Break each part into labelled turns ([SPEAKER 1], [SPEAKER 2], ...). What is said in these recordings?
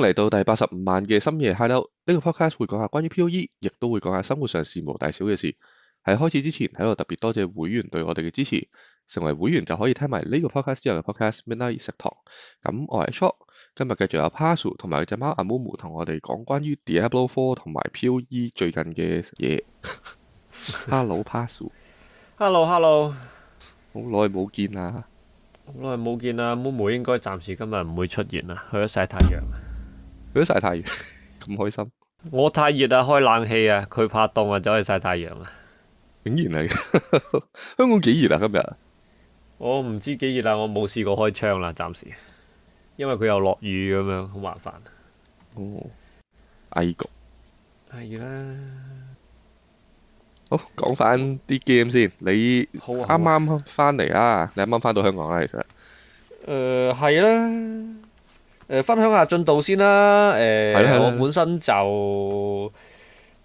[SPEAKER 1] 嚟到第八十五萬嘅深夜，Hello，Hi ,呢個 podcast 會講下關於 POE，亦都會講下生活上事無大小嘅事。喺開始之前，喺度特別多謝會員對我哋嘅支持。成為會員就可以聽埋呢個 podcast 之後嘅 podcast，Midnight 食堂。咁我係 Chop，ok, 今日繼續有 Pazu 同埋隻貓阿 MoMo 同我哋講關於 Diablo Four 同埋 POE 最近嘅嘢。 Hello Pazu, o
[SPEAKER 2] hello, Hello，Hello。好耐冇見啦！好耐冇見啦，MoMo 應該暫時今日唔會出現啦，去咗曬太陽。佢喺曬太陽，咁開心。我太熱啊，開冷氣 啊，佢怕凍啊，走去曬太陽啊。
[SPEAKER 1] 竟然係，
[SPEAKER 2] 香港幾熱啊？今日我唔知幾熱啊，我冇試過開窗啦，暫時，因為佢又落雨咁樣，好麻煩。
[SPEAKER 1] 哦，危局係啦。好，講翻啲 game 先。你剛剛好，啱啱翻嚟啊？啊你啱啱翻到香港啦，其實。誒、
[SPEAKER 2] 呃，係啦。誒分享下進度先啦。誒，我本身就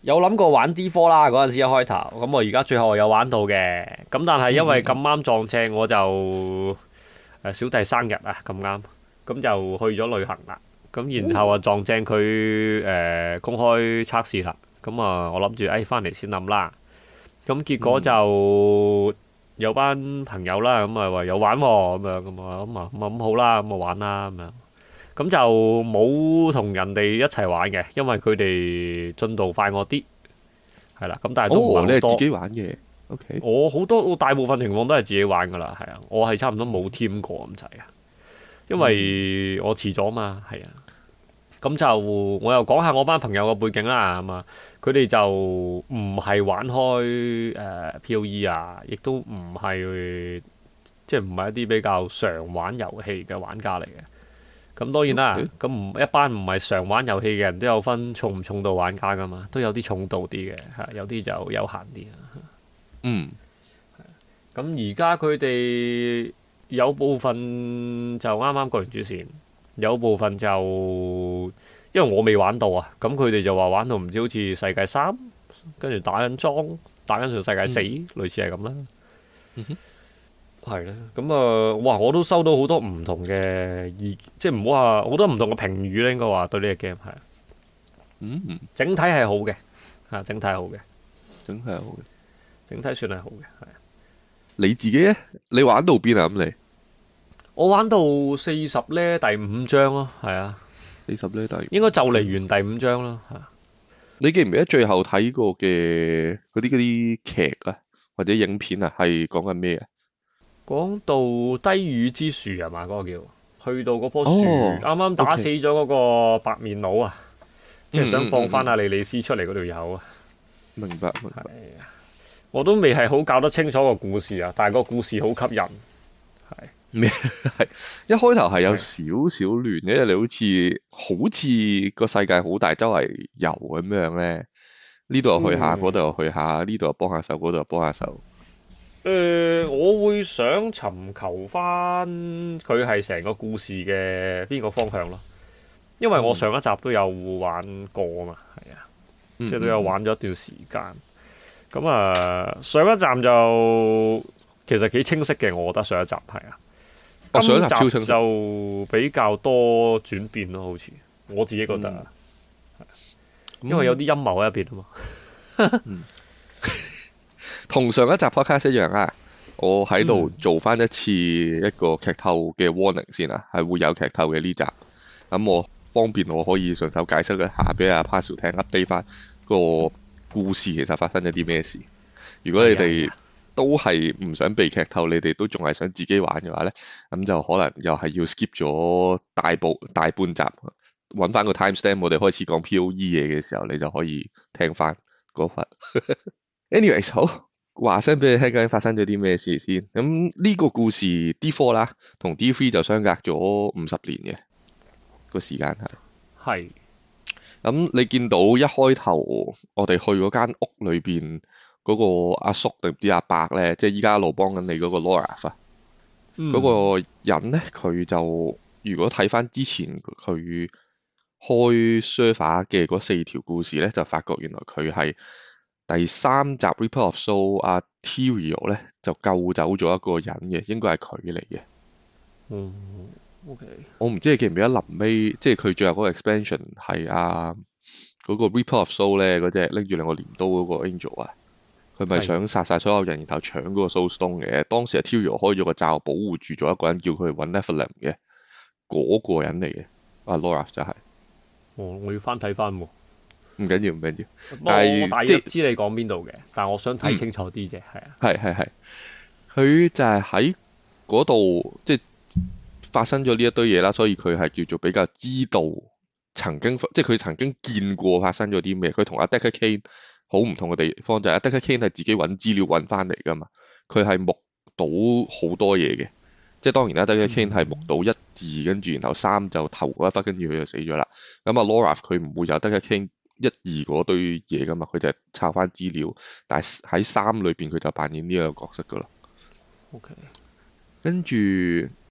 [SPEAKER 2] 有諗過玩 D4 啦，嗰陣時一開頭。咁我而家最後有玩到嘅。咁但係因為咁啱撞正，我就誒小弟生日啊，咁啱，咁就去咗旅行啦。咁然後啊撞正佢誒公開測試啦。咁啊，我諗住誒翻嚟先諗啦。咁結果就有班朋友啦，咁啊話有玩喎，咁樣咁啊咁啊咁好啦，咁啊玩啦咁樣。咁就冇同人哋一齊玩嘅，因為佢哋進度快我啲，係啦。咁但係都唔咁多。你係自己玩嘅。okay，我好多大部分情況都係自己玩噶啦，係啊，我係差唔多冇 team 過咁滯啊，因為我遲咗啊嘛，係啊。咁就我又講下我班朋友個背景啦，啊佢哋就唔係玩開誒、呃、POE 啊，亦都唔係即係唔係一啲比較常玩遊戲嘅玩家嚟嘅。咁當然啦，咁唔一班唔係常玩遊戲嘅人都有分重唔重度玩家㗎嘛，都有啲重度啲嘅，嚇有啲就悠閒啲。嗯，咁而家佢哋有部分就啱啱過完主線，有部分就因為我未玩到啊，咁佢哋就話玩到唔知好似世界三，跟住打緊裝，打緊上世界四、嗯，類似係咁啦。嗯。係咧，咁啊，哇、嗯！我都收到好多唔同嘅，即係唔、嗯嗯、好話好多唔同嘅評語咧。應該話對呢個 game 係嗯，整體係好嘅吓，整體係好嘅，整體好嘅，整體算係好嘅係。
[SPEAKER 1] 你自己咧，你玩到邊啊？咁你
[SPEAKER 2] 我玩到四十咧，第五章咯，係啊，四十咧第應該就嚟完第五章啦。吓，你記唔記得最後睇過嘅
[SPEAKER 1] 嗰啲嗰啲劇啊，或者影片啊，係講緊咩啊？
[SPEAKER 2] 講到低語之樹吖嘛？嗰、嗰個叫去到嗰棵樹，啱啱、哦、打死咗嗰個白面佬啊！嗯、
[SPEAKER 1] 即係想放翻阿
[SPEAKER 2] 莉莉絲出嚟嗰條友啊！明白，明白。我都未係好搞得清楚個故事啊，但係個故事好吸引。
[SPEAKER 1] 係咩？係 一開頭係有少少亂嘅，是你好似好似個世界好大，周圍遊咁樣咧。呢度又去下，嗰度又去下，呢度又幫下手，嗰度又幫下手。
[SPEAKER 2] 誒、呃，我會想尋求翻佢係成個故事嘅邊個方向咯，因為我上一集都有玩過啊嘛，係啊、嗯，即係都有玩咗一段時間。咁啊、嗯嗯嗯，上一集就其實幾清晰嘅，我覺得上一集係啊，上一集就比較多轉變咯，好似我自己覺得，嗯、因為有啲陰謀喺入邊啊嘛。嗯
[SPEAKER 1] 同上一集 podcast 一樣啊！我喺度做翻一次一個劇透嘅 warning 先啊，係會有劇透嘅呢集。咁、嗯、我方便我可以順手解釋一下俾阿 Pazu 聽，update 翻個故事其實發生咗啲咩事。如果你哋都係唔想被劇透，你哋都仲係想自己玩嘅話咧，咁、嗯、就可能又係要 skip 咗大部大半集，揾翻個 time stamp，我哋開始講 POE 嘢嘅時候，你就可以聽翻嗰 part。Anyways，好。話聲俾你聽，究竟發生咗啲咩事先？咁、嗯、呢、這個故事 D four 啦，同 D three 就相隔咗五十年嘅個時間係。
[SPEAKER 2] 係是。
[SPEAKER 1] 咁、嗯、你見到一開頭我哋去嗰間屋裏邊嗰、那個阿叔定唔知阿伯咧，即係依家一路幫緊你嗰個 Laura 啊、嗯，嗰個人咧，佢就如果睇翻之前佢開 e 發嘅嗰四條故事咧，就發覺原來佢係。第三集《Reaper of Soul》，阿、啊、Tyrael、er、咧就救走咗一個人嘅，應該係佢嚟嘅。嗯，OK。我唔知你記唔記得臨尾，即係佢最後嗰個 Expansion 係啊，嗰、那個 Reaper of Soul 咧，嗰隻拎住兩個鐮刀嗰個 Angel 啊，佢咪想殺晒所有人，然後搶嗰個 Soulstone 嘅。的當時阿 Tyrael 開咗個罩保護住咗一個人，叫佢去搵 Nephalem 嘅，嗰、那個人嚟嘅。阿 Laura 就係。
[SPEAKER 2] 我我要翻睇翻喎。
[SPEAKER 1] 唔緊要，唔緊要。但係即係知你
[SPEAKER 2] 講邊度嘅，嗯、但係我想睇清楚啲啫，係
[SPEAKER 1] 啊。係係係，佢就係喺嗰度，即係發生咗呢一堆嘢啦，所以佢係叫做比較知道曾經，即係佢曾經見過發生咗啲咩。佢同阿 Decker Kane 好唔同嘅地方就係，Decker Kane 係自己搵資料搵翻嚟噶嘛，佢係目睹好多嘢嘅。即係當然啦，Decker Kane 係目睹一、二，跟住然後三就頭甩甩，跟住佢就死咗啦。咁啊，Laura 佢唔會有 Decker Kane。一二嗰堆嘢噶嘛，佢就抄翻資料，但係喺三裏邊佢就扮演呢個角色噶啦。OK，跟住、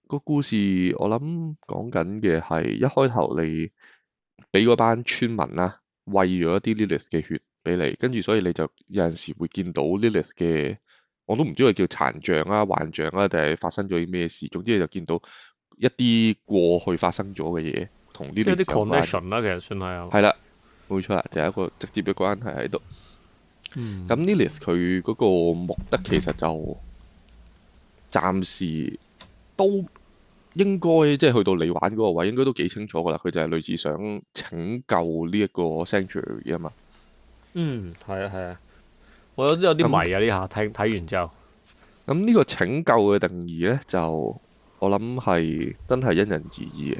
[SPEAKER 1] 個故事，我諗講緊嘅係一開頭你俾嗰班村民啦餵咗一啲 Lilith 嘅血俾你，跟住所以你就有陣時會見到 Lilith 嘅，我都唔知佢叫殘像啊幻象啊，定係、啊、發生咗啲咩事，總之你就見到一啲過去發生咗嘅嘢同呢啲 connection 啦，其實算係啊。係啦。冇錯啦，就係、是、一個直接嘅關係喺度。咁 Lilith 佢嗰個目的其實就暫時都應該即係、就是、去到你玩嗰個位，應該都幾清楚噶啦。佢就係類似想拯救呢一個 Sanctuary 啊嘛。嗯，
[SPEAKER 2] 係啊，係啊。我有啲有啲迷啊，呢下睇睇完之後。
[SPEAKER 1] 咁呢個拯救嘅定義咧，就我諗係真係因人而異嘅。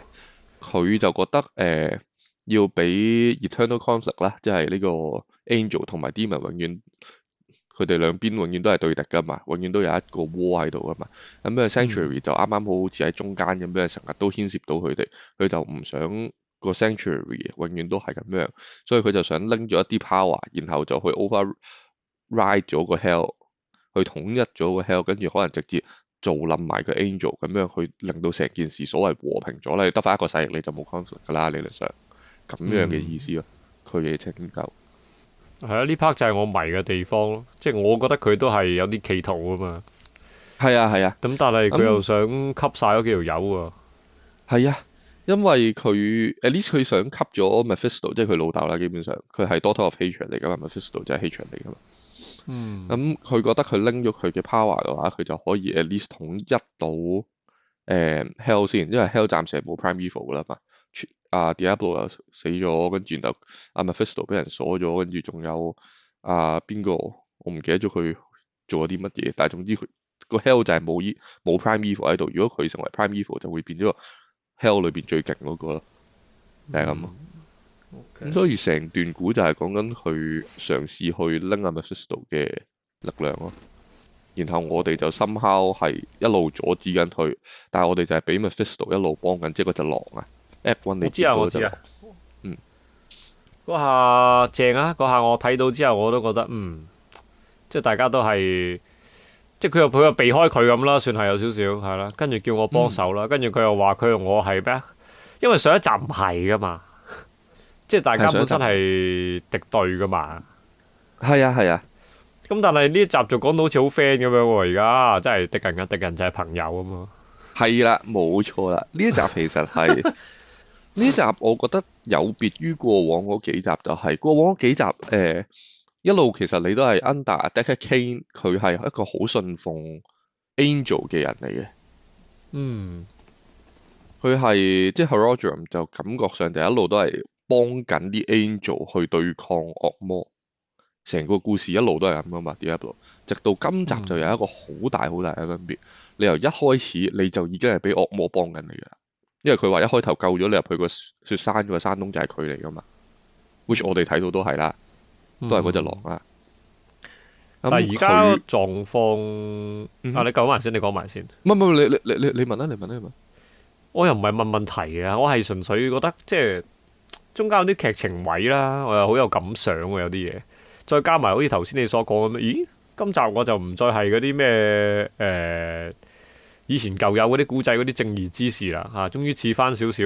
[SPEAKER 1] 佢就覺得誒，呃要俾 eternal conflict 啦，即係呢個 angel 同埋 demon 永遠佢哋兩邊永遠都係對敵噶嘛，永遠都有一個 war 喺度噶嘛。咁啊 sanctuary 就啱啱好好似喺中間咁樣，成日都牽涉到佢哋，佢就唔想個 sanctuary 永遠都係咁樣，所以佢就想拎咗一啲 power，然後就去 override 咗個 hell，去統一咗個 hell，跟住可能直接做冧埋個 angel，咁樣去令到成件事所謂和平咗你得翻一個世你，你就冇 conflict 噶啦，理論上。咁樣嘅意思啊，佢嘅、嗯、拯救
[SPEAKER 2] 係啊！呢 part 就係我迷嘅地方咯，即、就、係、是、我覺得佢都係有啲企圖啊嘛。係啊，係啊。咁但係佢、嗯、又想吸晒嗰幾條友喎。
[SPEAKER 1] 係啊，
[SPEAKER 2] 因為佢 at
[SPEAKER 1] least 佢想吸咗 Mephisto，即係佢老豆啦。基本上佢係 Daughter of Hatred 嚟噶嘛，Mephisto 就係 Hatred 嚟噶嘛。嗯。咁佢覺得佢拎咗佢嘅 power 嘅話，佢就可以 at least 統一到誒 Hell 先，因為 Hell 暫時係冇 Prime Evil 噶啦嘛。啊 Diablo 又死咗，跟住然後啊 Mephisto 俾人鎖咗，跟住仲有啊邊個我唔記得咗佢做咗啲乜嘢，但係總之佢個 Hell 就係冇衣冇 Prime Evil 喺度。如果佢成為 Prime Evil 就會變咗個 Hell 裏邊最勁嗰個咯，就係咁咯。咁 mm hmm. okay. 所以成段故就係講緊去嘗試去拎阿 Mephisto 嘅力量咯，然後我哋就 somehow 係一路阻止緊佢，但係我哋就係俾 Mephisto 一路幫緊，即係嗰隻狼啊。App one,
[SPEAKER 2] 我知啊，知我知啊，嗯，嗰下正啊，嗰下我睇到之後我都覺得，嗯，即係大家都係，即係佢又佢又避開佢咁啦，算係有少少係啦，跟住叫我幫手啦，跟住佢又話佢同我係咩？因為上一集唔係噶嘛，即係大家本身係敵對噶嘛，
[SPEAKER 1] 係啊係啊，
[SPEAKER 2] 咁但係呢一集就講到好似好 friend 咁樣喎，而家真係敵人嘅敵人就係朋友啊嘛，
[SPEAKER 1] 係啦，冇錯啦，呢一集其實係。呢集我覺得有別於過往嗰幾集就係過往幾集誒、呃、一路其實你都係 under Deckard Cain 佢係一個好信奉 angel 嘅人嚟嘅，嗯，佢係即係 Horadrim 就感覺上就一路都係幫緊啲 angel 去對抗惡魔，成個故事一路都係咁噶嘛 d i 直到今集就有一個好大好大嘅分別，嗯、你由一開始你就已經係俾惡魔幫緊你啦。因為佢話一開頭救咗你入去個雪山，個山窿就係佢嚟噶嘛，which、嗯、我哋睇到都係啦，
[SPEAKER 2] 都係嗰隻狼啦。但係而家狀況，啊，你救埋先，你講埋先。唔唔唔，你你你你你問啦，你問啦，你問。我又唔係問問題嘅，我係純粹覺得即係中間有啲劇情位啦，我又好有感想嘅，啊，有啲嘢。再加埋好似頭先你所講咁咦？今集我就唔再係嗰啲咩誒。呃以前舊有嗰啲古仔嗰啲正義之士啦，吓、啊、終於似翻少少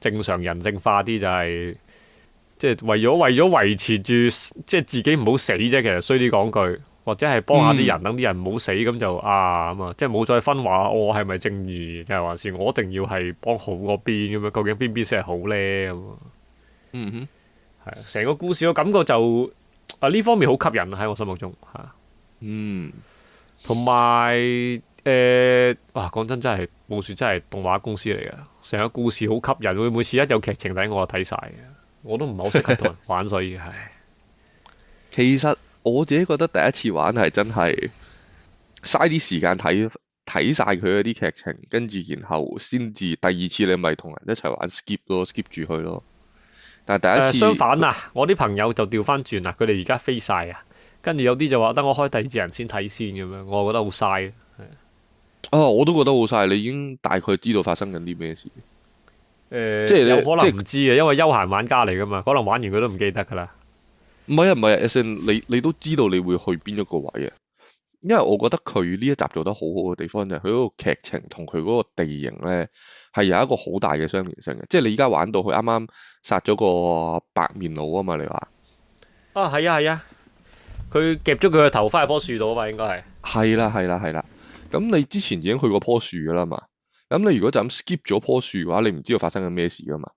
[SPEAKER 2] 正常人性化啲就係、是，即係為咗為咗維持住即係自己唔好死啫。其實衰啲講句，或者係幫下啲人，嗯、等啲人唔好死咁就啊咁啊，即係冇再分話我係咪正義，即係還是我一定要係幫好嗰邊咁樣？究竟邊邊先係好咧咁？嗯哼，係成個故事個感覺就啊呢方面好吸引喺我心目中吓。啊、嗯，同埋。誒，哇、uh,！講真，真係暴雪真係動畫公司嚟嘅，成個故事好吸引。會每次一有劇情睇，我就睇晒嘅。我都唔係好識同人玩， 所以係。哎、
[SPEAKER 1] 其實我自己覺得第一次玩係真係嘥啲時間睇睇晒佢嗰啲劇情，跟住然後先至第二次你咪同人一齊玩 skip 咯，skip 住佢咯。
[SPEAKER 2] 但係第一次、uh, 相反啊！他我啲朋友就調翻轉啦，佢哋而家飛晒啊，跟住有啲就話等我開第二隻人先睇先咁樣，我覺得好嘥。
[SPEAKER 1] 哦，我都覺得好晒。你已經大概知道發生緊啲咩事？
[SPEAKER 2] 誒、呃，即係你可能
[SPEAKER 1] 唔知嘅，因為休閒玩家嚟噶嘛，可能玩完佢都唔記得噶啦、啊。唔係唔係 a s、啊啊、你你都知道你會去邊一個位嘅？因為我覺得佢呢一集做得好好嘅地方就係佢嗰個劇情同佢嗰個地形咧係有一個好大嘅相連性嘅。即、就、係、是、你而家玩到佢啱啱殺咗個白面佬啊嘛，你話？
[SPEAKER 2] 哦、啊，係啊，係啊。佢夾咗佢嘅頭翻喺棵樹度啊嘛，應該
[SPEAKER 1] 係。係啦、啊，係啦、啊，係啦、啊。咁你之前已經去過棵樹噶啦嘛，咁你如果就咁 skip 咗棵樹嘅話，你唔知道發生緊咩事噶嘛。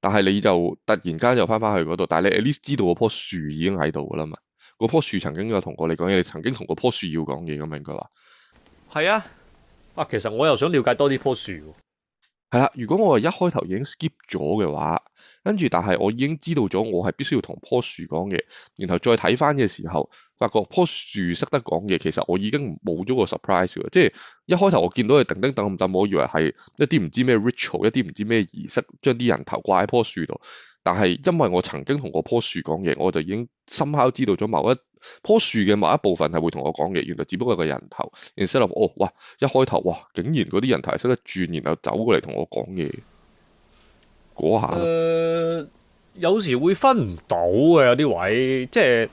[SPEAKER 1] 但係你就突然間就翻返去嗰度，但係你 at least 知道嗰棵樹已經喺度噶啦嘛。嗰棵樹曾經有同過你講嘢，你曾經同嗰棵樹要講嘢咁樣，佢話
[SPEAKER 2] 係啊。啊，其實我又想了解多啲棵樹。
[SPEAKER 1] 係啦，如果我係一開頭已經 skip 咗嘅話，跟住但係我已經知道咗我係必須要同樖樹講嘢，然後再睇翻嘅時候，發覺樖樹識得講嘢，其實我已經冇咗個 surprise 嘅，即係一開頭我見到佢叮叮噹噹，但我以為係一啲唔知咩 ritual，一啲唔知咩儀式，將啲人頭掛喺樖樹度，但係因為我曾經同嗰棵樹講嘢，我就已經深刻知道咗某一。棵樹嘅某一部分係會同我講嘢，原來只不過係個人頭。然之後哦，哇，一開頭哇，竟然嗰啲人頭係識得轉，然後走過嚟同我講嘢，嗰下。
[SPEAKER 2] 誒、呃，有時會分唔到嘅，有啲位即係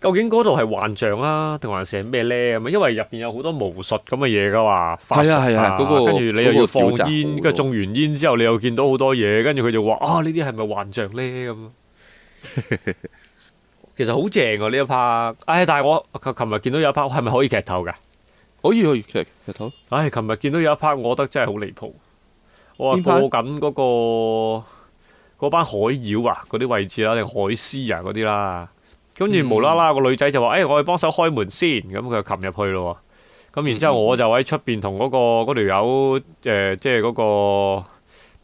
[SPEAKER 2] 究竟嗰度係幻象啊，定還是係咩咧？咁啊，因為入邊有好多巫術咁嘅嘢噶嘛。係啊係啊，嗰、啊啊那個跟住你又要放煙，跟住種完煙之後，你又見到好多嘢，跟住佢就話啊，呢啲係咪幻象咧咁。 其實好正啊！呢一 part，唉、哎，但係我琴日見到有一 part 係咪可以劇透㗎？可以啊，劇劇透。唉，琴日見到有一 part，我覺得真係好離譜。段我話過緊嗰個班海妖啊，嗰啲位置啊，定海獅啊嗰啲啦，跟住無啦啦個女仔就話，誒、哎，我去幫手開門先。咁佢就擒入去咯。咁然之後我就喺出邊同嗰個嗰條友，誒、那個那個呃，即係嗰、那個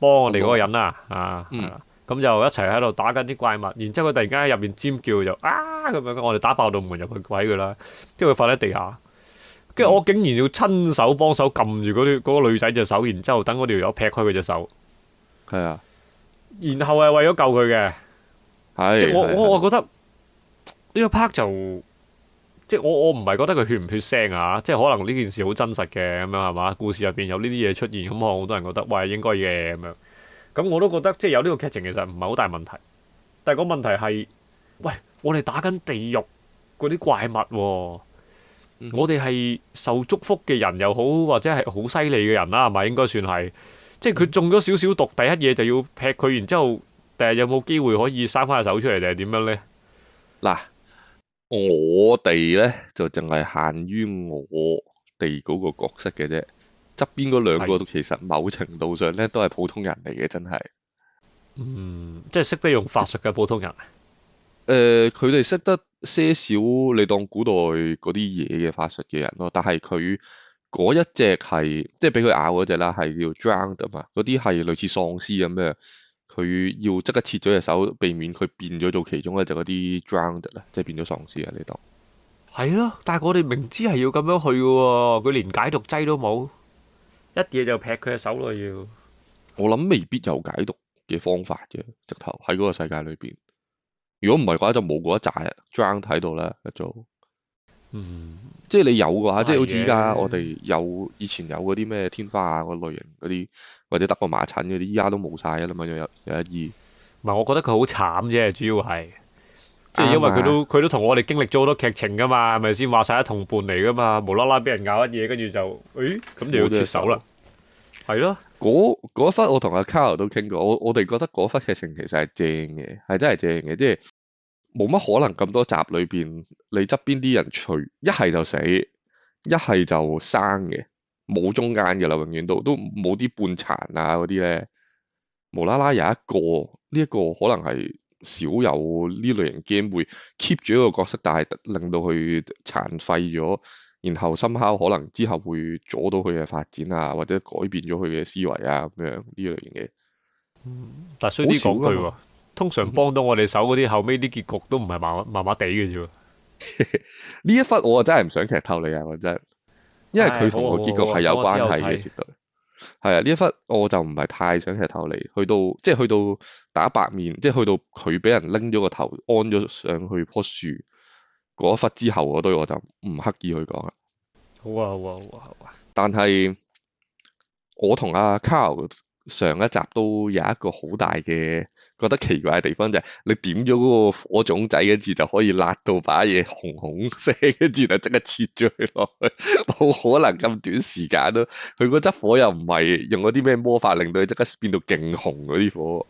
[SPEAKER 2] 幫我哋嗰個人啊，啊、嗯。嗯咁就一齊喺度打緊啲怪物，然之後佢突然間喺入邊尖叫就啊咁樣，我哋打爆道門入去鬼佢啦，跟住佢瞓喺地下，跟住我竟然要親手幫手撳住嗰啲嗰個女仔隻手，然之後等嗰條友劈開佢隻手，係啊，然後係為咗救佢嘅，即係我我我覺得呢一 part 就即係我我唔係覺得佢血唔血腥啊，即係可能呢件事好真實嘅咁樣係嘛，故事入邊有呢啲嘢出現，咁我好多人覺得喂應該嘅咁樣。咁我都覺得，即係有呢個劇情，其實唔係好大問題。但係個問題係，喂，我哋打緊地獄嗰啲怪物喎，我哋係受祝福嘅人又好，或者係好犀利嘅人啦，係咪應該算係？即係佢中咗少少毒，第一嘢就要劈佢，然之後，第日有冇機會可以生翻隻手出嚟，定係點樣咧？嗱，我
[SPEAKER 1] 哋咧就淨係限於我哋嗰個角色嘅啫。側邊嗰兩個，其實某程度上咧都係普通人嚟嘅，真係嗯，
[SPEAKER 2] 即係識得用法術嘅普通人。誒、
[SPEAKER 1] 呃，佢哋識得些少，你當古代嗰啲嘢嘅法術嘅人咯。但係佢嗰一隻係即係俾佢咬嗰隻啦，係叫 drowned 嘛。嗰啲係類似喪屍咁嘅。佢要即刻切咗隻手，避免佢變咗做其中一隻就嗰啲 drowned 啦，即係變咗喪屍啊。呢度，
[SPEAKER 2] 係咯，但係我哋明知係要咁樣去嘅喎，佢連解毒劑都冇。一嘢就劈佢嘅手咯，要。
[SPEAKER 1] 我諗未必有解毒嘅方法嘅，直頭喺嗰個世界裏邊。如果唔係嘅話，就冇嗰一集。John 睇到咧，一早，嗯，即係你有嘅話，的即係好似依家我哋有以前有嗰啲咩天花啊嗰類型嗰啲，或者德國麻疹嗰啲，依家都冇晒啦嘛，又有有，有一二。
[SPEAKER 2] 唔係，我覺得佢好慘啫，主要係。即係因為佢都佢都同我哋經歷咗好多劇情噶嘛，係咪先話晒一同伴嚟噶嘛？無啦啦俾人咬一嘢，跟住就，誒、哎、咁就要切手啦。
[SPEAKER 1] 係咯，嗰、啊、一忽我同阿 Caro 都傾過，我我哋覺得嗰一忽劇情其實係正嘅，係真係正嘅，即係冇乜可能咁多集裏邊你側邊啲人除一係就死，一係就生嘅，冇中間嘅啦，永遠都都冇啲半殘啊嗰啲咧，無啦啦有一個呢一、呢個可能係。少有呢類型 game 會 keep 住一個角色，但係令到佢殘廢咗，然後深刻可能之後會阻到佢嘅發展啊，
[SPEAKER 2] 或者改
[SPEAKER 1] 變咗佢嘅思維啊咁樣呢類型嘅，嗯，但係雖然講句，啊、
[SPEAKER 2] 通常幫到我哋手嗰啲後尾啲結局都唔係麻麻麻地嘅啫。
[SPEAKER 1] 呢 一忽我真係唔想劇透你啊！我真係，
[SPEAKER 2] 因為佢同個結局係有關係嘅，絕
[SPEAKER 1] 對。係啊，呢一忽我就唔係太想劇透嚟，去到即係去到打白面，即係去到佢俾人拎咗個頭安咗上去樖樹，嗰一忽之後嗰堆我就唔刻意去講啦。
[SPEAKER 2] 好、wow, wow , wow. 啊，好啊，好啊，好啊。
[SPEAKER 1] 但係我同阿 Carl 上一集都有一個好大嘅覺得奇怪嘅地方就係、是、你點咗嗰個火種仔跟住就可以辣到把嘢紅紅聲，跟住就即刻切咗佢落去，冇可能咁短時間咯。佢嗰執火又唔係用嗰啲咩魔法令到佢即刻變到勁紅嗰啲火。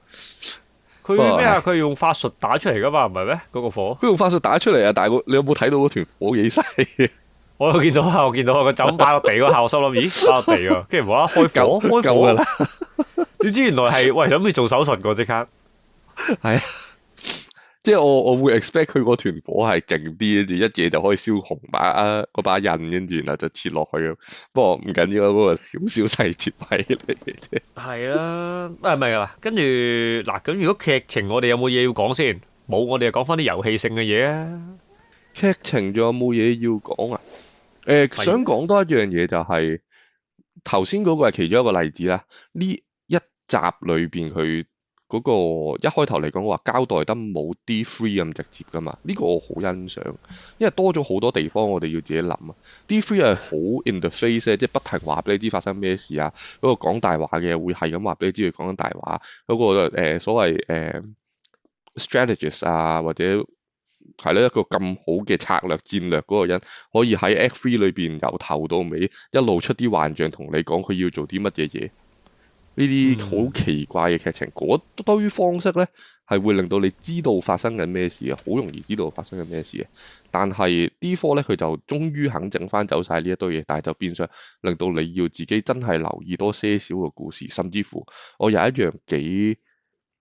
[SPEAKER 2] 佢咩啊？佢用法術打出嚟㗎嘛？唔係咩？嗰、那個火。佢用法術打出嚟啊！但係你有冇睇到嗰團火幾細？我又見到啊！我見到個枕咁擺落地個下，我心諗咦，擺落地喎，跟住無啦開火，開火啦！點知原來係喂諗住做手術個即刻，
[SPEAKER 1] 係啊，即係我我會 expect 佢個團火係勁啲，跟住一嘢就可以燒紅把啊，嗰把印跟住然後就切落去。不過唔緊要啊，嗰個少少細節嚟啫。
[SPEAKER 2] 係啊，係咪啊？跟住嗱咁，如果劇情我哋有冇嘢要講先？冇，我哋就講翻啲遊戲性嘅嘢啊！
[SPEAKER 1] 劇情仲有冇嘢要講啊？誒、呃，的想講多一樣嘢就係頭先嗰個係其中一個例子啦。呢一集裏邊佢嗰個一開頭嚟講話交代得冇 D three 咁直接噶嘛？呢、這個我好欣賞，因為多咗好多地方我哋要自己諗啊。D three 係好 in the face 咧，即係不停話俾你知發生咩事啊。嗰、那個講大話嘅會係咁話俾你知佢講緊大話。嗰、那個誒、呃、所謂誒、呃、strategies 啊或者。係啦，一個咁好嘅策略戰略嗰個人，可以喺 F3 裏邊由頭到尾一路出啲幻象，同你講佢要做啲乜嘢嘢，呢啲好奇怪嘅劇情，嗰、嗯、堆方式咧，係會令到你知道發生緊咩事啊！好容易知道發生緊咩事啊！但係 D4 咧，佢就終於肯整翻走晒呢一堆嘢，但係就變相令到你要自己真係留意多些少嘅故事，甚至乎我有一樣幾。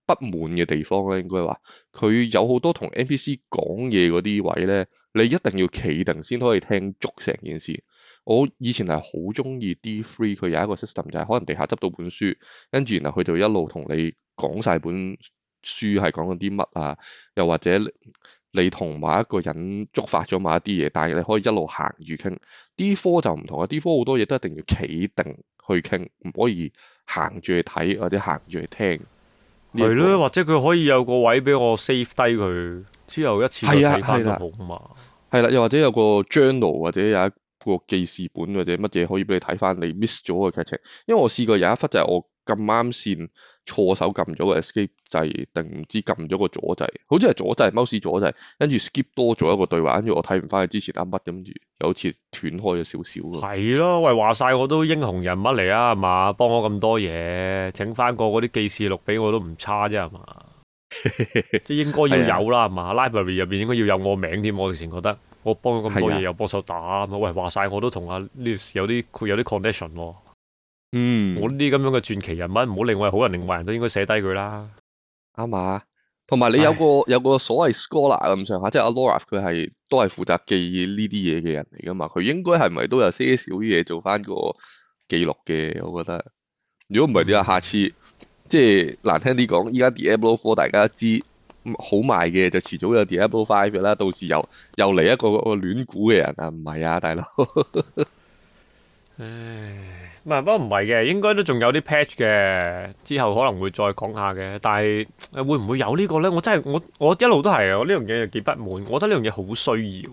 [SPEAKER 1] 不滿嘅地方咧，應該話佢有好多同 NPC 講嘢嗰啲位咧，你一定要企定先可以聽足成件事。我以前係好中意 D3，佢有一個 system 就係可能地下執到本書，跟住然後佢就一路同你講晒本書係講緊啲乜啊，又或者你同某一個人觸發咗某一啲嘢，但係你可以一路行住傾。D4 就唔同啊，D4 好多嘢都一定要企定去傾，唔可以行住去睇或者行住去聽。
[SPEAKER 2] 係咯，或者佢可以有個位畀我 save 低佢，之後一次就睇翻都好嘛。
[SPEAKER 1] 係啦，又或者有個 journal 或者有一個記事本或者乜嘢可以畀你睇翻你 miss 咗嘅劇情。因為我試過有一忽就係我。咁啱線錯手撳咗個 escape 掣，定唔知撳咗個阻掣，好似係阻掣 mouse 阻掣，跟住 skip 多咗一個對話，跟住我睇唔翻佢之前啱乜，跟住又好似斷開咗少少啊。係
[SPEAKER 2] 咯，喂，話晒我都英雄人物嚟啊，係嘛？幫我咁多嘢，整翻個嗰啲記事錄俾我都唔差啫，係嘛？ 即係應該要有啦，係嘛？Library 入邊應該要有我名添，我以前覺得我幫咗咁多嘢又的幫手打，喂話晒我都同阿 Liz 有啲佢有啲 condition 喎。嗯，呢啲咁樣嘅傳奇人物，唔好令我係好人，令壞人都應該寫低佢啦，啱嘛？
[SPEAKER 1] 同埋你有個唉有個所謂 scholar 咁上下，即係阿 Laura，佢係都係負責記呢啲嘢嘅人嚟噶嘛？佢應該係咪都有些少嘢做翻個記錄嘅？我覺得，如果唔係你啊？下次、嗯、即係難聽啲講，依家 Diablo 4大家知好賣嘅，就遲早有 Diablo 5啦。到時又又嚟一個一個暖股嘅人啊？唔係啊，大佬。
[SPEAKER 2] 唉，不過唔係嘅，應該都仲有啲 patch 嘅，之後可能會再講下嘅。但係會唔會有呢個呢？我真係我我一路都係我呢樣嘢又幾不滿，我覺得呢樣嘢好需要，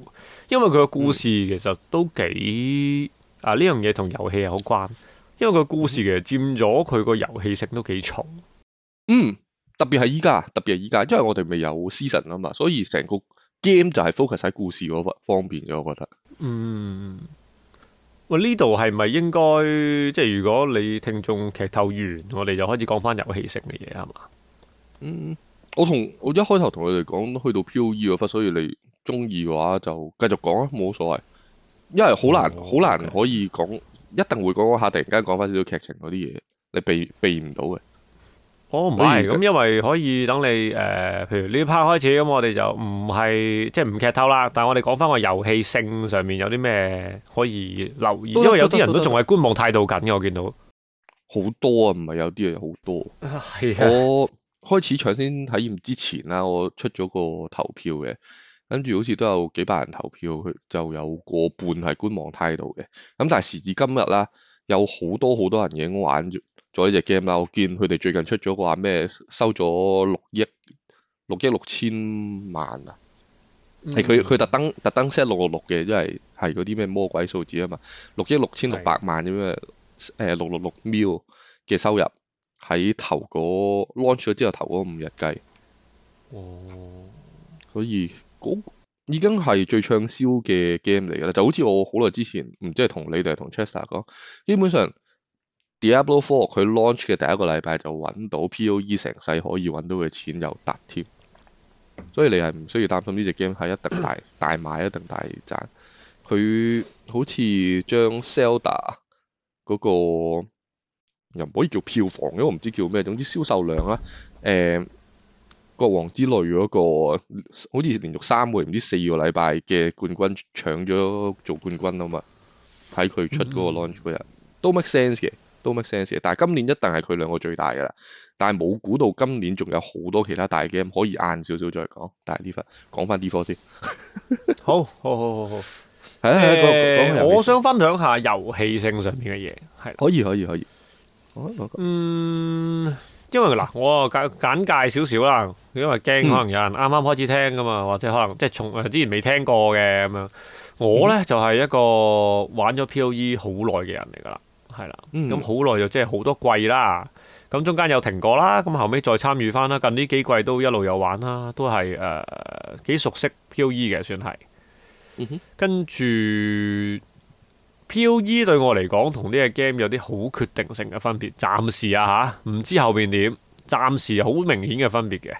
[SPEAKER 2] 因為佢個故事其實都幾、嗯、啊呢樣嘢同遊戲好有關，因為佢個故事其實佔咗佢個遊戲性都幾重。嗯，特別係依家，
[SPEAKER 1] 特別係依家，因為我哋未有 season 啊嘛，所以成個 game 就係 focus 喺故事嗰方
[SPEAKER 2] 面嘅，我覺得。嗯。呢度係咪應該即係如果你聽眾劇透完，我哋就開始講翻遊戲性嘅嘢係嘛？
[SPEAKER 1] 嗯，我同我一開頭同你哋講去到 POE 嗰陣，所以你中意嘅話就繼續講啊，冇所謂。因為好難好，哦 okay，難可以講，一定會講下，突然間講翻少少劇情嗰啲嘢，你避避唔到嘅。
[SPEAKER 2] 哦，唔係，咁的因為可以等你誒、呃，譬如呢一 part 開始，咁我哋就唔係即係唔劇透啦。但係我哋講翻個遊戲性上面有啲咩可以留意，對因為有啲人對都仲係觀望態度緊嘅。我見到好多啊，唔係有啲嘢好多。
[SPEAKER 1] 係的我開始搶先體驗之前啦，我出咗個投票嘅，跟住好似都有幾百人投票，佢就有過半係觀望態度嘅。咁但係時至今日啦，有好多好多人已經玩住。做一隻 game 啦，我見佢哋最近出咗個話咩，收咗六億六億六千萬啊，係佢佢特登特登 set 六六六嘅，因為係嗰啲咩魔鬼數字啊嘛，六億六千六百萬咁嘅，誒六六六 mil 嘅收入喺頭嗰 launch 咗之後頭嗰五日計，哦、嗯，所以已經係最暢銷嘅 game 嚟嘅啦，就好似我好耐之前唔知係同你哋定係同 Chester 講，基本上。Diablo Four 佢 launch 嘅第一個禮拜就揾到 POE 成世可以揾到嘅錢又突添，所以你係唔需要擔心呢隻 game 係一定大大賣，一定大賺。佢好似將 Zelda 嗰、那個又唔可以叫票房，因為我唔知叫咩，總之銷售量啊，誒、呃，國王之淚嗰、那個好似連續三個唔知四個禮拜嘅冠軍搶咗做冠軍啊嘛。睇佢出嗰個 launch 嗰日都 make sense 嘅。都 make sense 嘅，但係今年一定係佢兩個最大嘅啦。但係冇估到今年仲有好多其他大 game 可以晏少少再講。但係呢份講翻 D 科先，好好好好好，係係。我
[SPEAKER 2] 想分享下遊戲性上面嘅嘢，係可以可以可以。可以可以嗯，因為嗱，我簡簡介少少啦，因為驚可能有人啱啱開始聽噶嘛，嗯、或者可能即係從之前未聽過嘅咁樣。我咧就係、是、一個玩咗 P O E 好耐嘅人嚟噶啦。係啦，咁好耐就即係好多季啦，咁中間有停過啦，咁後尾再參與翻啦，近呢幾季都一路有玩啦，都係誒幾熟悉飄 e 嘅，算係。跟住飄 e 對我嚟講，同呢個 game 有啲好決定性嘅分別。暫時啊吓，唔知後邊點，暫時好明顯嘅分別嘅，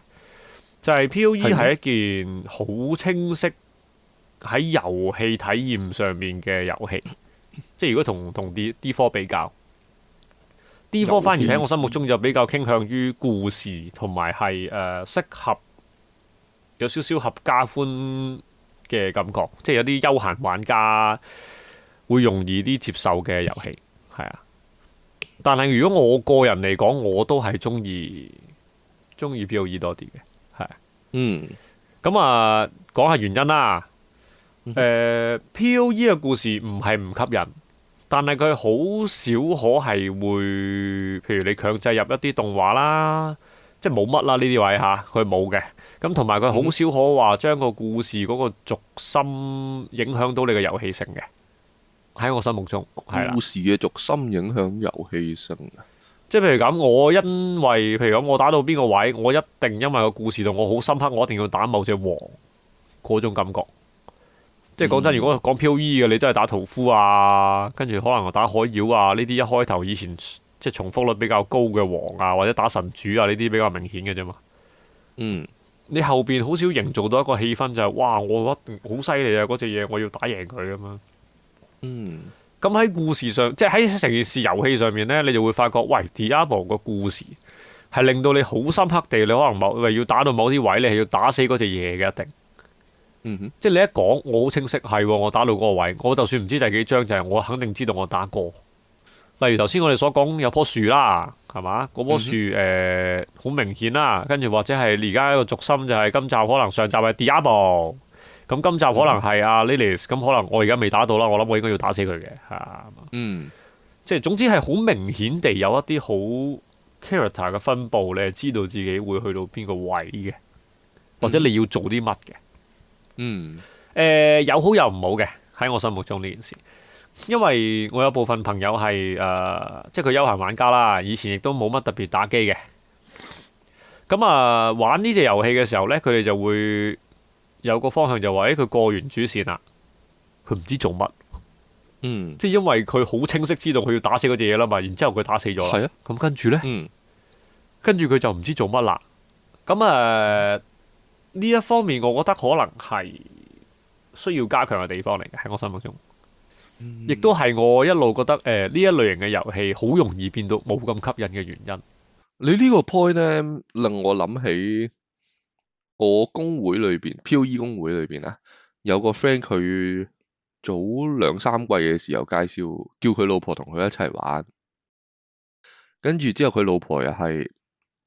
[SPEAKER 2] 就係、是、飄 e 係一件好清晰喺遊戲體驗上面嘅遊戲。即係如果同同啲 D4 比較，D4 反而喺我心目中就比較傾向於故事同埋係誒適合有少少合家歡嘅感覺，即係有啲休閒玩家會容易啲接受嘅遊戲，係啊。但係如果我個人嚟講，我都係中意中意 POE 多啲嘅，係嗯。咁啊，講下原因啦。誒，POE 嘅故事唔係唔吸引，但係佢好少可係會，譬如你強制入一啲動畫啦，即係冇乜啦呢啲位吓，佢冇嘅。咁同埋佢好少可話將個故事嗰個軸心影響到你嘅遊戲性嘅。喺我心目中，
[SPEAKER 1] 故事嘅軸心影響遊
[SPEAKER 2] 戲性，係啦，故事嘅軸心影響遊戲性，即係譬如咁，我因為譬如咁我打到邊個位，我一定因為個故事度，我好深刻，我一定要打某隻王嗰種感覺。即係講真，如果講 POE 嘅，你真係打屠夫啊，跟住可能打海妖啊，呢啲一開頭以前即係重複率比較高嘅王啊，或者打神主啊呢啲比較明顯嘅啫嘛。嗯，你後邊好少營造到一個氣氛，就是，就係哇，我好犀利啊，嗰隻嘢我要打贏佢咁樣。嗯，咁喺故事上，即係喺成件事遊戲上面咧，你就會發覺，喂 Diablo 個故事係令到你好深刻地，你可能某要打到某啲位，你係要打死嗰隻嘢嘅一定。即係你一講，我好清晰係，我打到嗰個位，我就算唔知第幾章，就係、是、我肯定知道我打過。例如頭先我哋所講有棵樹啦，係嘛？嗰棵樹誒好明顯啦、啊，跟住或者係而家個軸心就係今集可能上集係 Diablo，咁今集可能係阿 Lilith，咁可能我而家未打到啦，我諗我應該要打死佢嘅，係嗯，即係總之係好明顯地有一啲好 character 嘅分布，你係知道自己會去到邊個位嘅，或者你要做啲乜嘅。嗯嗯，誒、呃，有好有唔好嘅，喺我心目中呢件事，因為我有部分朋友係誒、呃，即係佢休閒玩家啦，以前亦都冇乜特別打機嘅，咁、嗯、啊、嗯、玩呢隻遊戲嘅時候呢，佢哋就會有個方向就話，誒、哎，佢過完主線啦，佢唔知做乜，嗯，即係因為佢好清晰知道佢要打死嗰隻嘢，啦嘛，然之後佢打死咗，係咁、啊嗯、跟住呢，嗯、跟住佢就唔知做乜啦，咁、嗯、誒。嗯呢一方面，我覺得可能係需要加強嘅地方嚟嘅，喺我心目中，亦都係我一路覺得誒呢、呃、一類型嘅遊戲好容易變到冇咁吸引嘅原因。你個呢個 point 咧，令我諗起
[SPEAKER 1] 我公會裏邊 POE 公會裏邊啊，有個 friend 佢早兩三季嘅時候介紹，叫佢老婆同佢一齊玩，跟住之後佢老婆又係。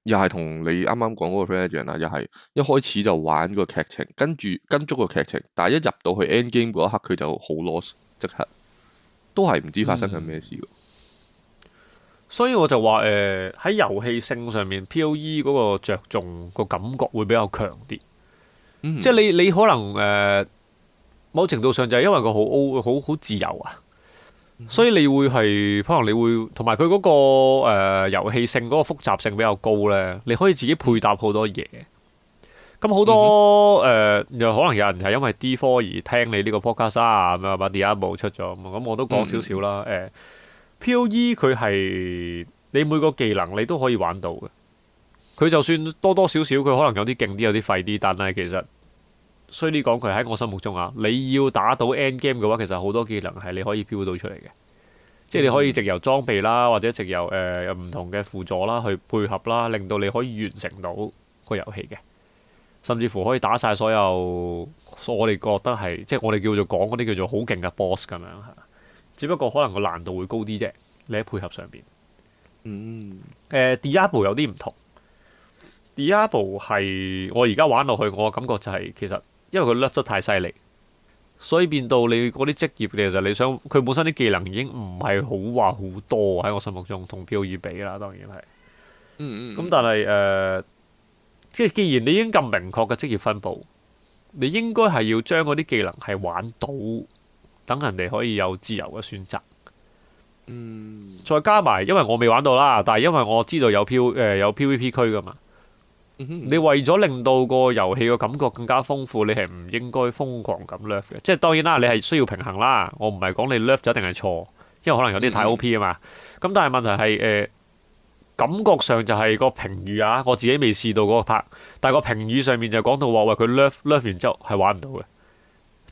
[SPEAKER 1] 又係同你啱啱講嗰個 friend 一樣啦，又係一開始就玩個劇情，跟住跟足個劇情，但係一入到去 end game 嗰一刻，佢就好 lost 即刻，都係唔知發生緊咩事、嗯。
[SPEAKER 2] 所以我就話誒，喺、呃、遊戲性上面，POE 嗰個着重個感覺會比較強啲，嗯、即係你你可能誒、呃，某程度上就係因為佢好好好自由啊。所以你會係可能你會同埋佢嗰個誒、呃、遊戲性嗰個複雜性比較高咧，你可以自己配搭好多嘢。咁、嗯、好、嗯、多誒又、呃、可能有人係因為 D4 而聽你呢個 Podcast 啊咁啊，把 D1 無出咗咁，我都講少少啦。誒，Poe 佢係你每個技能你都可以玩到嘅。佢就算多多少少佢可能有啲勁啲有啲廢啲，但係其實。所以呢講佢喺我心目中啊，你要打到 end game 嘅話，其實好多技能係你可以飄到出嚟嘅，
[SPEAKER 1] 即係你可以直
[SPEAKER 2] 由裝備啦，或者直由誒唔、呃、同嘅輔助啦去配合啦，令到你可以完成到個遊戲嘅，甚至乎可以打晒所有我哋覺得係，即係我哋叫做講嗰啲叫做好勁嘅 boss 咁樣，只不過可能個難度會高啲啫，你喺配合上邊。嗯，誒，Diablo 有啲唔同，Diablo 係我而家玩落去，我感覺就係、是、其實。因為佢 nerf 得太犀利，所以變到你嗰啲職業其實、就是、你想佢本身啲技能已經唔係好話好多喺我心目中同 POE 比啦，當然係，嗯嗯。
[SPEAKER 3] 咁、嗯、但
[SPEAKER 2] 係誒、呃，即係既然你已經咁明確嘅職業分布，你應該係要將嗰啲技能係玩到，等人哋可以有自由嘅選擇。嗯。再加埋，因為我未玩到啦，但係因為我知道有 PV 誒、呃、有 PVP 區噶嘛。你為咗令到個遊戲嘅感覺更加豐富，你係唔應該瘋狂咁 nerf 嘅。即係當然啦，你係需要平衡啦。我唔係講你 nerf 咗一定係錯，因為可能有啲太 OP 啊嘛。咁、嗯、但係問題係誒、呃，感覺上就係個評語啊，我自己未試到嗰個 part，但係個評語上面就講到話喂，佢 nerf nerf 完之後係玩唔到嘅，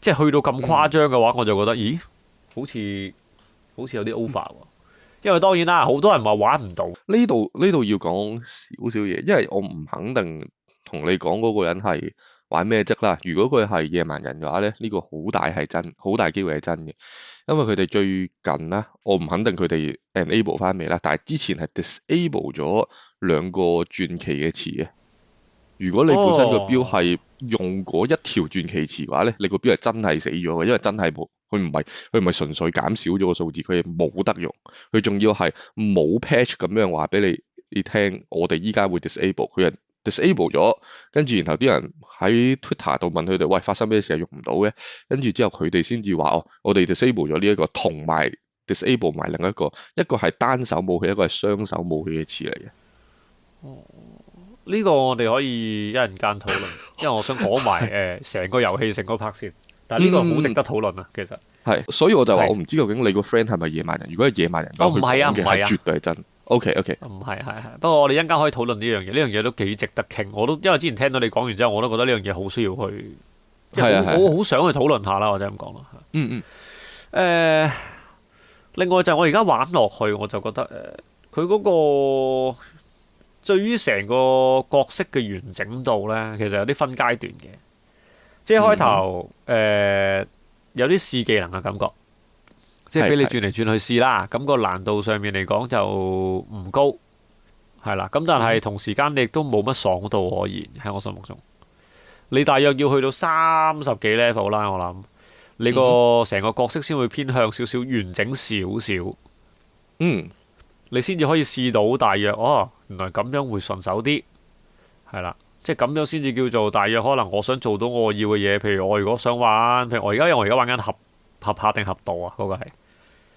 [SPEAKER 2] 即係去到咁誇張嘅話，我就覺得咦，嗯、好似好似有啲 over 喎。嗯因為當然啦，好多人話玩唔到呢度，呢度要講少少嘢，因為我唔肯定同
[SPEAKER 1] 你講嗰個人係玩咩職啦。如果佢係野蠻人嘅話咧，呢、這個好大係真，好大機會係真嘅。因為佢哋最近啦，我唔肯定佢哋 enable 翻未啦。但係之前係 disable 咗兩個傳奇嘅詞嘅。如果你本身個標係用過一條傳奇詞嘅話咧，Oh. 你個標係真係死咗嘅，因為真係冇。佢唔係佢唔係純粹減少咗個數字，佢係冇得用。佢仲要係冇 patch 咁樣話俾你你聽，我哋依家會 disable 佢，係 disable 咗。跟住然後啲人喺 Twitter 度問佢哋，喂，發生咩事啊？用唔到嘅？跟住之後佢哋先至話，哦，我哋 disable 咗呢一個，同埋 disable 埋另一個，一個係單手武器，一個係雙手武器嘅詞嚟嘅。
[SPEAKER 2] 哦，呢個我哋可以一陣間討論， 因為我想講埋誒成個遊戲成個 part 先。呢個好值得討論啊！嗯、其實
[SPEAKER 1] 係，所以我就話我唔知究竟你個 friend 係咪野蠻人？是如果係野蠻人，唔係、哦、啊，唔係啊，絕對係真。OK，OK，唔係，係、
[SPEAKER 2] 啊、不過我哋一陣間可以討論呢樣嘢，呢樣嘢都幾值得傾。我都因為之前聽到你講完之後，我都覺得呢樣嘢好需要去，
[SPEAKER 1] 即、啊、我好
[SPEAKER 2] 想去討論下啦，或者咁講咯。嗯嗯、呃。另外就我而家玩落去，我就覺得誒，佢、呃、嗰、嗰個對於成個角色嘅完，完整度咧，其實有啲分階段嘅。
[SPEAKER 1] 即係開頭
[SPEAKER 2] 誒，有啲試技能嘅感覺，即係俾你轉嚟轉去試啦。咁的個難度上面嚟講就唔高，係啦。咁但係同時間你亦都冇乜爽度可言喺我心目中。你大約要去到三十幾 level 啦，我諗你個成個角色先會偏向少少完整少少。嗯，你先至可以試到大約哦，原來咁樣會順手啲，係啦。即係咁樣先至叫做，大約可能我想做到我要嘅嘢。譬如我如果想玩，譬如我而家因為我而家玩緊合合拍定合道啊，嗰、那個係，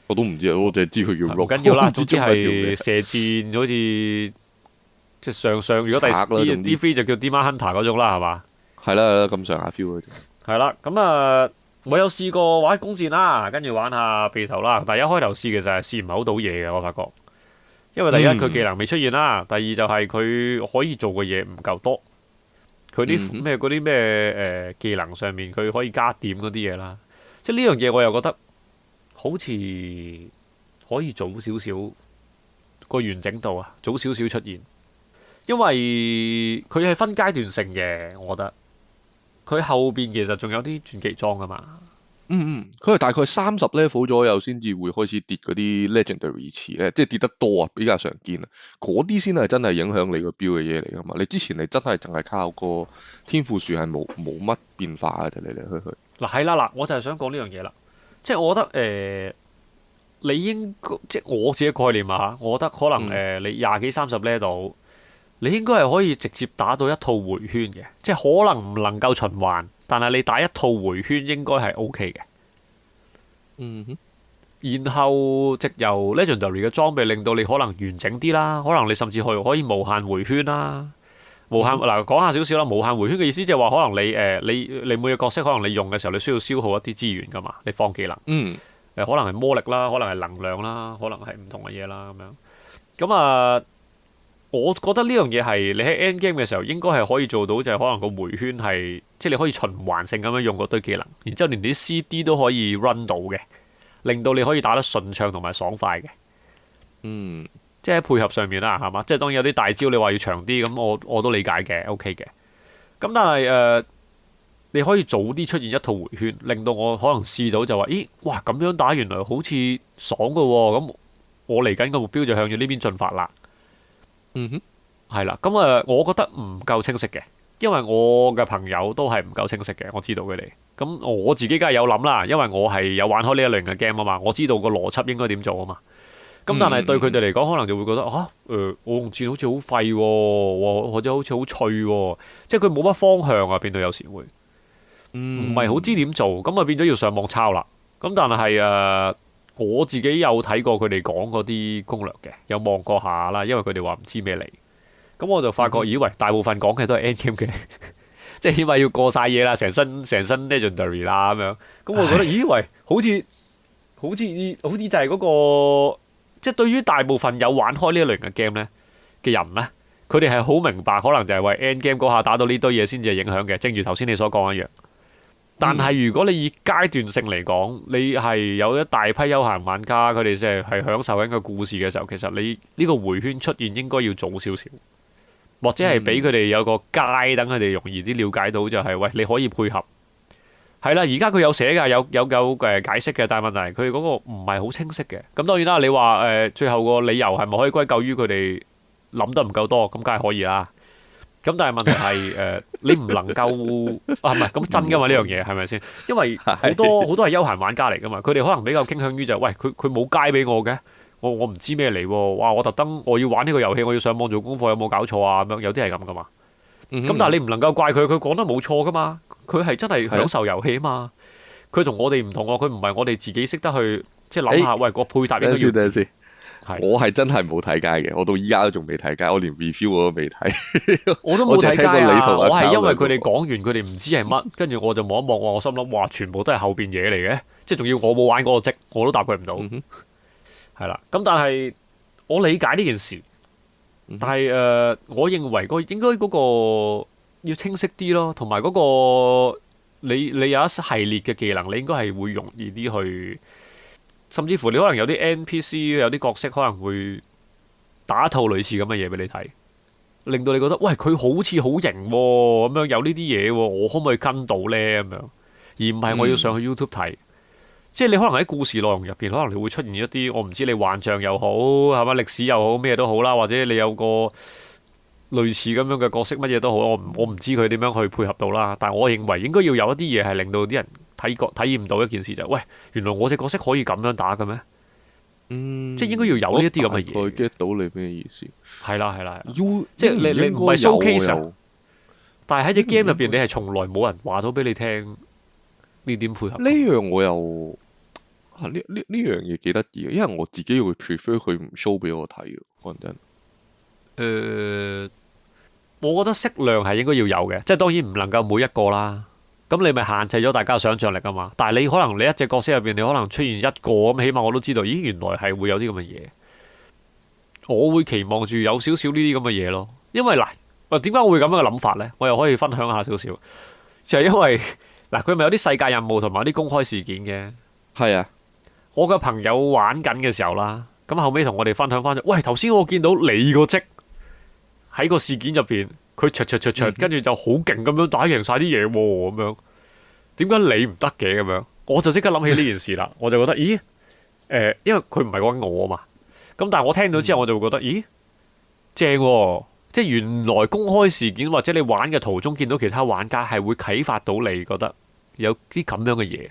[SPEAKER 2] 我都唔知我淨係知佢叫六。唔緊要啦，總之係射箭，好似即係上上。如果第 D D three 就叫 Demon Hunter 嗰種啦，係嘛是？係啦係啦，咁上下 feel 嘅啫。係啦，咁啊、呃，我有試過玩弓箭啦，跟住玩下鼻頭啦，但一開頭試其實係試唔係好到嘢嘅，我發覺，
[SPEAKER 1] 因為第一佢技
[SPEAKER 2] 能未出現啦，嗯、第二就係佢可以做嘅嘢唔夠多。佢啲咩嗰啲咩誒技能上面佢可以加點嗰啲嘢啦，即係呢樣嘢我又覺得好似可以早少少個完整度啊，早少少出現，因為佢係分階段性嘅，我覺得佢後邊其實仲有啲傳奇裝噶嘛。
[SPEAKER 1] 嗯嗯，佢係大概三十 level 左右先至會開始跌嗰啲 legendary 詞咧，即係跌得多啊，比較常見啊。嗰啲先係真係影響你個 build 嘅嘢嚟噶嘛。你之前你真係淨係靠個天賦樹係冇冇乜變化嘅啫。嚟嚟去去。
[SPEAKER 2] 嗱係啦，嗱我就係想講呢樣嘢啦。即係我覺得誒、呃，你應該即係我自己概念啊，我覺得可能誒、嗯呃、你廿幾三十 level。你應該係可以直接打到一套回圈嘅，即係可能唔能夠循環，但係你打一套回圈應該係 OK 嘅。嗯哼，然後藉由 Legendary 嘅裝備令到你可能完整啲啦，可能你甚至去可，可以無限回圈啦。無限嗱，講、嗯、下少少啦，無限回圈嘅意思即係話可能你誒、呃，你你每個角色可能你用嘅時候你需要消耗一啲資源噶嘛，你放技能。嗯。誒、呃，可能係魔力啦，可能係能量啦，可能係唔同嘅嘢啦咁樣。咁啊。我覺得呢樣嘢，係你喺 end game 嘅時候，應該係可以做到，就係可能個回圈係，即係你可以循環性咁樣用嗰堆技能，然之後連啲 CD 都可以 run 到嘅，令到你可以打得順暢同埋爽快嘅。嗯，即係配合上面啦，係嘛，即係當然有啲大招你話要長啲，咁我我都理解嘅，OK 嘅。咁但係誒，uh, 你可以早啲出現一套回圈，令到我可能試到就話，咦，哇，咁樣打原來好似爽噶喎，咁我嚟緊個目標就向住呢邊進發啦。嗯哼，係啦、mm，咁、hmm。誒，我覺得唔夠清晰嘅，因為我嘅朋友都係唔夠清晰嘅，我知道佢哋。咁我自己梗係有諗啦，因為我係有玩開呢一類型嘅 game 啊嘛，我知道個邏輯應該點做啊嘛。咁但係對佢哋嚟講，可能就會覺得、mm hmm。啊，誒、呃，我用轉好似、哦、好廢，或者好似好脆、哦，即係佢冇乜方向啊，變到有時會，
[SPEAKER 3] 唔係好
[SPEAKER 2] 知點做，咁啊變咗要上網抄啦。咁但係誒。呃.我自己有睇過佢哋講嗰啲攻略嘅，有望過下啦，因為佢哋話唔知咩嚟。咁我就發覺，嗯、咦喂，大部分講嘅都係 end game 嘅， 即係起碼要過晒嘢啦，成身成身 legendary 啦咁樣，咁我覺得，唉咦喂，好似好似好似就係嗰、嗰個，即係對於大部分有玩開呢一類嘅 game 咧嘅人咧，佢哋係好明白，可能就係為 end game 嗰下打到呢堆嘢先至係影響嘅，正如頭先你所講一樣。但係如果你以階段性嚟講，你係有一大批休閒玩家，佢哋即係係享受緊個故事嘅時候，其實你呢個迴圈出現應該要早少少，或者係俾佢哋有個介，等佢哋容易啲瞭解到就係喂，你可以配合。係啦，而家佢有寫㗎，有有有誒解釋嘅，但係問題佢嗰個唔係好清晰嘅。咁當然啦，你話誒最後個理由係咪可以歸咎於佢哋諗得唔夠多？咁梗係可以啦。咁但係問題係誒、呃，你唔能夠 啊，唔係咁真噶嘛，呢樣嘢係咪先？因為好多好 多係休閒玩家嚟噶嘛，佢哋可能比較傾向於就係、喂，佢佢冇街俾我嘅，我我唔知咩嚟喎，哇，我特登我要玩呢個遊戲，我要上網做功課，有冇搞錯啊咁樣？有啲係咁噶嘛。咁、嗯、哼但係你唔能夠怪佢，佢講得冇錯噶嘛，佢係真係享受遊戲啊嘛。佢同、啊、我哋唔同喎，佢唔係我哋自己識得去即係諗下、欸、喂、個配搭嘅遊
[SPEAKER 1] 是我係真係冇睇街嘅，我到依家
[SPEAKER 2] 都仲未睇街，我連 review 我都未睇。 我都冇睇街、啊、 我係因為佢哋講完，佢哋唔知係乜，跟住我就望一望，我心諗：哇，全部都係後邊嘢嚟嘅，即係仲要我冇玩嗰個職，我都答佢唔到。係、嗯、啦，咁 但係我理解呢件事，但係誒、呃，我認為嗰、嗰個、應該嗰個要清晰啲咯，同埋嗰個你你有一系列嘅技能，你應該係會容易啲去。甚至乎你可能有啲 NPC，有啲角色可能會打一套類似咁嘅嘢俾你睇，令到你覺得，喂，佢好似好型喎，咁樣有呢啲嘢喎，我可唔可以跟到咧？咁樣，而唔係我要上去 YouTube 睇，嗯、即係你可能喺故事內容入邊，可能你會出現一啲我唔知你幻象又好，係嘛歷史又好，咩都好啦，或者你有個類似咁樣嘅角色，乜嘢都好，我我唔知佢點樣去配合到啦。但我認為應該要有一啲嘢係令到啲人。睇覺體驗唔到一件事就係、是，喂，原來我隻角色可以咁樣打嘅咩？嗯，即係應該要有呢一啲咁嘅嘢。我 get 到你咩意思？係啦係啦，要即係你你唔係 show case 啊？有但係喺隻 game 入邊，你係從來冇人話到俾你聽你點配合。
[SPEAKER 1] 呢樣我又啊呢呢呢樣嘢幾得意，因為我自己會 prefer 佢唔 show 俾我睇嘅，講真。誒、
[SPEAKER 2] 呃，我覺得適量係應該要有嘅，即係當然唔能夠每一個啦。咁你咪限制咗大家嘅想象力啊嘛，但係你可能你一隻角色入邊，你可能出現一個咁，起碼我都知道，咦，原來係會有啲咁嘅嘢。我會期望住有少少呢啲咁嘅嘢咯，因為嗱，我點解會咁樣嘅諗法呢？我又可以分享下少少，就係因為嗱，佢咪有啲世界任務同埋啲公開事件嘅。係啊，我嘅朋友玩緊嘅時候啦，咁後尾同我哋分享翻就，喂，頭先我見到你個職喺個事件入邊。佢卓卓卓卓，跟住就好勁咁樣打贏晒啲嘢咁樣，點解你唔得嘅咁樣？我就即刻諗起呢件事啦， 我就覺得，咦，誒，因為佢唔係講我啊嘛，咁但係我聽到之後，我就會覺得，咦，正，哦，即係原來公開事件或者你玩嘅途中見到其他玩家係會啟發到你，覺得有啲咁樣嘅嘢，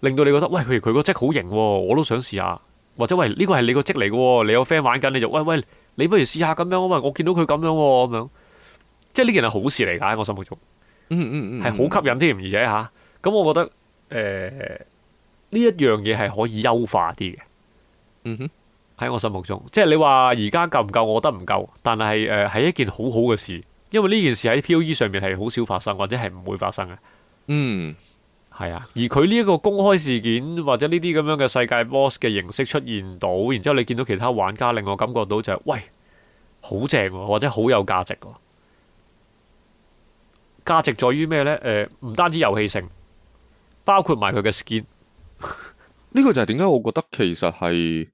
[SPEAKER 2] 令到你覺得，喂，佢佢個職好型，我都想試下，或者喂呢，這個係你個職嚟嘅，你有 friend 玩緊，你就喂喂，你不如試下咁樣啊嘛，我見到佢咁樣咁、哦、樣。即係呢件係好事嚟噶，喺我心目中，嗯嗯嗯，係、嗯、好、嗯、吸引添，而且吓咁，我覺得誒呢、呃、一樣嘢係可以優化啲嘅、嗯，嗯哼，喺我心目中，即係你話而家夠唔夠？我覺得唔夠，但係誒、係、呃、一件好好嘅事，因為呢件事喺 POE 上面係好少發生，或者係唔會發生嘅。嗯，係啊，而佢呢一個公開事件或者呢啲咁樣嘅世界 boss 嘅形式出現到，然之後你見到其他玩家令我感覺到就係、是、喂好正、啊，或者好有價值、啊。價值在於咩咧？誒、呃，唔單止遊戲性，包括埋佢嘅 skin。
[SPEAKER 1] 呢 個就係點解我覺得其實係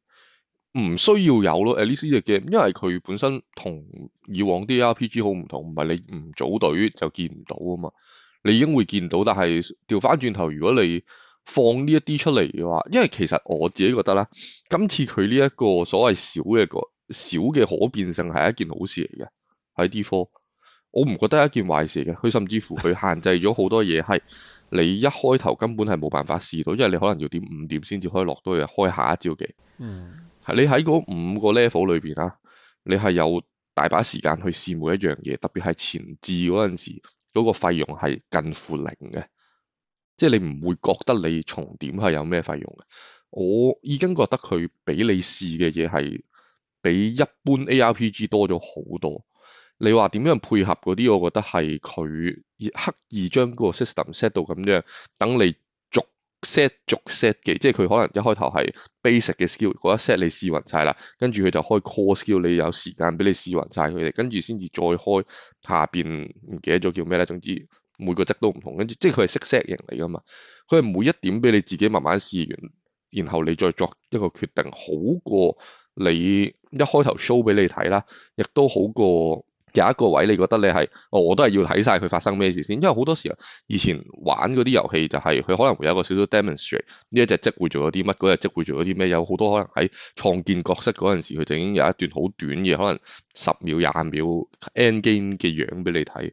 [SPEAKER 1] 唔需要有咯。誒、這個，呢啲呢隻 game，因為佢本身同以往啲 RPG 好唔同，唔係你唔組隊就見唔到啊嘛。你已經會見到，但係掉返轉頭，如果你放呢一啲出嚟嘅話，因為其實我自己覺得咧，今次佢呢一個所謂少嘅個少嘅可變性係一件好事嚟嘅，喺 D4。我唔覺得係一件壞事嘅，佢甚至乎佢限制咗好多嘢係你一開頭根本係冇辦法試到，因為你可能要點五點先至可以落到去開下一招嘅。嗯，你喺嗰五個 level 裏邊啦，你係有大把時間去試每一樣嘢，特別係前置嗰陣時嗰個費用係近乎零嘅，即係你唔會覺得你重點係有咩費用嘅。我已經覺得佢俾你試嘅嘢係比一般 ARPG 多咗好多。你話點樣配合嗰啲？我覺得係佢刻意將個 system set 到咁樣，等你逐 set 逐 set 嘅，即係佢可能一開頭係 basic 嘅 skill，嗰一 set 你試勻晒係啦，跟住佢就開 core skill，你有時間俾你試勻晒。佢哋，跟住先至再開下邊唔記得咗叫咩咧？總之每個質都唔同，跟住即係佢係識 set 型嚟噶嘛，佢係每一點俾你自己慢慢試完，然後你再作一個決定，好過你一開頭 show 俾你睇啦，亦都好過。有一個位，你覺得你係、哦，我我都係要睇晒佢發生咩事先，因為好多時候以前玩嗰啲遊戲就係、是、佢可能會有一個少少 demonstrate 呢一隻職會做咗啲乜，嗰一隻職會做咗啲咩，有好多可能喺創建角色嗰陣時，佢就已經有一段好短嘅可能十秒廿秒 end game 嘅樣俾你睇，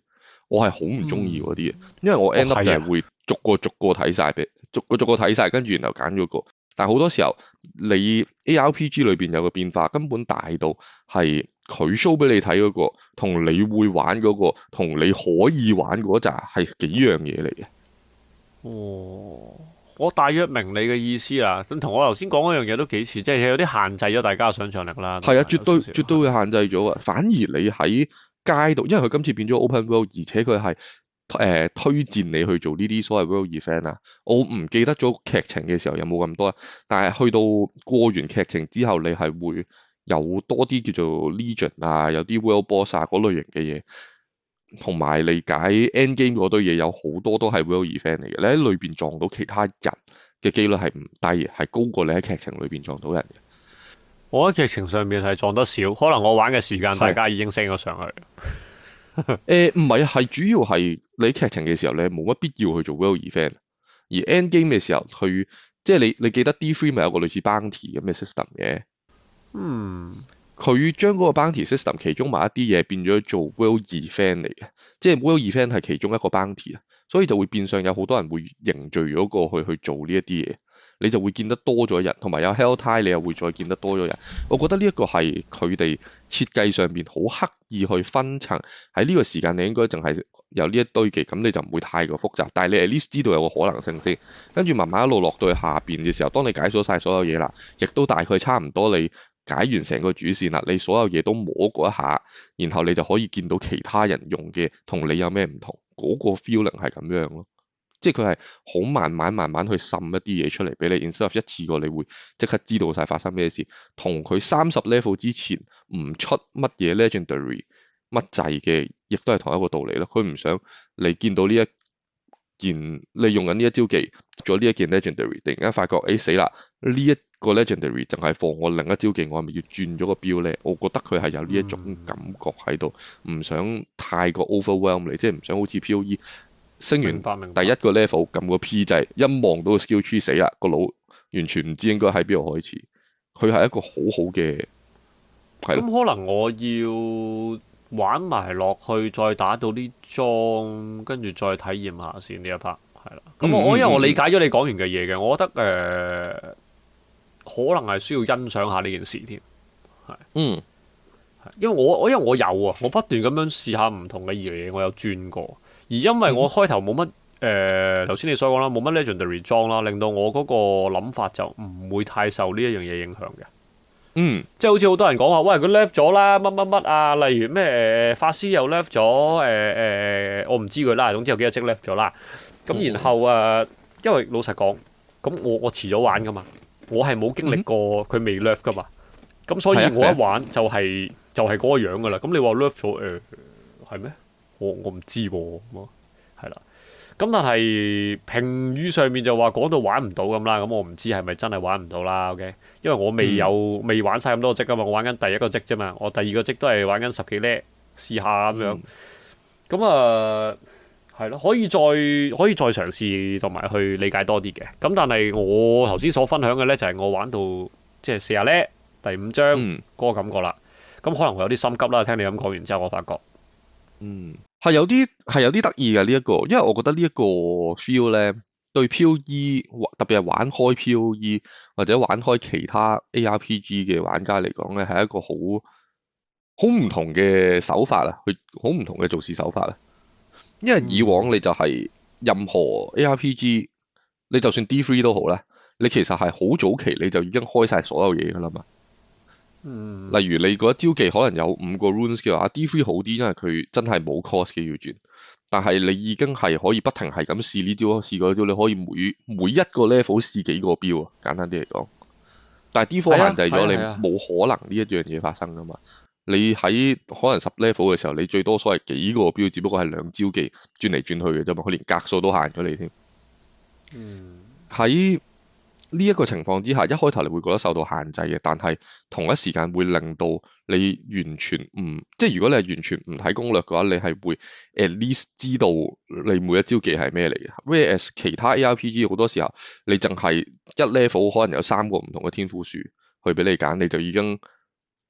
[SPEAKER 1] 我係好唔中意嗰啲嘢，嗯、因為我 end up 就係會逐個逐個睇晒俾，逐個逐個睇晒，跟住然後揀咗個，但係好多時候你 ARPG 裏邊有個變化，根本大到係。佢 show 俾你睇嗰個，同你會玩嗰個，同你可以玩嗰扎，係幾樣嘢嚟嘅。
[SPEAKER 2] 哦，我大約明你嘅意思啦。咁同我頭先講嗰樣嘢都幾似，即係有啲限制咗大家嘅想像力啦。係啊，絕
[SPEAKER 1] 對絕對會限制咗啊！反而你喺街度，因為佢今次變咗 open world，而且佢係誒推薦你去做呢啲所謂 world event 啊。我唔記得咗劇情嘅時候有冇咁多啊，但係去到過完劇情之後，你係會。有多啲叫做 legion 啊，有啲 world boss 啊，嗰類型嘅嘢，同埋理解 end game 嗰堆嘢，有好多都係 world event 嚟嘅。你喺裏邊撞到其他人嘅幾率係唔低，係高過你喺劇情裏邊撞到人嘅。
[SPEAKER 2] 我喺劇情上面係撞得少，可能我玩嘅時間大家已經升咗上去。誒是，唔係啊，係主要係
[SPEAKER 1] 你劇情嘅時候咧，冇乜必要去做 world event，而 end game 嘅時候去，即係你你記得 D three 咪有個類似 bounty 咁嘅 system 嘅。嗯，佢將嗰個 Bounty System 其中某一啲嘢變咗做 World Event 嚟嘅，即係 World Event 係其中一個 Bounty 啊，所以就會變相有好多人會凝聚咗過去去做呢一啲嘢，你就會見得多咗人，同埋有 Helltide 你又會再見得多咗人。我覺得呢一個係佢哋設計上邊好刻意去分層喺呢個時間，你應該淨係有呢一堆嘅，咁你就唔會太過複雜。但係你 at least 知道有個可能性先，跟住慢慢一路落到去下邊嘅時候，當你解鎖晒所有嘢啦，亦都大概差唔多你。解完成個主線啦，你所有嘢都摸過一下，然後你就可以見到其他人用嘅同你有咩唔同，嗰個 feeling 係咁樣咯。即係佢係好慢慢慢慢去滲一啲嘢出嚟俾你，instead 一次過你會即刻知道晒發生咩事。同佢三十 level 之前唔出乜嘢 legendary 乜滯嘅，亦都係同一個道理咯。佢唔想你見到呢一件你用緊呢一招技做呢一件 legendary，突然間發覺，誒死啦呢一，個 legendary 淨係放我另一招技，我係咪要轉咗個標咧？我覺得佢係有呢一種感覺喺度，唔、嗯、想太過 overwhelm 你，即係唔想好似 P.O.E 升完第一個 level，撳個 P 掣一望到個 skill tree，死啦，個腦完全唔知應該喺邊度開始。佢係一個好好嘅，咁、
[SPEAKER 2] 嗯、了可能我要玩埋落去，再打到啲裝，跟住再體驗下先呢一 part。係啦，
[SPEAKER 3] 咁我因為我理
[SPEAKER 2] 解咗你講完嘅嘢嘅，我覺得誒。呃可能係需要欣賞下呢件事添，係，
[SPEAKER 3] 嗯
[SPEAKER 2] 因，因為我我因為我有啊，我不斷咁樣試下唔同嘅二樣嘢，我有轉過，而因為我開頭冇乜，誒、嗯，頭先、呃、你所講啦，冇乜 legendary 裝啦，令到我嗰個諗法就唔會太受呢一樣嘢影響嘅，嗯，即係好似好多人講話，喂，佢 left 咗啦，乜乜乜啊，例如咩，法師又 left 咗，誒、呃、誒、呃，我唔知佢啦，總之有幾隻職 left 咗啦，咁然後誒，嗯嗯、因為老實講，咁我我遲早玩噶嘛。我係冇經歷過佢未 nerf 噶嘛，咁所以我一玩就係就係嗰個樣噶啦，咁你話 nerf 咗誒係咩？我我唔知喎，係啦，咁但係評語上面就話講到玩唔到咁啦，咁我唔知係咪真係玩唔到啦，OK，因為我未有未玩晒咁多隻噶嘛，我玩緊第一個隻啫嘛，我第二個隻都係玩緊十幾叻試下咁樣，咁啊。係咯，可以再可以再嘗試同埋去理解多啲嘅。咁但係我頭先所分享嘅咧，就係我玩到即係試下咧第五章嗰個感覺啦。咁、嗯、可能會有啲心急啦。聽你咁講完之後，我發覺，嗯，係有啲係有啲得意
[SPEAKER 1] 嘅呢一個，因為我覺得呢一個 feel 咧，對 POE，特別係玩開 POE 或者玩開其他 A R P G 嘅玩家嚟講咧，係一個好好唔同嘅手法啊，佢好唔同嘅做事手法啊。因為以往你就係任何 A R P G，你就算 D three 都好啦，你其實係好早期你就已經開晒所有嘢噶啦嘛。嗯。例如你嗰一招技可能有五個 runes 嘅話，D three 好啲，因為佢真係冇 cost 嘅要轉。但係你已經係可以不停係咁試呢招，試嗰招，你可以每每一個 level 試幾個標啊。簡單啲嚟講，但係 D four 限制咗你，冇可能呢一樣嘢發生噶嘛。你喺可能十 level 嘅時候，你最多所謂係幾個標，只不過係兩招技轉嚟轉去嘅啫嘛。佢連格數都限咗你添。嗯，喺呢一個情況之下，一開頭你會覺得受到限制嘅，但係同一時間會令到你完全唔即係如果你係完全唔睇攻略嘅話，你係會 at least 知道你每一招技係咩嚟嘅。Whereas 其他 ARPG 好多時候，你淨係一 level 可能有三個唔同嘅天賦樹去俾你揀，你就已經。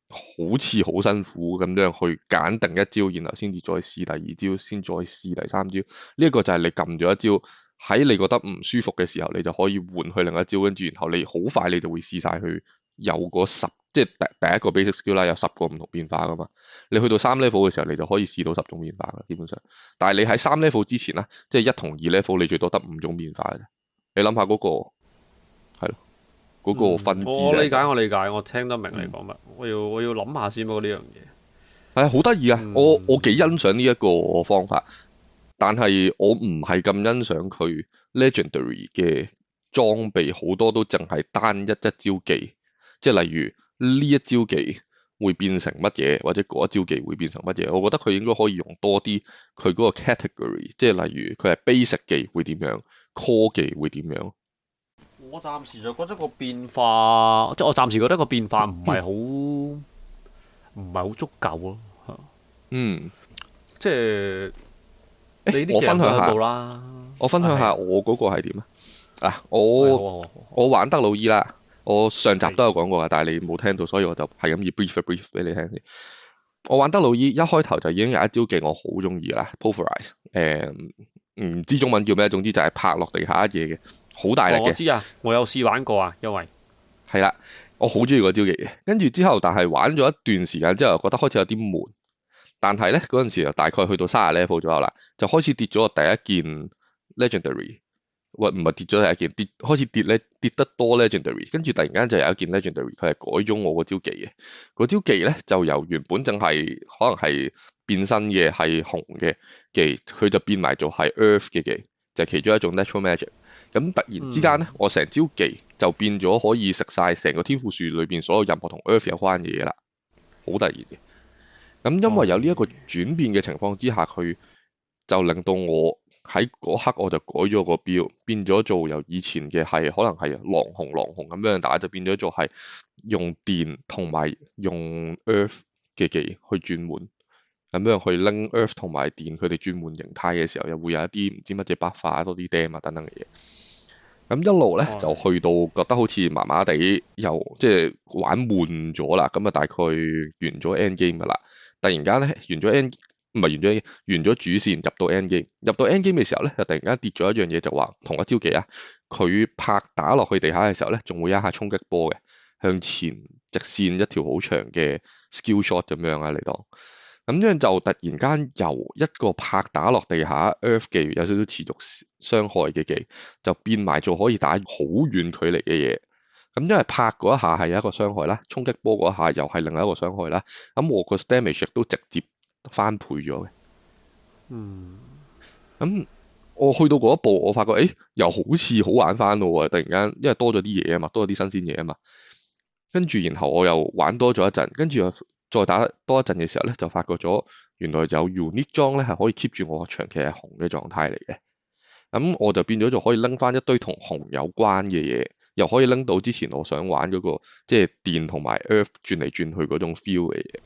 [SPEAKER 1] 好似好辛苦咁樣去揀定一招，然後先至再試第二招，先再試第三招。呢個就係你撳咗一招喺你覺得唔舒服嘅時候，你就可以換去另一招，跟住然後你好快你就會試晒去有嗰十即係第第一個 basic skill 啦，有十個唔同變化噶嘛。你去到三 level 嘅時候，你就可以試到十種變化啦，基本上。但係你喺三 level 之前呢，即係一同二 level 你最多得五種變化嘅啫。你諗下嗰個。嗰個分子，我理解，
[SPEAKER 2] 我理解，我聽得明、嗯、你講乜，我要我要諗下先。不過呢樣嘢
[SPEAKER 1] 係啊，好得意啊！我我幾欣賞呢一個方法，但係我唔係咁欣賞佢 legendary 嘅裝備，好多都淨係單一一招技，即係例如呢一招技會變成乜嘢，或者嗰一招技會變成乜嘢？我覺得佢應該可以用多啲佢嗰個 category，即係例如佢係 basic 技會點樣，core 技會點樣。
[SPEAKER 2] 我暫時就覺得個變化，即係我暫時覺得個變化唔係好唔係好足夠咯。嗯、啊、嗯，即係你啲我分享下啦。
[SPEAKER 1] 我分享下我嗰個係點啊！我、哎、好好我玩德魯伊啦，我上集都有講過噶，的但係你冇聽到，所以我就係咁以 brief brief 俾你聽先。我玩得德魯伊一開頭就已經有一招技我好中意啦 Pulverize 誒、嗯、唔知中文叫咩，總之就係拍落地下一嘢嘅，好大力嘅、哦。我知
[SPEAKER 2] 啊，我有試玩過啊，因為
[SPEAKER 1] 係啦，我好中意個招技嘅。跟住之後，但係玩咗一段時間之後，覺得開始有啲悶。但係咧嗰陣時就大概去到卅 level 左右啦，就開始跌咗個第一件 Legendary。喂，唔係跌咗係一件跌，開始跌咧，跌得多咧 legendary，跟住突然間就有一件 legendary，佢係改咗我個招技嘅，個招技咧就由原本淨係可能係變身嘅係紅嘅技，佢就變埋做係 earth 嘅技，就係、其中一種 natural magic。咁突然之間咧，嗯、我成招技就變咗可以食晒成個天賦樹裏邊所有任何同 earth 有關嘅嘢啦，好突然嘅。咁因為有呢一個轉變嘅情況之下，佢就令到我。喺嗰刻我就改咗個標，變咗做由以前嘅係可能係狼紅狼紅咁樣打，但係就變咗做係用電同埋用 earth 嘅技去轉換，咁樣去拎 earth 同埋電佢哋轉換形態嘅時候，又會有一啲唔知乜嘢筆化、多啲 damn 啊等等嘅嘢。咁一路咧就去到覺得好似麻麻地，又即係、就是、玩悶咗啦。咁啊，大概完咗 end game 噶啦。突然間咧，完咗 end 唔係完咗，完咗主線入到 endgame，入到 endgame 嘅時候咧，就突然間跌咗一樣嘢，就話同一招技啊，佢拍打落去地下嘅時候咧，仲會有一下衝擊波嘅向前直線一條好長嘅 skill shot 咁樣啊嚟當。咁樣就突然間由一個拍打落地下 earth 技有少少持續傷害嘅技，就變埋做可以打好遠距離嘅嘢。咁因為拍嗰一下係一個傷害啦，衝擊波嗰一下又係另外一個傷害啦。咁我個 damage 亦都直接，翻倍咗嘅，嗯，咁、嗯、我去到嗰一步，我發覺誒、欸，又好似好玩翻咯，突然間因為多咗啲嘢啊嘛，多咗啲新鮮嘢啊嘛，跟住然後我又玩多咗一陣，跟住再打多一陣嘅時候咧，就發覺咗原來有 unique 裝咧係可以 keep 住我長期係紅嘅狀態嚟嘅，咁、嗯、我就變咗就可以拎翻一堆同紅有關嘅嘢，又可以拎到之前我想玩嗰、那個即係、就是、電同埋 earth 轉嚟轉去嗰種 feel 嘅嘢，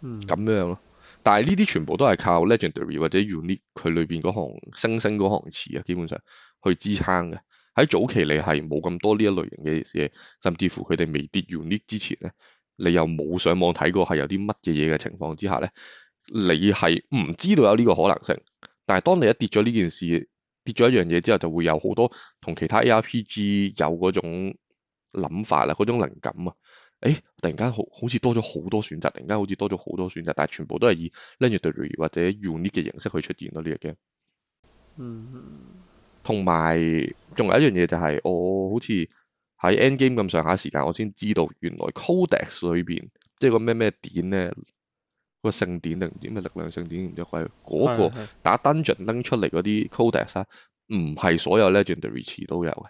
[SPEAKER 1] 嗯，咁樣咯。但係呢啲全部都係靠 legendary 或者 unique 佢裏邊嗰行星星嗰行詞啊，基本上去支撐嘅。喺早期你係冇咁多呢一類型嘅嘢，甚至乎佢哋未跌 unique 之前咧，你又冇上網睇過係有啲乜嘢嘢嘅情況之下咧，你係唔知道有呢個可能性。但係當你一跌咗呢件事跌咗一樣嘢之後，就會有好多同其他 ARPG 有嗰種諗法啦、啊，嗰種靈感啊～誒、欸，突然間好好似多咗好多選擇，突然間好似多咗好多選擇，但係全部都係以 legendary 或者 unique 嘅形式去出現咯呢隻 game。嗯，同埋仲有一樣嘢就係、是，我好似喺 end game 咁上下時間，我先知道原來 codex 裏邊即係個咩咩點咧，個聖典定唔知咩力量聖典，就係嗰個打 dungeon 拎出嚟啲 codex 啊，唔係所有 legendary 詞都有嘅。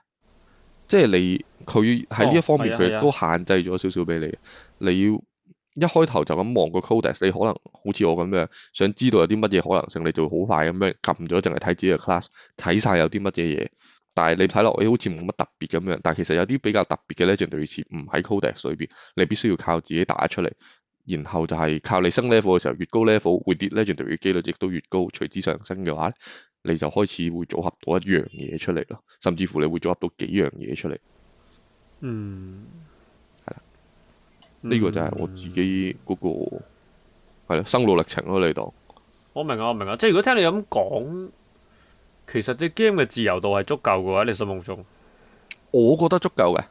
[SPEAKER 1] 即係你佢喺呢一方面佢、哦啊啊、都限制咗少少俾你，你要一開頭就咁望個 codex，你可能好似我咁樣，想知道有啲乜嘢可能性，你就好快咁樣撳咗淨係睇自己嘅 class，睇晒有啲乜嘢嘢，但係你睇落，哎，好似冇乜特別咁樣，但係其實有啲比較特別嘅 legendary 唔喺 codex 裏邊，你必須要靠自己打出嚟，然後就係靠你升 level 嘅時候，越高 level 會跌 legendary 嘅機率亦都越高，隨之上升嘅話你就開始會組合到一樣嘢出嚟咯，甚至乎你會組合到幾樣嘢出嚟。嗯，係啦，呢、嗯、個就係我自己嗰個係啦，生路歷程咯，你當。
[SPEAKER 2] 我明啊，我明啊，即係如果聽你咁講，其實隻 game 嘅自由度係足夠嘅話，你心目中，
[SPEAKER 1] 我覺得足夠嘅、欸，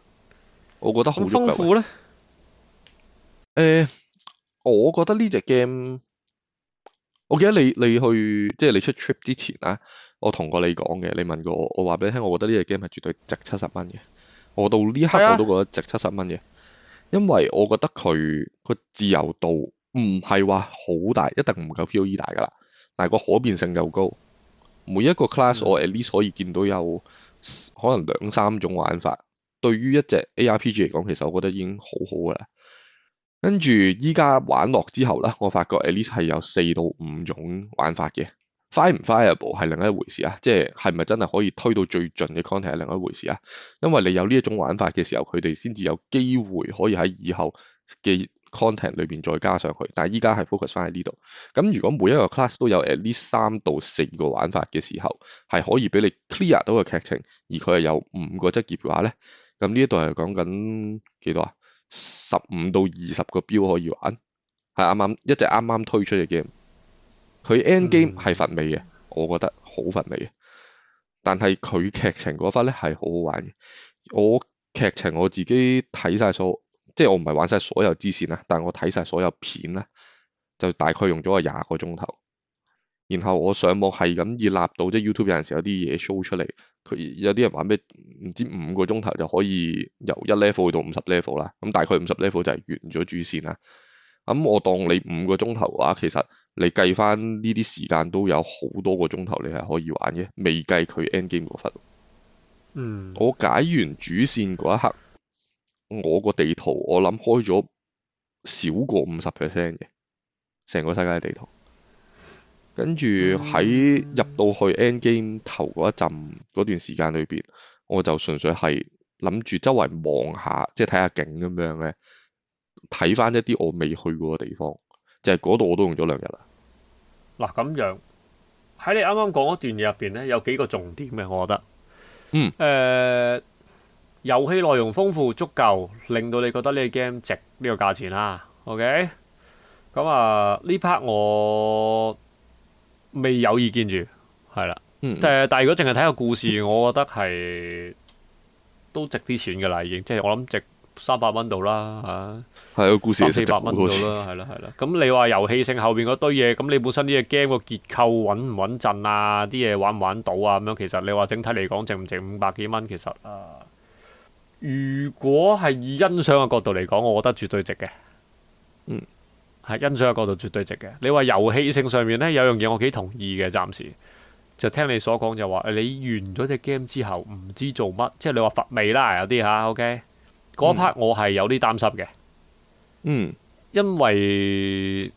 [SPEAKER 1] 我覺得好豐富
[SPEAKER 2] 咧。
[SPEAKER 1] 誒，我覺得呢隻 game。我記得你你去即係你出 trip 之前啊，我同過你講嘅，你問過我，我話俾你聽，我覺得呢隻 game 係絕對值七十蚊嘅。我到呢刻、啊、我都覺得值七十蚊嘅，因為我覺得佢個自由度唔係話好大，一定唔夠 POE 大噶啦，但係個可變性又高。每一個 class、嗯、我 at least 可以見到有可能兩三種玩法，對於一隻 ARPG 嚟講，其實我覺得已經好好噶啦。跟住依家玩落之後咧，我發覺 At least 係有四到五種玩法嘅，fire 唔 fireable 係另一回事啊，即係係咪真係可以推到最盡嘅 content 係另一回事啊？因為你有呢一種玩法嘅時候，佢哋先至有機會可以喺以後嘅 content 裏邊再加上去。但係依家係 focus 翻喺呢度。咁如果每一個 class 都有 At least 三到四個玩法嘅時候，係可以俾你 clear 到個劇情，而佢係有五個職業嘅話咧，咁呢一度係講緊幾多啊？十五到二十個標可以玩，係啱啱一隻啱啱推出嘅 game，佢 end game 係乏味嘅，我覺得好乏味嘅，但係佢劇情嗰忽咧係好好玩嘅，我劇情我自己睇晒所，即係我唔係玩晒所有支線啦，但我睇晒所有片啦，就大概用咗個廿個鐘頭。然後我上網係咁而納到，即係 YouTube 有陣時有啲嘢 show 出嚟，佢有啲人話咩唔知五個鐘頭就可以由一 level 去到五十 level 啦，咁大概五十 level 就係完咗主線啦。咁我當你五個鐘頭嘅話，其實你計翻呢啲時間都有好多個鐘頭你係可以玩嘅，未計佢 end game 嗰分。嗯，
[SPEAKER 3] 我
[SPEAKER 1] 解完主線嗰一刻，我個地圖我諗開咗少過五十 percent 嘅成個世界地圖。跟住喺入到去 Endgame 頭嗰一陣嗰段時間裏邊，我就純粹係諗住周圍望下，即係睇下景咁樣咧，睇翻一啲我未去過嘅地方，就係嗰度我都用咗兩日啦。
[SPEAKER 2] 嗱，咁樣喺你啱啱講一段嘢入邊咧，有幾個重點嘅，我覺得嗯誒，遊戲內容豐富足夠，令到你覺得呢個 game 值呢個價錢啦。OK，咁啊呢 part 我。未有意見住，係啦。嗯、但係但係如果淨係睇個故事，我覺得係都值啲錢嘅啦，已經即係我諗值三百蚊度啦
[SPEAKER 1] 嚇。係個、嗯啊、故事四百蚊度啦，
[SPEAKER 2] 係啦係啦。咁錢你話遊戲性後邊嗰堆嘢，咁你本身啲嘢 game 個結構穩唔穩陣啊？啲嘢玩唔玩到啊？咁樣其實你話整體嚟講值唔值五百幾蚊？其實啊，如果係以欣賞嘅角度嚟講，我覺得絕對值嘅。嗯。係欣賞嘅角度絕對值嘅。你話遊戲性上面咧，有樣嘢我幾同意嘅。暫時就聽你所講就話，你完咗隻 game 之後唔知做乜，即係你話乏味啦，有啲吓。OK，嗰一 part 我係有啲擔心嘅。
[SPEAKER 3] 嗯，
[SPEAKER 2] 因為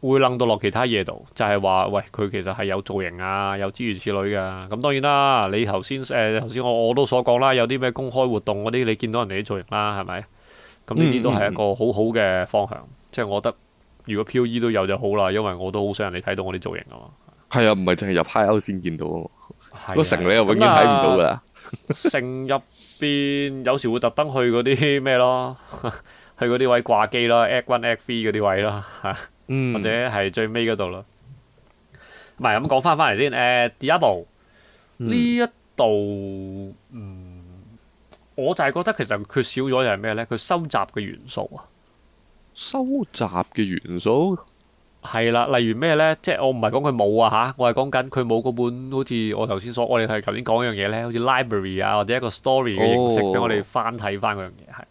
[SPEAKER 2] 會諗到落其他嘢度，就係話喂，佢其實係有造型啊，有諸如此類嘅。咁當然啦，你頭先誒頭先我我都所講啦，有啲咩公開活動嗰啲，你見到人哋啲造型啦，係咪？咁呢啲都係一個好好嘅方向，即係我覺得。如果 PoE 都有就好啦，因為我都好想人哋睇到我啲造型啊
[SPEAKER 1] 嘛。係啊，唔係淨係入 hideout 先見到，
[SPEAKER 2] 個、啊、城，你又永遠睇唔到噶。啊、 城入邊有時會特登去嗰啲咩咯， 去嗰啲位掛機啦 Act One、Act Three 嗰啲位啦，吓、啊、或者係最尾嗰度咯。唔係，咁講翻翻嚟先，誒，第一步，呢一度，嗯，我就係覺得其實缺少咗就係咩咧？佢收集嘅元素啊。收集嘅元素係啦，例如咩呢？即係我唔係講佢冇啊吓，我係講緊佢冇嗰本，好似我頭先所我哋係頭先講一樣嘢呢，好似 library 啊或者一個 story 嘅形式俾、哦、我哋翻睇翻嗰樣嘢，係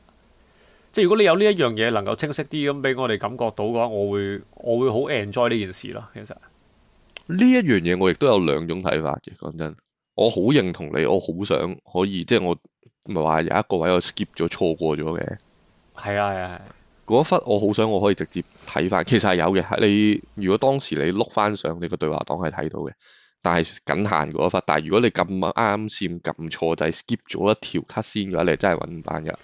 [SPEAKER 2] 即係如果你有呢一樣嘢能夠清晰啲咁俾我哋感覺到嘅話，我會我會好 enjoy 呢件事啦。其實
[SPEAKER 1] 呢一樣嘢我亦都有兩種睇法嘅，講真，我好認同你，我好想可以即係我唔係話有一個位我 skip 咗錯過咗嘅，係啊係啊。嗰一忽我好想我可以直接睇翻，其實係有嘅。你如果當時你碌翻上你個對話檔係睇到嘅，但係僅限嗰一忽。但係如果你咁啱先撳錯就係、是、skip 咗一條 cut 線嘅話，你真係揾唔翻噶。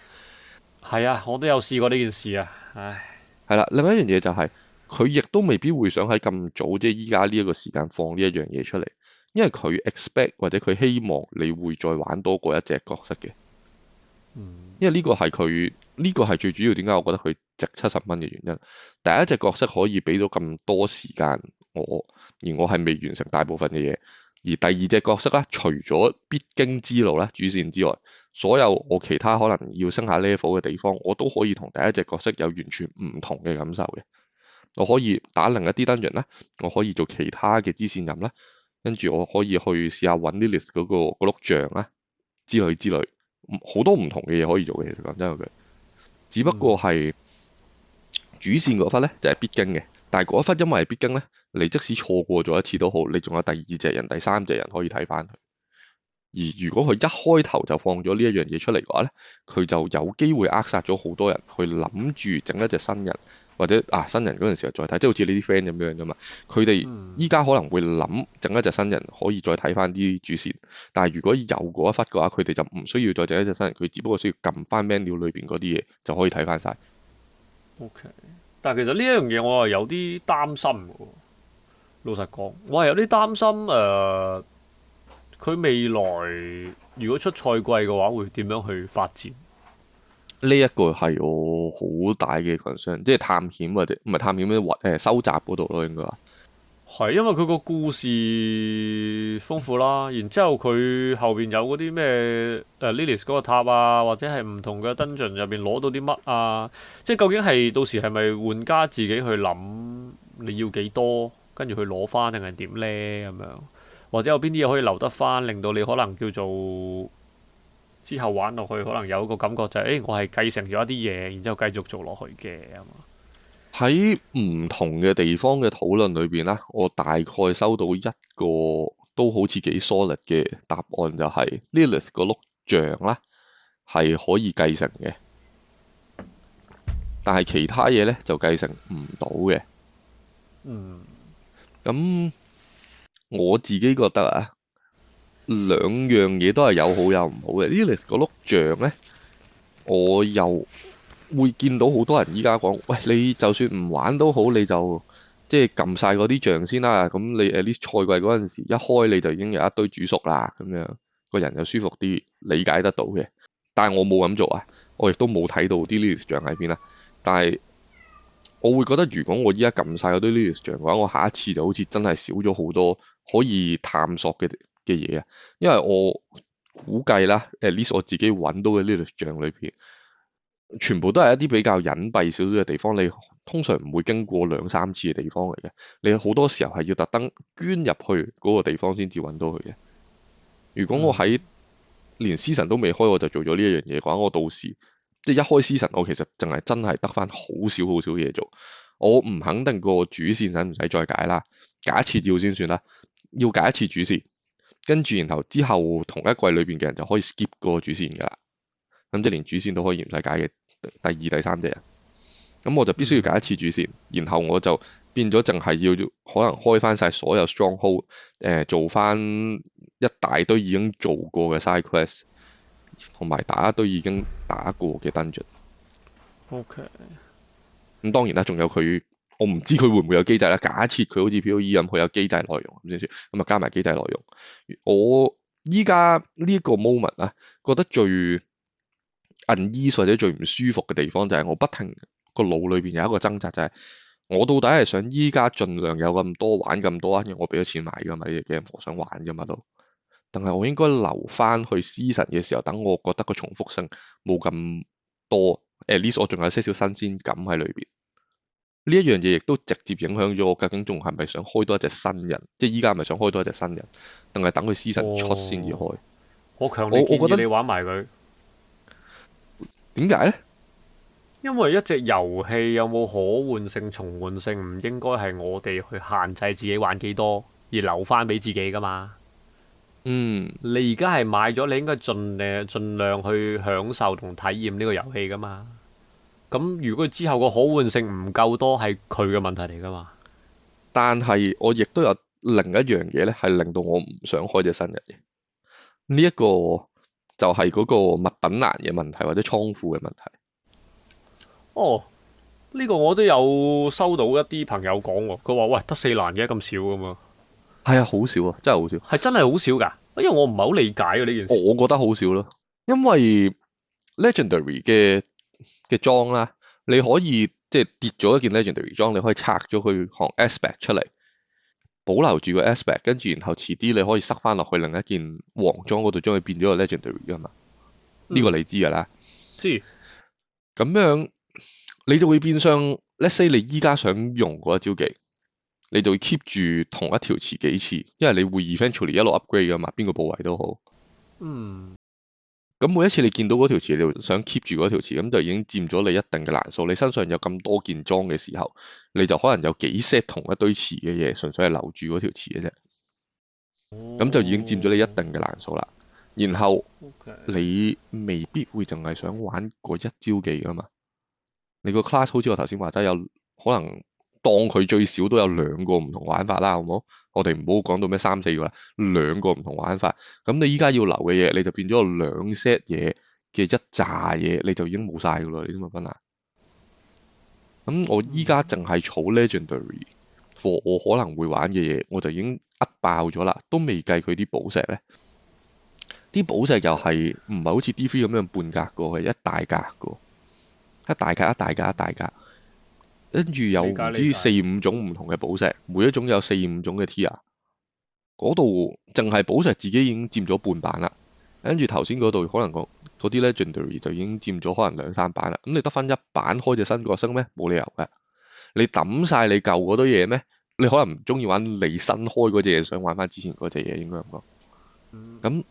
[SPEAKER 2] 係啊，我都有試過呢件事啊，唉。
[SPEAKER 1] 係啦，另外一樣嘢就係佢亦都未必會想喺咁早，即係依家呢一個時間放呢一樣嘢出嚟，因為佢 expect 或者佢希望你會再玩多過一隻角色嘅。嗯。因為呢個係佢。呢個係最主要點解我覺得佢值七十蚊嘅原因。第一隻角色可以俾到咁多時間我，而我係未完成大部分嘅嘢。而第二隻角色咧，除咗必經之路咧，主線之外，所有我其他可能要升下 level 嘅地方，我都可以同第一隻角色有完全唔同嘅感受嘅。我可以打另一啲 dungeon 啦，我可以做其他嘅支線任務啦，跟住我可以去試下揾 Lilith 嗰個碌像啦，之類之類，好多唔同嘅嘢可以做嘅。其實講真，佢。只不過係主線嗰忽咧就係必經嘅，但係嗰一忽因為必經咧，你即使錯過咗一次都好，你仲有第二隻人、第三隻人可以睇翻佢。而如果佢一開頭就放咗呢一樣嘢出嚟嘅話咧，佢就有機會扼殺咗好多人去諗住整一隻新人。或者啊新人嗰陣時候再睇，即係好似呢啲 friend 咁樣噶嘛。佢哋依家可能會諗整一隻新人可以再睇翻啲主線，但係如果有嗰一忽嘅話，佢哋就唔需要再整一隻新人，佢只不過需要撳翻 menu 裏邊嗰啲嘢就可以睇翻晒。
[SPEAKER 2] OK，但係其實呢一樣嘢我係有啲擔心嘅。老實講，我係有啲擔心誒，佢、呃、未來如果出賽季嘅話，會點樣去發展？
[SPEAKER 1] 呢一個係我好大嘅 concern，即係探險或者唔係探險咩？運誒，收集嗰度咯，應該
[SPEAKER 2] 係因為佢個故事豐富啦，然之後佢後邊有嗰啲咩誒、啊、Lilith 嗰個塔啊，或者係唔同嘅 dungeon 入邊攞到啲乜啊？即係究竟係到時係咪玩家自己去諗你要幾多，跟住去攞翻定係點咧？咁樣或者有邊啲嘢可以留得翻，令到你可能叫做？之後玩落去，可能有一個感覺就係、是，誒、哎，我係繼承咗一啲嘢，然之後繼續做落去嘅啊嘛。
[SPEAKER 1] 喺唔同嘅地方嘅討論裏邊咧，我大概收到一個都好似幾 solid 嘅答案，就是，就係 Lilith 個碌像啦，係可以繼承嘅，但係其他嘢咧就繼承唔到嘅。嗯。咁，我自己覺得啊。兩樣嘢都係有好有唔好嘅。 那個，呢個個碌象咧，我又會見到好多人依家講，喂，你就算唔玩都好，你就即係撳晒嗰啲象先啦。咁你誒呢賽季嗰陣時一開你就已經有一堆煮熟啦，咁樣個人就舒服啲，理解得到嘅。但係我冇咁做啊，我亦都冇睇到啲呢個象喺邊啦。但係我會覺得，如果我依家撳晒嗰堆呢個象嘅話，我下一次就好似真係少咗好多可以探索嘅嘅嘢啊，因為我估計啦，誒呢，我自己揾到嘅呢度像裏邊，全部都係一啲比較隱蔽少少嘅地方。你通常唔會經過兩三次嘅地方嚟嘅。你好多時候係要特登捐入去嗰個地方先至揾到佢嘅。如果我喺連 season 都未開，我就做咗呢一樣嘢嘅話，我到時即係一開 season，我其實淨係真係得返好少好少嘢做。我唔肯定個主線使唔使再解啦，解一次照先算啦，要解一次主線，跟住，然後之後同一季裏邊嘅人就可以 skip 嗰個主線噶啦，咁、嗯、即係連主線都可以唔使解嘅第二、第三隻。咁、嗯、我就必須要解一次主線，然後我就變咗淨係要可能開翻晒所有 stronghold，誒、呃，做翻一大堆已經做過嘅 side quest 同埋打一堆已經打過嘅 dungeon。
[SPEAKER 2] OK、嗯。咁
[SPEAKER 1] 當然啦，仲有佢。我唔知佢會唔會有機制啦。假設佢好似 POE 咁，佢有機制內容，點算？咁啊，加埋機制內容。我依家呢一個 moment 啊，覺得最 uneasy，或者最唔舒服嘅地方就係我不停個腦裏邊有一個掙扎，就係、是、我到底係想依家儘量有咁多玩咁多，因為我俾咗錢買㗎嘛，啲嘢我想玩㗎嘛都。但係我應該留翻去 season 神嘅時候，等我覺得個重複性冇咁多，at least 我仲有些少新鮮感喺裏邊。呢一樣嘢亦都直接影響咗我，究竟仲係咪想開多一隻新人？即係依家係咪想開多一隻新人，定係等佢 Season 出先至開
[SPEAKER 2] 我？我強我，我我覺得你玩埋佢，
[SPEAKER 1] 點解咧？
[SPEAKER 2] 因為一隻遊戲有冇可玩性、重玩性，唔應該係我哋去限制自己玩幾多，而留翻俾自己噶嘛。嗯，你而家係買咗，你應該盡量盡量去享受同體驗呢個遊戲噶嘛。咁如果之後個可換性唔夠多，係佢嘅問題嚟噶嘛？
[SPEAKER 1] 但係我亦都有另一樣嘢咧，係令到我唔想開隻新嘅嘢。呢、這、一個就係嗰個物品欄嘅問題或者倉庫嘅問題。
[SPEAKER 2] 問題哦，呢、這個我都有收到一啲朋友講，佢話喂得四欄嘅咁少噶嘛？係啊，好少啊，真係好少。係真係好少噶，因為我唔係好理解嘅、啊、呢件事。我覺得好少咯、啊，因為
[SPEAKER 1] legendary 嘅。嘅裝啦，你可以即係跌咗一件 Legendary 裝，你可以拆咗佢行 Aspect 出嚟，保留住個 Aspect，跟住然後遲啲你可以塞翻落去另一件黃裝嗰度，將佢變咗個 Legendary 啊嘛，嗯、呢個你知噶啦。知，即係咁樣你就會變相，Let's say 你依家想用嗰一招技，你就會 keep 住同一條詞幾次，因為你會 eventually 一路 upgrade 噶嘛，邊個部位都好。
[SPEAKER 3] 嗯。
[SPEAKER 1] 咁每一次你見到嗰條詞，你想 keep 住嗰條詞，咁就已經佔咗你一定嘅難數。你身上有咁多件裝嘅時候，你就可能有幾 set 同一堆詞嘅嘢，純粹係留住嗰條詞嘅啫。咁就已經佔咗你一定嘅難數啦。然後你未必會淨係想玩嗰一招技啊嘛。你個 class 好似我頭先話齋，有可能。當佢最少都有兩個唔同玩法啦，好唔好？我哋唔好講到咩三四個啦，兩個唔同玩法。咁你依家要留嘅嘢，你就變咗兩 set 嘢嘅一紮嘢，你就已經冇晒噶啦，你知唔分啊，斌啊？咁我依家淨係儲 Legendary 貨，我可能會玩嘅嘢，我就已經一爆咗啦，都未計佢啲寶石咧。啲寶石又係唔係好似 D3 咁樣半格過嘅，一大格個，一大格、一大格、一大格。跟住有唔解知四五解種唔同嘅寶石，嗯、每一種有四五種嘅 T 啊，嗰度淨係寶石自己已經佔咗半版啦。跟住頭先嗰度，可能嗰啲 Legendary 就已經佔咗可能兩三版啦。咁你得翻一版開隻新角色咩？冇理由嘅。你抌晒你舊嗰堆嘢咩？你可能唔中意玩你新開嗰隻嘢，想玩翻之前嗰隻嘢應該唔該。咁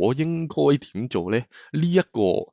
[SPEAKER 1] 我應該點做咧？呢、這、一個。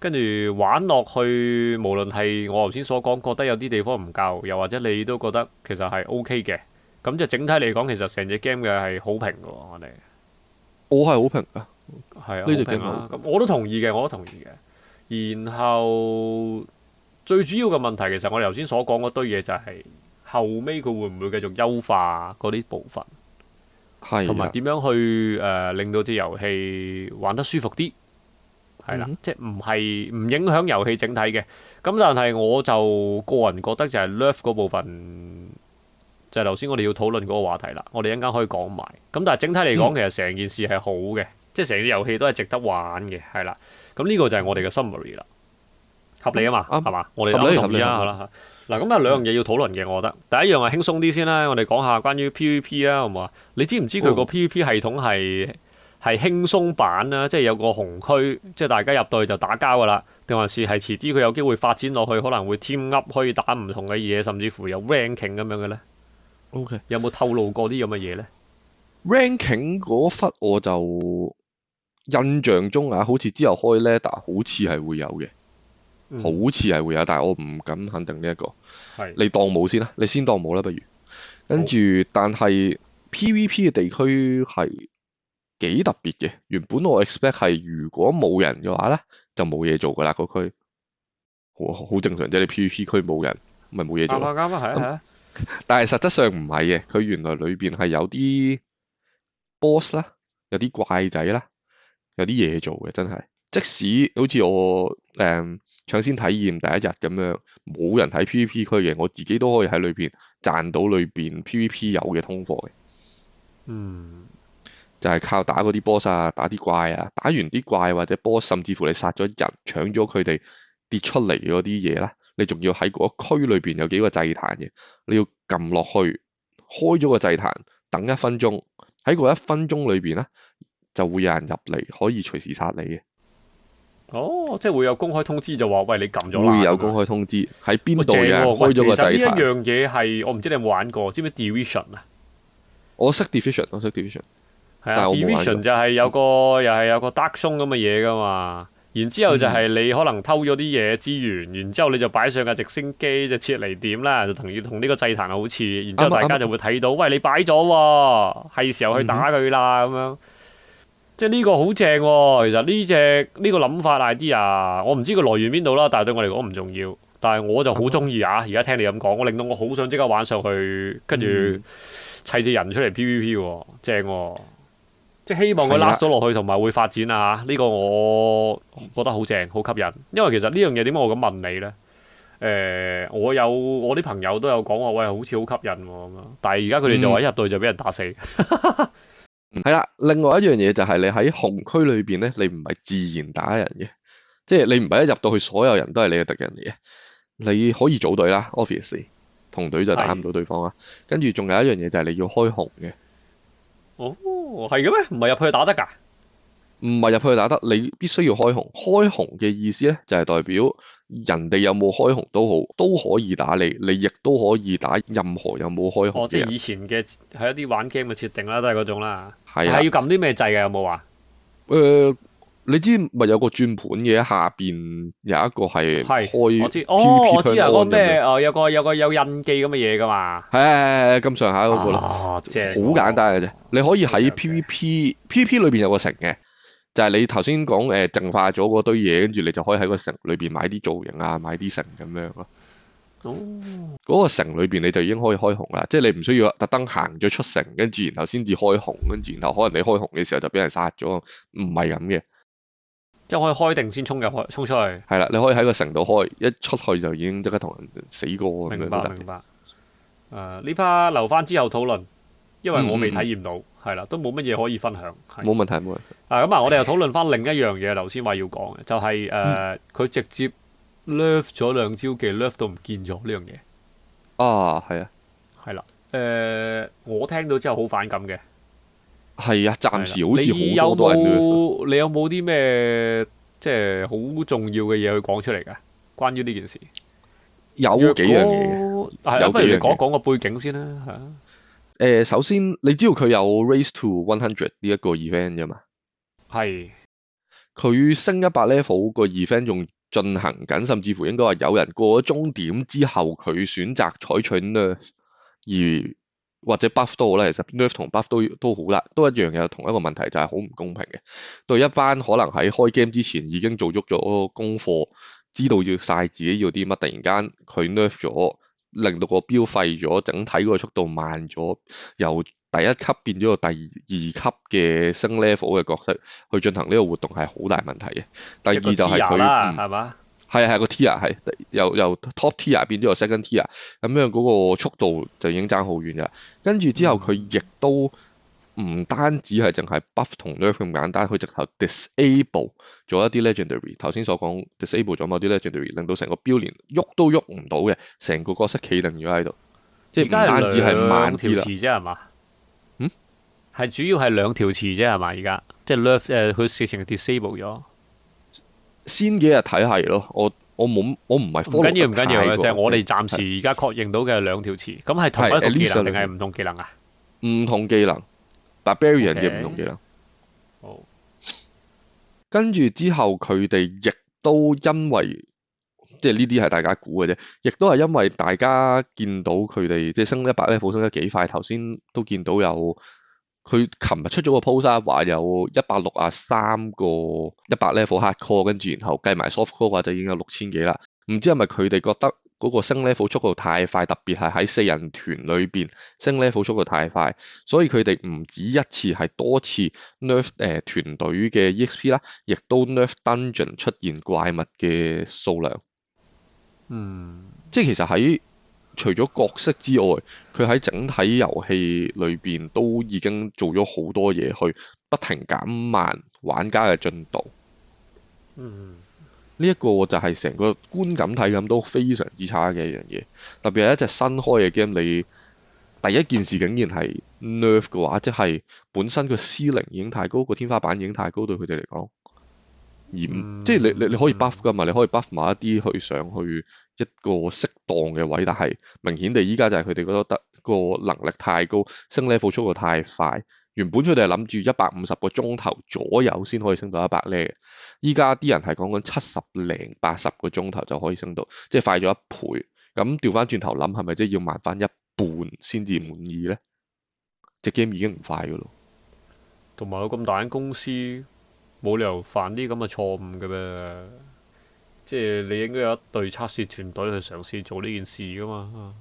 [SPEAKER 2] 跟住玩落去，無論係我頭先所講，覺得有啲地方唔夠，又或者你都覺得其實係 OK 嘅，咁就整體嚟講，其實成隻 game 嘅係好評嘅。我哋
[SPEAKER 1] 我係好評啊，
[SPEAKER 2] 係啊，我都同意嘅，我都同意嘅。然後最主要嘅問題，其實我哋頭先所講嗰堆嘢就係後尾佢會唔會繼續優化嗰啲部分，係同埋點樣去誒令到隻遊戲玩得舒服啲。係啦，嗯、即係唔係唔影響遊戲整體嘅，咁但係我就個人覺得就係 Nerf 嗰部分，就係頭先我哋要討論嗰個話題啦，我哋一陣間可以講埋。咁但係整體嚟講，嗯、其實成件事係好嘅，即係成隻遊戲都係值得玩嘅，係啦。咁呢個就係我哋嘅 summary 啦，合理啊嘛，係嘛，我哋啱唔啱啊？嗱，咁啊兩樣嘢要討論嘅，我覺得、嗯、第一樣係輕鬆啲先啦、啊，我哋講下關於 PVP 啊，係嘛，你知唔知佢個 PVP 系統係？嗯係輕鬆版啦，即係有個紅區，即係大家入到去就打交噶啦。定還是係遲啲佢有機會發展落去，可能會添鴨，可以打唔同嘅嘢，甚至乎有 ranking 咁樣嘅咧。OK，有冇透露過啲咁嘅嘢咧
[SPEAKER 1] ？ranking 嗰忽我就印象中啊，好似之後開 l e 但好似係會有嘅，嗯、好似係會有，但係我唔敢肯定呢、這、一個。係是你當冇先啦，你先當冇啦，不如跟住。好但係 PVP 嘅地區係。幾特別嘅，原本我 expect 係如果冇人嘅話咧，就冇嘢做噶啦，嗰區好，好正常啫。你 PVP 區冇人，咪冇嘢做。啱啊，啱啊，係啊。但係實質上唔係嘅，佢原來裏邊係有啲 boss 啦，有啲怪仔啦，有啲嘢做嘅，真係。即使好似我誒嗯、搶先體驗第一日咁樣，冇人喺 PVP 區嘅，我自己都可以喺裏邊賺到裏邊 PVP 有嘅通貨嘅。嗯。就係靠打嗰啲 boss，o 啊，打啲怪啊，打完啲怪或者 boss，甚至乎你殺咗人，搶咗佢哋跌出嚟嗰啲嘢啦，你仲要喺個區裏邊有幾個祭壇嘅，你要撳落去，開咗個祭壇，等一分鐘，喺個一分鐘裏邊咧，就會有人入嚟，可以隨時殺你
[SPEAKER 2] 嘅。哦，即係會有公開通知就話，喂，你撳咗啦。會有
[SPEAKER 1] 公開通知喺邊度嘅？開咗個祭壇。呢一
[SPEAKER 2] 樣嘢係我唔知你有冇玩過，知唔知 Division 啊？
[SPEAKER 1] 我識 Division，我識 Division。
[SPEAKER 2] But Division 就係有個、mm hmm. 又係有個 dark zone 咁嘅嘢噶嘛，然之後就係你可能偷咗啲嘢資源，mm hmm. 然之後你就擺上架直升機就撤離點啦，就同要同呢個祭壇好似，然之後大家就會睇到，mm hmm. 喂你擺咗喎、啊，係時候去打佢啦咁樣。即係呢個好正喎，其實呢隻呢個諗、這個、法 idea，我唔知佢來源邊度啦，但係對我嚟講唔重要，但係我就好中意啊！而家、mm hmm. 聽你咁講，我令到我好想即刻玩上去，跟住砌隻人出嚟 PVP 喎，hmm. 正、啊。即係希望佢拉咗落去，同埋的會發展啊！呢、呢個我覺得好正，好吸引。因為其實呢樣嘢點解我咁問你咧？誒、呃，我有我啲朋友都有講話，喂，好似好吸引喎、啊。但係而家佢哋就話一入隊就俾人打死。
[SPEAKER 1] 係啦、嗯， 另外一樣嘢就係你喺紅區裏邊咧，你唔係自然打人嘅，即係你唔係一入到去，所有人都係你嘅敵人嚟嘅。你可以組隊啦，Obviously，同隊就打唔到對方啦。跟住仲有一樣嘢就係你要開紅嘅。哦。
[SPEAKER 2] 哦，係嘅咩？唔係入去打得㗎？
[SPEAKER 1] 唔係入去打得，你必須要開紅。開紅嘅意思咧，就係、是、代表人哋有冇開紅都好，都可以打你，你亦都可以打任何有冇開紅。哦，即係以
[SPEAKER 2] 前嘅係一啲玩 game 嘅設定啦，都係嗰種啦。係啊的，要撳啲咩掣嘅？有冇啊？誒、
[SPEAKER 1] 呃。你知咪有個轉盤嘅下邊有一個係開 PVP，我知、哦、我知有嗰咩啊，
[SPEAKER 2] 有個有個有印記咁嘅嘢噶嘛，
[SPEAKER 1] 係啊，咁上下嗰個咯，
[SPEAKER 2] 哦、好
[SPEAKER 1] 簡單嘅啫。你可以喺 PVP PVP 裏邊有個城嘅，就係、是、你頭先講誒淨化咗嗰堆嘢，跟住你就可以喺個城裏邊買啲造型啊，買啲城咁樣咯。嗰、oh. 個城裏邊你就已經可以開紅啦，即係你唔需要特登行咗出城，跟住然後先至開紅，跟住然後可能你開紅嘅時候就俾人殺咗，唔係咁嘅。
[SPEAKER 2] 即係可以開定先衝入去，衝出去。
[SPEAKER 1] 係啦，你可以喺個城度開，一出去就已經即刻同人死過。明白，明白。
[SPEAKER 2] 誒，呢 part 留翻之後討論，因為我未體驗到，係啦，都冇乜嘢可以分享。冇
[SPEAKER 1] 問題，冇問題。
[SPEAKER 2] 啊，咁啊，我哋又討論翻另一樣嘢，劉先話要講嘅，就係誒，佢直接 lift 咗兩招嘅 lift 都唔見咗呢樣嘢。啊，係啊，係啦，誒，我聽到之後好反感嘅。
[SPEAKER 1] 係啊，暫時好似好多人都。你有
[SPEAKER 2] 你有冇啲咩即係好重要嘅嘢，去講出嚟㗎。關於呢件事
[SPEAKER 1] 有幾樣
[SPEAKER 2] 嘢，如果的有幾樣嘢。不如你講講，啊，個背景先啦
[SPEAKER 1] 吓。誒，呃，首先你知道佢有 Race to One Hundred 呢一個 event 啫嘛？
[SPEAKER 2] 係的。
[SPEAKER 1] 佢升一百 level 個 event 仲進行緊，甚至乎應該話有人過咗終點之後，佢選擇採取呢，而。或者 buff 多咧，其實 nerf 同 buff 都都好啦，都一樣有同一個問題，就係好唔公平嘅。對一班可能喺開 game 之前已經做足咗功課，知道要晒自己要啲乜，突然間佢 nerf 咗，令到個標廢咗，整體個速度慢咗，由第一級變咗個第二級嘅升 level 嘅角色去進行呢個活動係好大問題嘅。第二就係佢，係嘛？係係、個 tier 係，由由 top tier 變咗個 second tier，咁樣嗰個速度就已經爭好遠啦。跟住之後佢亦都唔單止係淨係 buff 同 nerf 咁簡單，佢直頭 disable 咗一啲 legendary。頭先所講 disable 咗某啲 legendary，令到成個 build 連喐都喐唔到嘅，成個角色企定咗喺度。
[SPEAKER 2] 即係唔單止係慢啲啦，啫，係嘛？嗯，係主要係兩條詞啫係嘛？而家即係 nerf 誒，佢事情 disable 咗。
[SPEAKER 1] 先幾日睇下嘢咯，我我冇，我唔係。唔緊要唔緊要嘅，就係我哋暫時而
[SPEAKER 2] 家確認到嘅兩條詞，咁係是同一個技能定係唔同技能啊？
[SPEAKER 1] 唔是同技能，但 Barbarian 嘅唔同技能。好。Okay. 跟住之後，佢哋亦都因為，即係呢啲係大家估嘅啫，亦都係因為大家見到佢哋即係升一百咧，復升得幾快，頭先都見到有。佢琴日出咗個 post 啊，話有一百六啊三個一百 level hard core，跟住然後計埋 soft core 嘅話就已經有六千幾啦。唔知係咪佢哋覺得嗰個升 level 速度太快，特別係喺四人團裏邊升 level 速度太快，所以佢哋唔止一次係多次 nerf 誒、呃、團隊嘅 xp 啦，亦都 nerf dungeon 出現怪物嘅數量。嗯，即係其實喺。除咗角色之外，佢喺整體遊戲裏邊都已經做咗好多嘢，去不停減慢玩家嘅進度。嗯，呢一個就係成個觀感體感都非常之差嘅一樣嘢，特別係一隻新開嘅 game 你第一件事竟然係 nerf 嘅話，即係本身個 ceiling 已經太高，個天花板已經太高，對佢哋嚟講。嗯、即係你你你可以 buff 噶嘛？你可以 buff 埋一啲去上去一個適當嘅位，但係明顯地依家就係佢哋覺得得個能力太高，升 level 速度太快。原本佢哋係諗住一百五十個鐘頭左右先可以升到一百 level，依家啲人係講緊七十零八十個鐘頭就可以升到，即係快咗一倍。咁調翻轉頭諗，係咪即係要慢翻一半先至滿意咧？隻 game 已經唔快噶咯，
[SPEAKER 2] 同埋有咁大間公司。冇理由犯啲咁嘅錯誤嘅咩？即係你應該有一隊測試團隊去嘗試做呢件事噶嘛？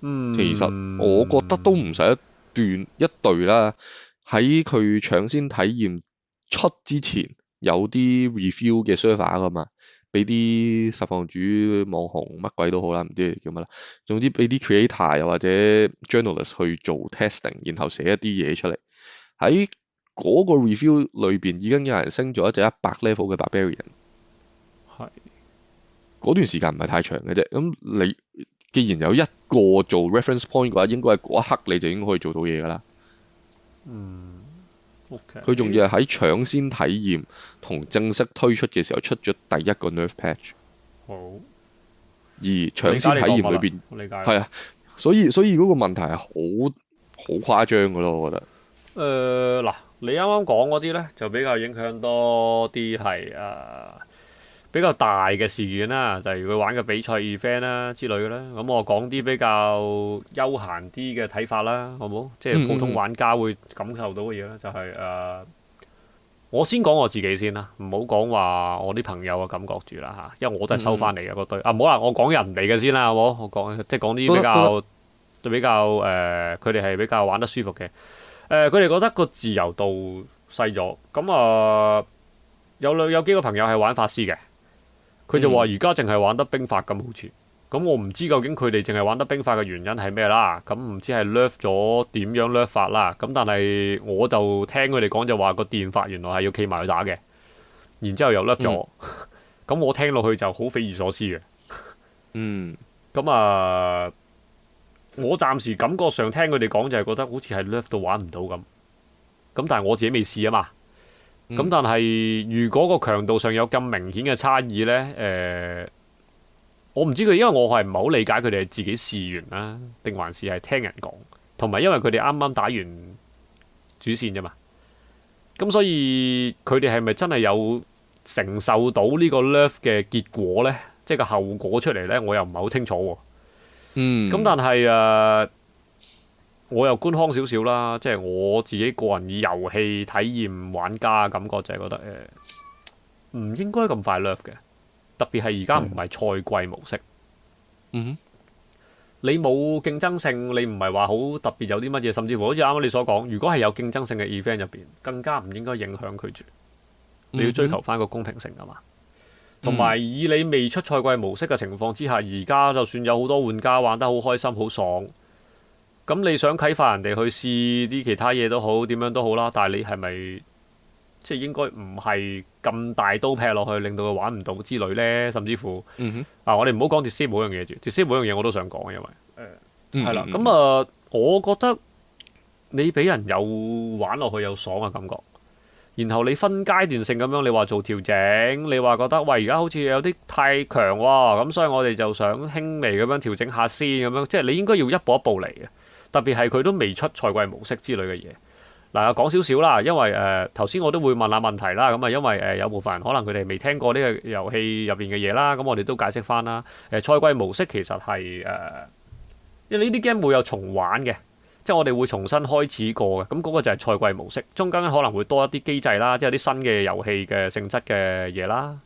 [SPEAKER 1] 嗯，其實我覺得都唔使一段一隊啦。喺佢搶先體驗出之前，有啲 review 嘅 server 啊嘛，俾啲實況主、網紅、乜鬼都好啦，唔知叫乜啦。總之俾啲 creator 又或者 journalist 去做 testing，然後寫一啲嘢出嚟喺。嗰個 review 裏邊已經有人升咗一隻一百 level 嘅 barbarian 係嗰是段時間唔係太長嘅啫。咁你既然有一個做 reference point 嘅話，應該係嗰一刻你就應該可以做到嘢噶啦。嗯，OK。
[SPEAKER 3] 佢仲要係喺
[SPEAKER 1] 搶先體驗同正式推出嘅時候出咗第一個 nerf patch，
[SPEAKER 3] 好。
[SPEAKER 1] 而搶先體驗裏邊，我理解係啊。所以所以嗰個問題係好好誇張噶咯，我覺得。
[SPEAKER 2] 誒、呃，嗱。你啱啱講嗰啲呢，就比較影響多啲係誒比較大嘅事件啦，就係佢玩嘅比賽 event 啦之類嘅啦。咁、嗯、我講啲比較休閒啲嘅睇法啦，好冇？即係普通玩家會感受到嘅嘢咧，就係、是、誒、呃、我先講我自己先啦，唔好講話我啲朋友嘅感覺住啦嚇，因為我都係收翻嚟嘅嗰堆啊。唔好啦，我講人哋嘅先啦，好唔好？我講即係講啲比較比較誒，佢哋係比較玩得舒服嘅。誒，佢哋、呃、覺得個自由度細咗，咁、嗯、啊有兩有幾個朋友係玩法師嘅，佢就話而家淨係玩得冰法咁好似，咁我唔知究竟佢哋淨係玩得冰法嘅原因係咩啦，咁唔知係 nerf 咗點樣甩法啦，咁但係我就聽佢哋講就話個電法原來係要企埋去打嘅，然之後又甩咗，咁我聽落去就好匪夷所思嘅，嗯，咁啊、嗯。嗯嗯我暫時感覺上聽佢哋講就係覺得好似係 nerf 到玩唔到咁，咁但係我自己未試啊嘛。咁但係如果個強度上有咁明顯嘅差異呢，誒、呃，我唔知佢，因為我係唔好理解佢哋係自己試完啦，定還是係聽人講，同埋因為佢哋啱啱打完主線啫嘛。咁所以佢哋係咪真係有承受到呢個 nerf 嘅結果呢？即係個後果出嚟，呢我又唔係好清楚喎、啊。嗯，咁但係誒，我又觀康少少啦，即係我自己個人以遊戲體驗玩家感覺就係覺得誒，唔應該咁快 nerf 嘅，特別係而家唔係賽季模式。嗯哼，你冇競爭性，你唔係話好特別有啲乜嘢，甚至乎好似啱啱你所講，如果係有競爭性嘅 event 入邊，更加唔應該影響佢住，
[SPEAKER 1] 你要追求
[SPEAKER 2] 翻個公平性㗎嘛。同埋以你未出賽季模式嘅情況之下，而家就算有好多玩家玩得好開心、好爽，咁你想啟發人哋去試啲其他嘢都好，點樣都好啦。但係你係咪即係應該唔係咁大刀劈落去，令到佢玩唔到之類呢？甚至乎、嗯、哼啊，我哋唔好講迪斯每樣嘢住，迪斯每樣嘢我都想講，因為誒，係啦。咁啊，我覺得你俾人有玩落去有爽嘅感覺。然後你分階段性咁樣，你話做調整，你話覺得喂，而家好似有啲太強喎，哦，咁所以我哋就想輕微咁樣調整下先，咁樣即係你應該要一步一步嚟嘅。特別係佢都未出賽季模式之類嘅嘢，嗱，講少少啦。因為誒頭先我都會問下問題啦，咁啊因為誒、呃、有部分人可能佢哋未聽過呢個遊戲入邊嘅嘢啦，咁我哋都解釋翻啦。誒賽季模式其實係誒，因為呢啲 game 會有重玩嘅。即係我哋會重新開始過嘅，咁、那、嗰個就係賽季模式，中間可能會多一啲機制啦，即係啲新嘅遊戲嘅性質嘅嘢啦。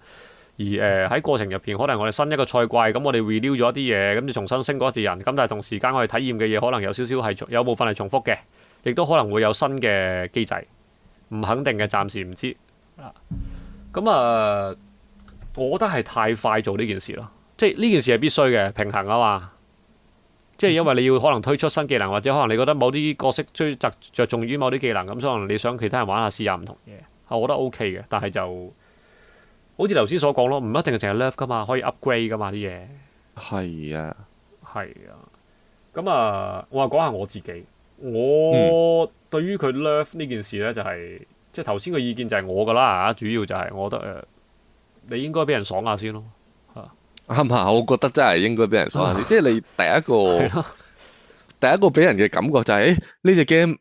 [SPEAKER 2] 而誒喺、呃、過程入邊，可能我哋新一個賽季，咁我哋 renew 咗一啲嘢，咁就重新升過一次人。咁但係同時間我哋體驗嘅嘢，可能有少少係有部分係重複嘅，亦都可能會有新嘅機制。唔肯定嘅，暫時唔知。啊、咁、呃、啊，我覺得係太快做呢件事咯，即係呢件事係必須嘅平衡啊嘛。即係因為你要可能推出新技能，或者可能你覺得某啲角色最著重於某啲技能，咁可能你想其他人玩下試下唔同嘢，係我覺得 OK 嘅。但係就好似頭先所講咯，唔一定係淨係 nerf 噶嘛，可以 upgrade 噶嘛啲嘢。係是啊，啊，係啊。咁啊，我話講下我自己，我對於佢 nerf 呢件事咧，就係、是、即係頭先個意見就係我噶啦嚇，主要就係、是、我覺得誒、呃，你應該俾人爽，爽下先咯。
[SPEAKER 1] 啱啊！我覺得真係應該俾人所諗， 即係你第一個， 第一個俾人嘅感覺就係、是，誒呢隻 game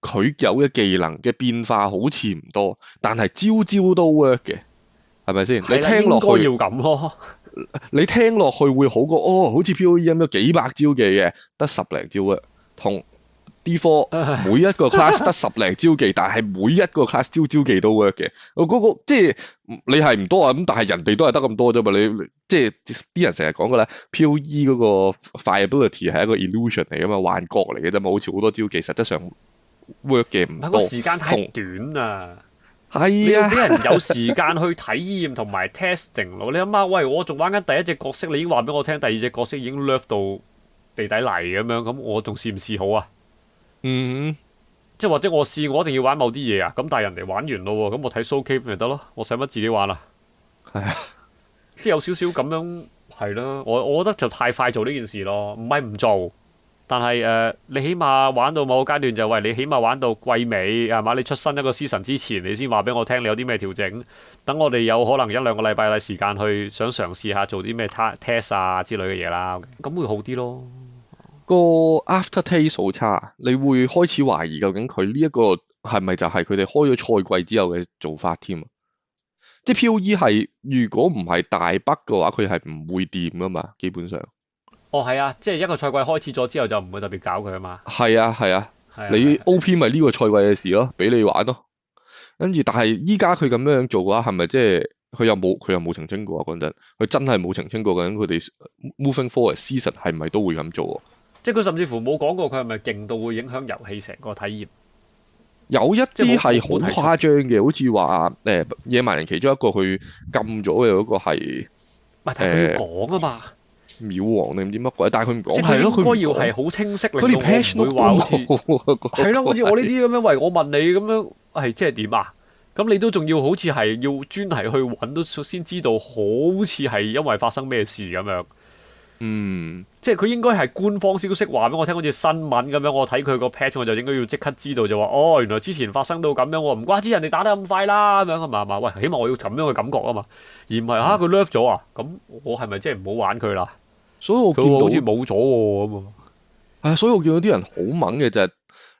[SPEAKER 1] 佢有嘅技能嘅變化好似唔多，但係朝朝都 work 嘅，係咪先？ 你聽落去要咁咯， 你聽落去， 去會好過哦，好似 POE 咁，有幾百招嘅嘢，得十零招嘅，同。啲科每一個 class 得 十零招技，但係每一個 class 招招技都 work 嘅。我、那、嗰個即係你係唔多啊，咁但係人哋都係得咁多啫嘛。你，你，你即係啲人成日講嘅咧，PO E 嗰個 viability 係一個 illusion 嚟啊嘛，幻覺嚟嘅啫嘛。好似好多招技，實質上 work 嘅唔多。唔係個時間太短和是啊，係啊，啲人有時
[SPEAKER 2] 間去體驗同埋 testing 咯。 你諗下，喂，我仲玩緊第一隻角色，你已經話俾我聽第二隻角色已經 lift 到地底嚟咁樣，咁我仲試唔試好啊？嗯，即係、mm hmm. 或者我試，我一定要玩某啲嘢啊，咁但係人哋玩完咯，啊，咁我睇 showcase 咪得咯，我使乜自己玩啊？係啊，即係有少少咁樣係咯，我我覺得就太快做呢件事咯，唔係唔做，但係誒、呃，你起碼玩到某個階段就喂，是，你起碼玩到季尾係嘛，你出新一個 season 之前，你先話俾我聽你有啲咩調整，等我哋有可能一兩個禮拜嘅時間去想嘗試下做啲咩 test 啊之類嘅嘢啦，咁會好啲咯。
[SPEAKER 1] 個 after taste 好差，你會開始懷疑究竟佢呢一個係咪就係佢哋開咗賽季之後嘅做法添啊？即係 POE 係如果唔係大筆嘅話，佢係唔會掂噶嘛？基本上，
[SPEAKER 2] 哦係啊，即係一個賽季開始咗之後就唔會特別搞佢啊嘛。
[SPEAKER 1] 係啊係啊，啊啊你 OP 咪呢個賽季嘅事咯，俾你玩咯。跟住但係依家佢咁樣做嘅話，係咪即係佢又冇佢又冇澄清過啊？講真，佢真係冇澄清過，究竟佢哋 moving forward season 係咪都會咁做？
[SPEAKER 2] 即係佢甚至乎冇講過佢係咪勁到會影響遊戲成個體驗？
[SPEAKER 1] 有一啲係好誇張嘅，好似話誒野蠻人其中一個佢禁咗嘅嗰個係，咪但佢要講啊嘛？秒王你唔知乜鬼，但係佢唔講係咯，佢應該要係好清晰，佢連 patch 都唔會話好似係咯，好似我呢啲咁
[SPEAKER 2] 樣，喂我問你咁樣係即係點啊？咁你都仲要好似係要專係去揾都先知道，好似係因為發生咩事咁樣？嗯，即係佢應該係官方消息話俾我，我聽，好似新聞咁樣。我睇佢個 patch，我就應該要即刻知道就話哦，原來之前發生到咁樣，我唔怪之人哋打得咁快啦咁樣，係嘛？喂，起碼我要咁樣嘅感覺啊嘛，而唔係吓佢 left 咗啊？咁我係咪即係唔好玩佢啦？所以我見到好似冇咗咁啊！
[SPEAKER 1] 係啊，所以我見到啲人好猛嘅就係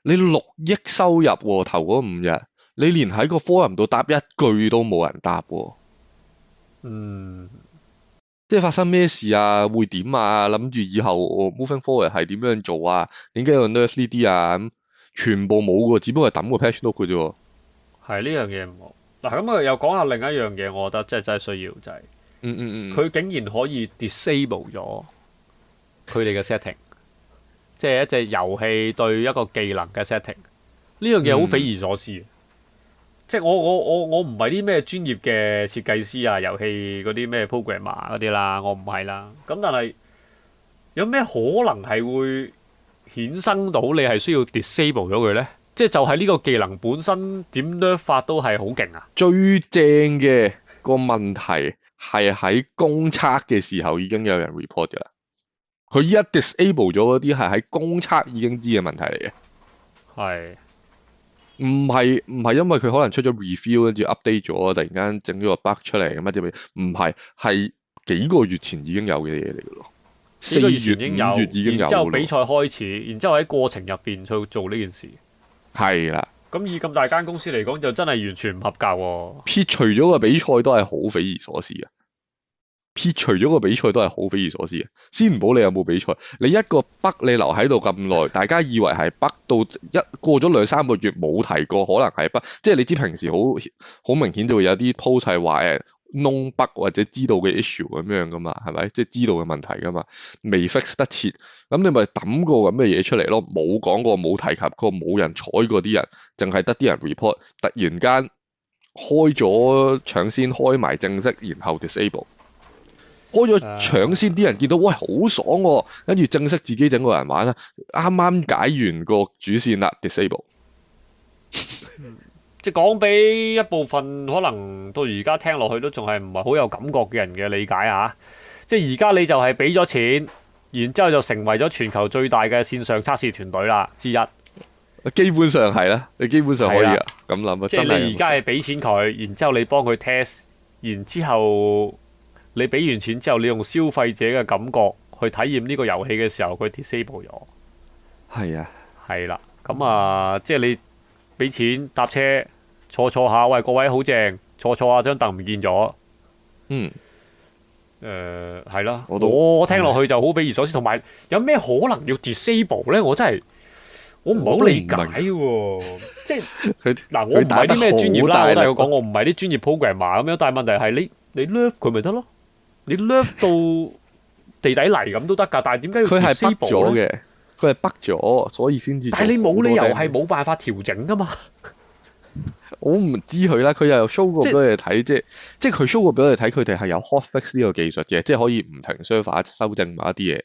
[SPEAKER 1] 你六億收入、哦、頭嗰五日，你連喺個 forum 度答一句都冇人答嘅。嗯。即係發生咩事啊？會點啊？諗住以後 moving forward 係點樣做啊？點解要 nerf 呢啲啊？咁全部冇嘅，只不過抌個 patch note 嘅啫。
[SPEAKER 2] 係呢樣嘢唔好。嗱咁啊，又講下另一樣嘢，我覺得即係真係需要就係，嗯嗯嗯，佢竟然可以 disable 咗佢哋嘅 setting， 即係一隻遊戲對一個技能嘅 setting，
[SPEAKER 3] 呢樣嘢好匪夷
[SPEAKER 2] 所思。嗯即係我我我我唔係啲咩專業嘅設計師啊，遊戲嗰啲咩 programmer 嗰啲啦，我唔係啦。咁但係有咩可能係會衍生到你係需要 disable 咗佢咧？即係就係呢個技能本身點樣發都係好勁啊！
[SPEAKER 1] 最正嘅個問題係喺公測嘅時候已經有人 report 嘅啦。佢而家 disable 咗嗰啲係喺公測已經知嘅問題嚟嘅，係。唔係唔係，因為佢可能出咗 review 跟住 update 咗，突然間整咗個 bug 出嚟咁一啲嘢，唔係係幾個月前已經有嘅嘢嚟嘅咯。四月，五月已經有，月已經有，然之後比
[SPEAKER 2] 賽開始，然之後喺過程入邊去做呢件事，
[SPEAKER 1] 係啦的。
[SPEAKER 2] 咁以咁大間公司嚟講，就真係完全唔合格。
[SPEAKER 1] 撇除咗個比賽，都係好匪夷所思嘅。撇除咗個比賽，都係好匪夷所思嘅。先唔好你有冇比賽？你一個北，你留喺度咁耐，大家以為係北到一過咗兩三個月冇提過，可能係北，即係你知平時好好明顯就會有啲 post 係話誒 long 北或者知道嘅 issue 咁樣噶嘛，係咪？即係知道嘅問題噶嘛，未 fix 得切，咁你咪抌個咁嘅嘢出嚟咯，冇講過，冇提及過，冇人睬過啲人，淨係得啲人 report，突然間開咗搶先開埋正式，然後 disable。開咗搶先，啲人見到喂好爽、啊，跟住正式自己整個人玩啦。啱啱解完個主線啦 Diablo，
[SPEAKER 2] 即係講俾一部分可能到而家聽落去都仲係唔係好有感覺嘅人嘅理解啊！即係而家你就係俾咗錢，然之後就成為咗全球最大嘅線上測試團隊啦之一。基本上係啦，你基本上可以啊，咁諗啊，即係你而家係俾錢佢， 然之後你幫佢 test，然之後。你俾完錢之後，你用消費者嘅感覺去體驗呢個遊戲嘅時候，佢 disable 咗。係啊，係啦，咁啊，即係你俾錢搭車坐坐下，喂，各位好正，坐坐下。張凳唔見咗。嗯。誒、呃，係啦，我我聽落去就好匪夷所思。同埋有咩可能要 disable 咧？我真係我唔好理解喎。即係嗱，我唔係啲咩專業，但係我講我唔係啲專業 programmer 啊咁樣。但係問題係你你，你 love 佢咪得咯？你 lift 到地底嚟咁都得噶，但係點解佢係 bug 咗嘅？
[SPEAKER 1] 佢係 bug 咗，所以先至。但係你冇理由係
[SPEAKER 2] 冇辦法調整噶嘛？
[SPEAKER 1] 我唔知佢啦，佢又 show 過俾我哋睇，即，即係即係佢 show 過俾我哋睇，佢哋係有 hotfix 呢個技術嘅，即係可以唔停 server 修正埋一啲嘢。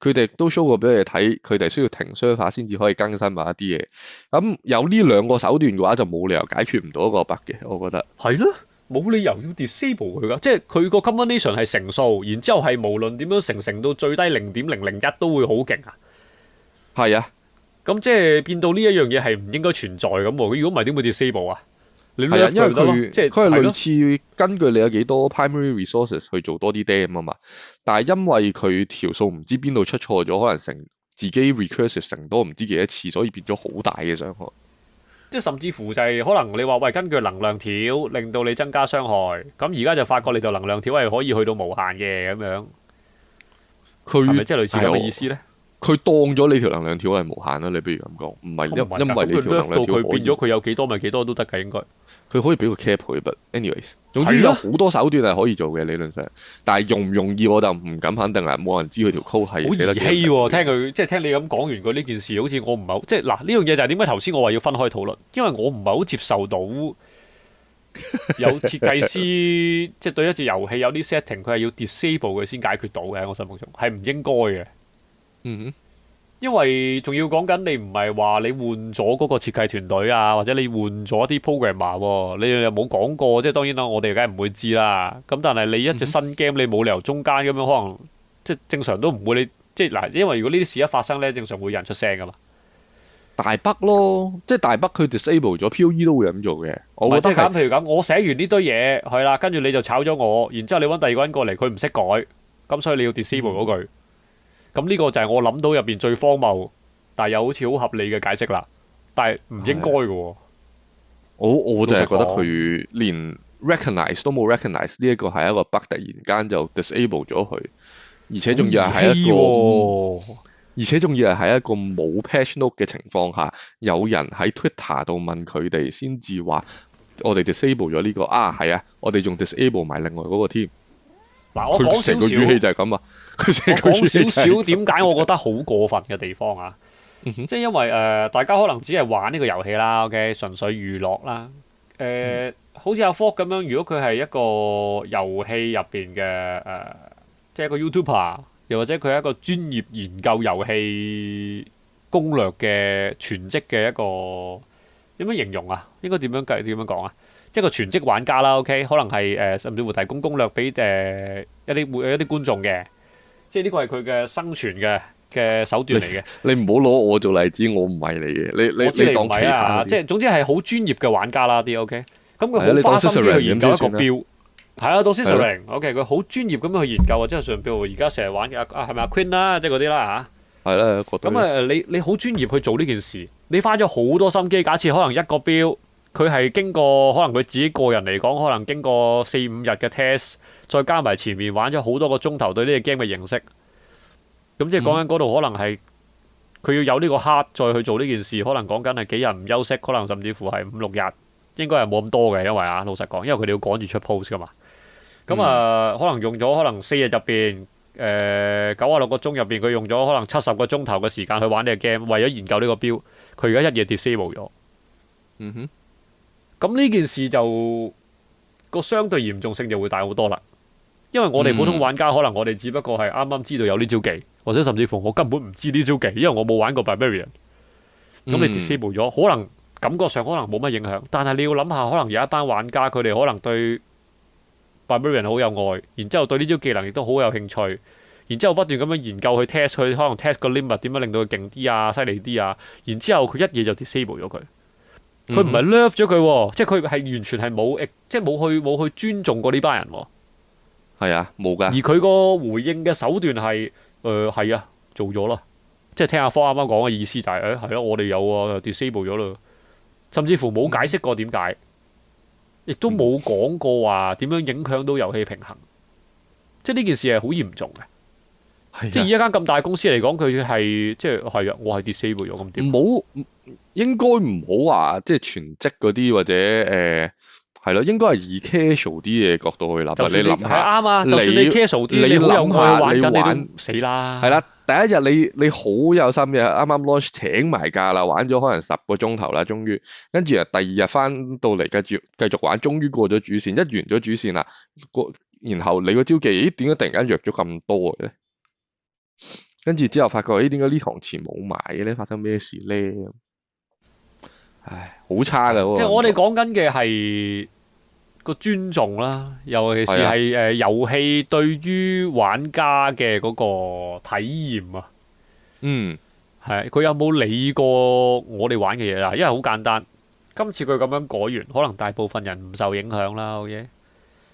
[SPEAKER 1] 佢哋都 show 過俾我哋睇，佢哋需要停 server 先至可以更新埋一啲嘢。咁、嗯、有呢兩個手段嘅話，就冇理由解決唔
[SPEAKER 2] 到一個 bug 嘅。我覺得係咯。冇理由要 disable 佢噶，即係佢個 combination 係成數，然之後係無論點樣乘乘到最低零點零零一都會好勁啊。係啊，咁即係變到呢一樣嘢係唔應該存在咁。如果唔係點會 disable 啊？你呢一句得咯，即係佢係類
[SPEAKER 1] 似根據你有幾多 primary resources，啊、去做多啲 dam 啊嘛。但係因為佢條數唔知邊度出錯咗，可能成自己 recursive 成多唔知幾多次，所以變咗好大嘅傷害。
[SPEAKER 2] 甚至乎就係可能你話喂，根據能量條令到你增加傷害，咁而家就發覺你條能量條係可以去到無限嘅咁樣。
[SPEAKER 1] 佢係咪即係類似咁嘅意思咧？佢當咗你條能量條係無限啦。你比如咁講，唔係因因為你條能量條我。咁佢咩到佢變咗
[SPEAKER 2] 佢有幾多咪幾多都得，應該。
[SPEAKER 1] 佢可以俾個 cap，but，anyways，總之有好多手段係可以做嘅、啊、理論上，但係容唔容易我就唔敢肯定啊！冇人知佢條 code 係寫得幾
[SPEAKER 2] 好、啊、聽佢即係聽你咁講完佢呢件事，好似我唔係好即係嗱呢樣嘢就係點解頭先我話要分開討論，因為我唔係好接受到有設計師 即係對一隻遊戲有啲 setting，佢係要 disable 佢先解決到嘅。我心目中係唔應該嘅。嗯哼。因為仲要講緊你唔係話你換咗嗰個設計團隊啊，或者你換咗啲 programmer，、啊、你又冇講過，即係當然啦，我哋梗係唔會知啦。咁但係你一隻新 game，你冇理由中間咁樣可能，即係正常都唔會你，即係嗱，因為如果呢啲事一發生咧，正常會有人出聲噶嘛。
[SPEAKER 1] 大北咯，即係大北佢 disable 咗 POE 都會咁做嘅。哦，就是。我係即係譬如
[SPEAKER 2] 咁，我寫完呢堆嘢係啦，跟住你就炒咗我，然之後你搵第二個人過嚟，佢唔識改，咁所以你要 disable 嗰句。嗯咁呢個就係我諗到入邊最荒謬，但係又好似好合理嘅解釋啦。但係唔應該嘅。
[SPEAKER 1] 我我就係覺得佢連 recognize 都冇 recognize 呢一個係一個 bug，突然間就 disable 咗佢，而且仲要係一個，哦、而且仲要係喺一個冇 patch note 嘅情況下，有人喺 Twitter 度問佢哋，先至話我哋 disable 咗呢、呢個。啊，係啊，我哋仲 disable 埋另外嗰個添。
[SPEAKER 2] 嗱，我講成個語氣就係
[SPEAKER 1] 咁啊！ 我講少少，點解我
[SPEAKER 2] 覺得好過分嘅地方啊？ 即係因為誒、呃，大家可能只係玩呢個遊戲啦，OK，純粹娛樂啦。誒、呃，嗯、好似阿 fox 咁樣，如果佢係一個遊戲入邊嘅誒，即係一個 YouTuber，又或者佢係一個專業研究遊戲攻略嘅全職嘅一個，點樣形容啊？應該點樣計？點樣講啊？即係一個全職玩家啦，OK，可能係誒、呃，甚至乎提供攻略俾誒、呃、一啲會一啲觀眾嘅，即係呢個係佢嘅生存嘅嘅手段嚟嘅。
[SPEAKER 1] 你唔好攞我做例子，我唔係你嘅，你我知你、啊、你當其他，即係
[SPEAKER 2] 總之係好專業嘅玩家啦，啲 OK、嗯。咁佢好花心去研究一個標，係啊，當 s i r 的 OK，佢好專業咁去研究啊，是是啊，即係上標而家成日玩嘅啊，係咪啊 Queen 啦，即係嗰啲啦吓，係啦的，咁啊的，你你好專業去做呢件事，你花咗好多心機，假設可能一個標。佢係經過可能佢自己個人嚟講，可能經過四五日嘅 test，再加埋前面玩咗好多個鐘頭對呢個 game 嘅認識，咁即係講緊嗰度可能係佢要有呢個 heart 再去做呢件事，可能講緊係幾日唔休息，可能甚至乎係五六日，應該係冇咁多嘅，因為啊老實講，因為佢哋要趕住出 post 噶嘛。咁啊，可能用咗可能四日入邊誒九啊六個鐘入邊，佢用咗可能七十個鐘頭嘅時間去玩呢個 game，為咗研究呢個 build，佢而家一夜 disable 咗。嗯哼。咁呢件事就個相對嚴重性就會大好多啦，因為我哋普通玩家、嗯、可能我哋只不過係啱啱知道有呢招技，或者甚至乎我根本唔知呢招技，因為我冇玩過《Barbarian》。嗯。咁你 disable 咗，可能感覺上可能冇乜影響，但係你要諗下，可能有一班玩家佢哋可能對《Barbarian》好有愛，然之後對呢招技能亦都好有興趣，然之後不斷咁樣研究去 test 佢，可能 test 個 limit 點樣令到佢勁啲啊，犀利啲啊，然之後佢一嘢就 disable 咗佢。佢唔係 love 咗佢。嗯、即係佢係完全係冇誒，即係冇去冇去尊重過呢班人。
[SPEAKER 1] 係啊，
[SPEAKER 2] 冇噶。而佢個回應嘅手段係誒係啊，做咗啦。即係聽阿科啱啱講嘅意思就係誒係咯，我哋有啊，disable 咗啦，甚至乎冇解釋過點解，亦都冇講過話點樣影響到遊戲平衡。嗯、即係呢件事係好嚴重嘅，啊，即係以一間咁大公司嚟講，佢係即係係啊，我係 disable 咗咁點？冇。應該唔好話即係全職嗰啲或
[SPEAKER 1] 者誒係咯，應該係以 casual 啲嘅角度去諗。你諗下啱啊！就算、是、你 casual 啲你，你諗下你，你玩你
[SPEAKER 2] 死啦！係
[SPEAKER 1] 啦，第一日你你好有心嘅，啱啱 launch 請埋假啦，玩咗可能十個鐘頭啦，終於跟住啊第二日翻到嚟繼續繼續玩，終於過咗主線，一完咗主線啦，個然後你個招技咦點解突然間弱咗咁多嘅咧？跟住之後發覺咦點解呢行錢冇埋嘅咧？發生咩事咧？唉，好差噶！即係我哋
[SPEAKER 2] 講緊嘅係個尊重啦，尤其是係誒遊戲對於玩家嘅嗰個體驗啊。嗯，係佢有冇理過我哋玩嘅嘢啊？因為好簡單，今次佢咁樣改完，可能大部分人唔受影響啦。OK，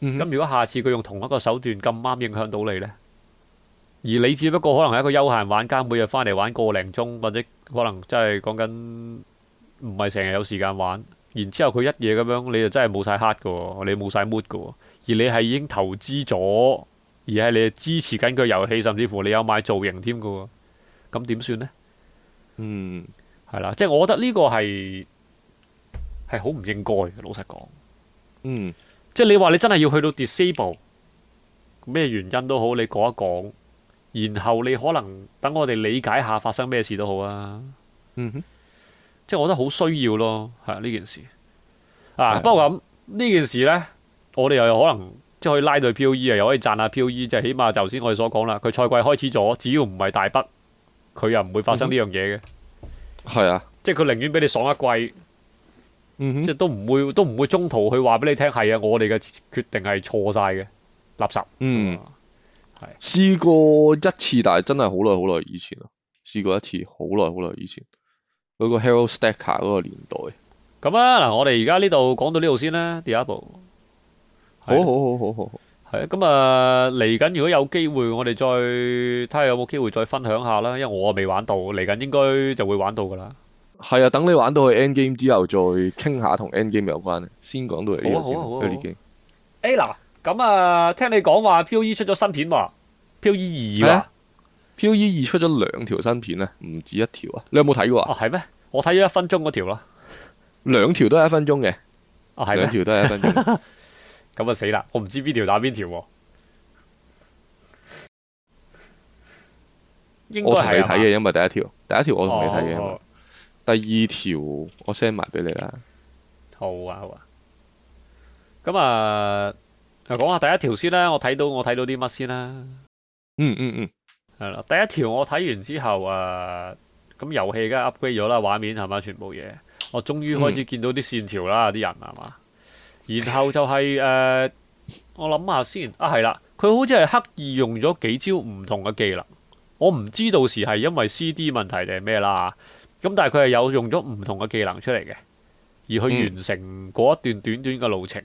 [SPEAKER 2] 咁如果下次佢用同一個手段咁啱影響到你呢，而你只不過可能係一個休閒玩家，每日翻嚟玩個零鐘，或者可能真係講緊。唔係成日有時間玩，然之後佢一夜咁樣，你就真係冇晒 heart 嘅喎，你冇晒 mood 嘅喎，而你係已經投資咗，而係你是支持緊佢遊戲，甚至乎你有買造型添嘅喎，咁點算呢？嗯，係啦，即係我覺得呢個係係好唔應該嘅，老實講。嗯，即係你話你真係要去到 disable，咩原因都好，你講一講，然後你可能等我哋理解下發生咩事都好啊。嗯哼。即係我覺得好需要咯，係、啊、呢件事啊！不過咁呢件事咧，我哋又有可能即係可以拉對 P O E，又可以賺下 P O E。即係起碼頭先我哋所講啦，佢賽季開始咗，只要唔係大 nerf，佢又唔會發生呢樣嘢嘅。係啊，即係佢寧願俾你爽一季，即係都唔會，都唔會中途去話俾你聽係啊！我哋嘅決定係錯晒嘅垃圾。嗯、啊，
[SPEAKER 1] 係、啊、試過一次，但係真係好耐好耐以前啊。試過一次，
[SPEAKER 2] 好耐好耐以前。嗰個 Hero Stacker 嗰個年代，咁啊嗱，我哋而家呢度講到呢度先啦，第一部，好好好好好，係啊，咁啊嚟緊，如果有機會，我哋再睇下有冇機會再分享下啦，因為我未玩到，嚟緊應該就會玩到噶啦，
[SPEAKER 1] 係啊，等你玩到去 End Game 之後再傾下同 End Game 有關，先講到嚟呢度先。好啊，好啊好
[SPEAKER 2] 啊，誒嗱 Game，咁、欸、啊，聽你講話 P O E 出咗新片嘛
[SPEAKER 1] ，P O E 二咧？POE 二出咗兩條新片咧，唔止
[SPEAKER 2] 一條啊！你有冇睇過啊？哦，係咩？我睇咗一分鐘嗰條咯，兩
[SPEAKER 1] 條都係一分鐘
[SPEAKER 2] 嘅，哦，係咩？兩條都係一分鐘，咁啊死啦！我唔知邊條打邊條。我同你睇嘅，因
[SPEAKER 1] 為第一條，第一條我同你睇嘅，哦、好好第二條我 send 埋俾你啦。
[SPEAKER 2] 好啊，好啊。咁啊、呃，講下第一條先啦，我睇到我睇到啲乜先啦。嗯嗯嗯。嗯係啦，第一條我睇完之後誒，咁遊戲梗係 upgrade 咗啦，畫面係嘛，全部嘢，我終於開始見到啲線條啦，啲人係嘛，然後就係、是、誒、呃，我諗下先，啊係啦，佢好似係刻意用咗幾招唔同嘅技能，我唔知道到時係因為 CD 問題定係咩啦，咁但係佢係有用咗唔同嘅技能出嚟嘅，而去完成嗰一段短短嘅路程。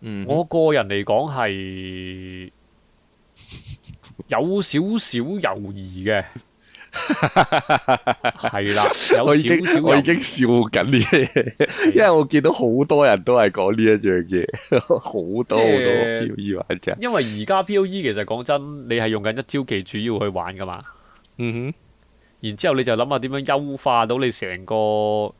[SPEAKER 2] 嗯、我個人嚟講係。嗯 有少少猶豫嘅，
[SPEAKER 1] 係啦， 有少少,少我。我已經笑緊呢 因為我見到好多人都係講呢一樣嘢，好 多好多 POE 玩家。因
[SPEAKER 2] 為而家 P O E 其實講真，你係用緊一招技主要去玩噶嘛，嗯哼，然之後你就諗下點樣優化到你成個。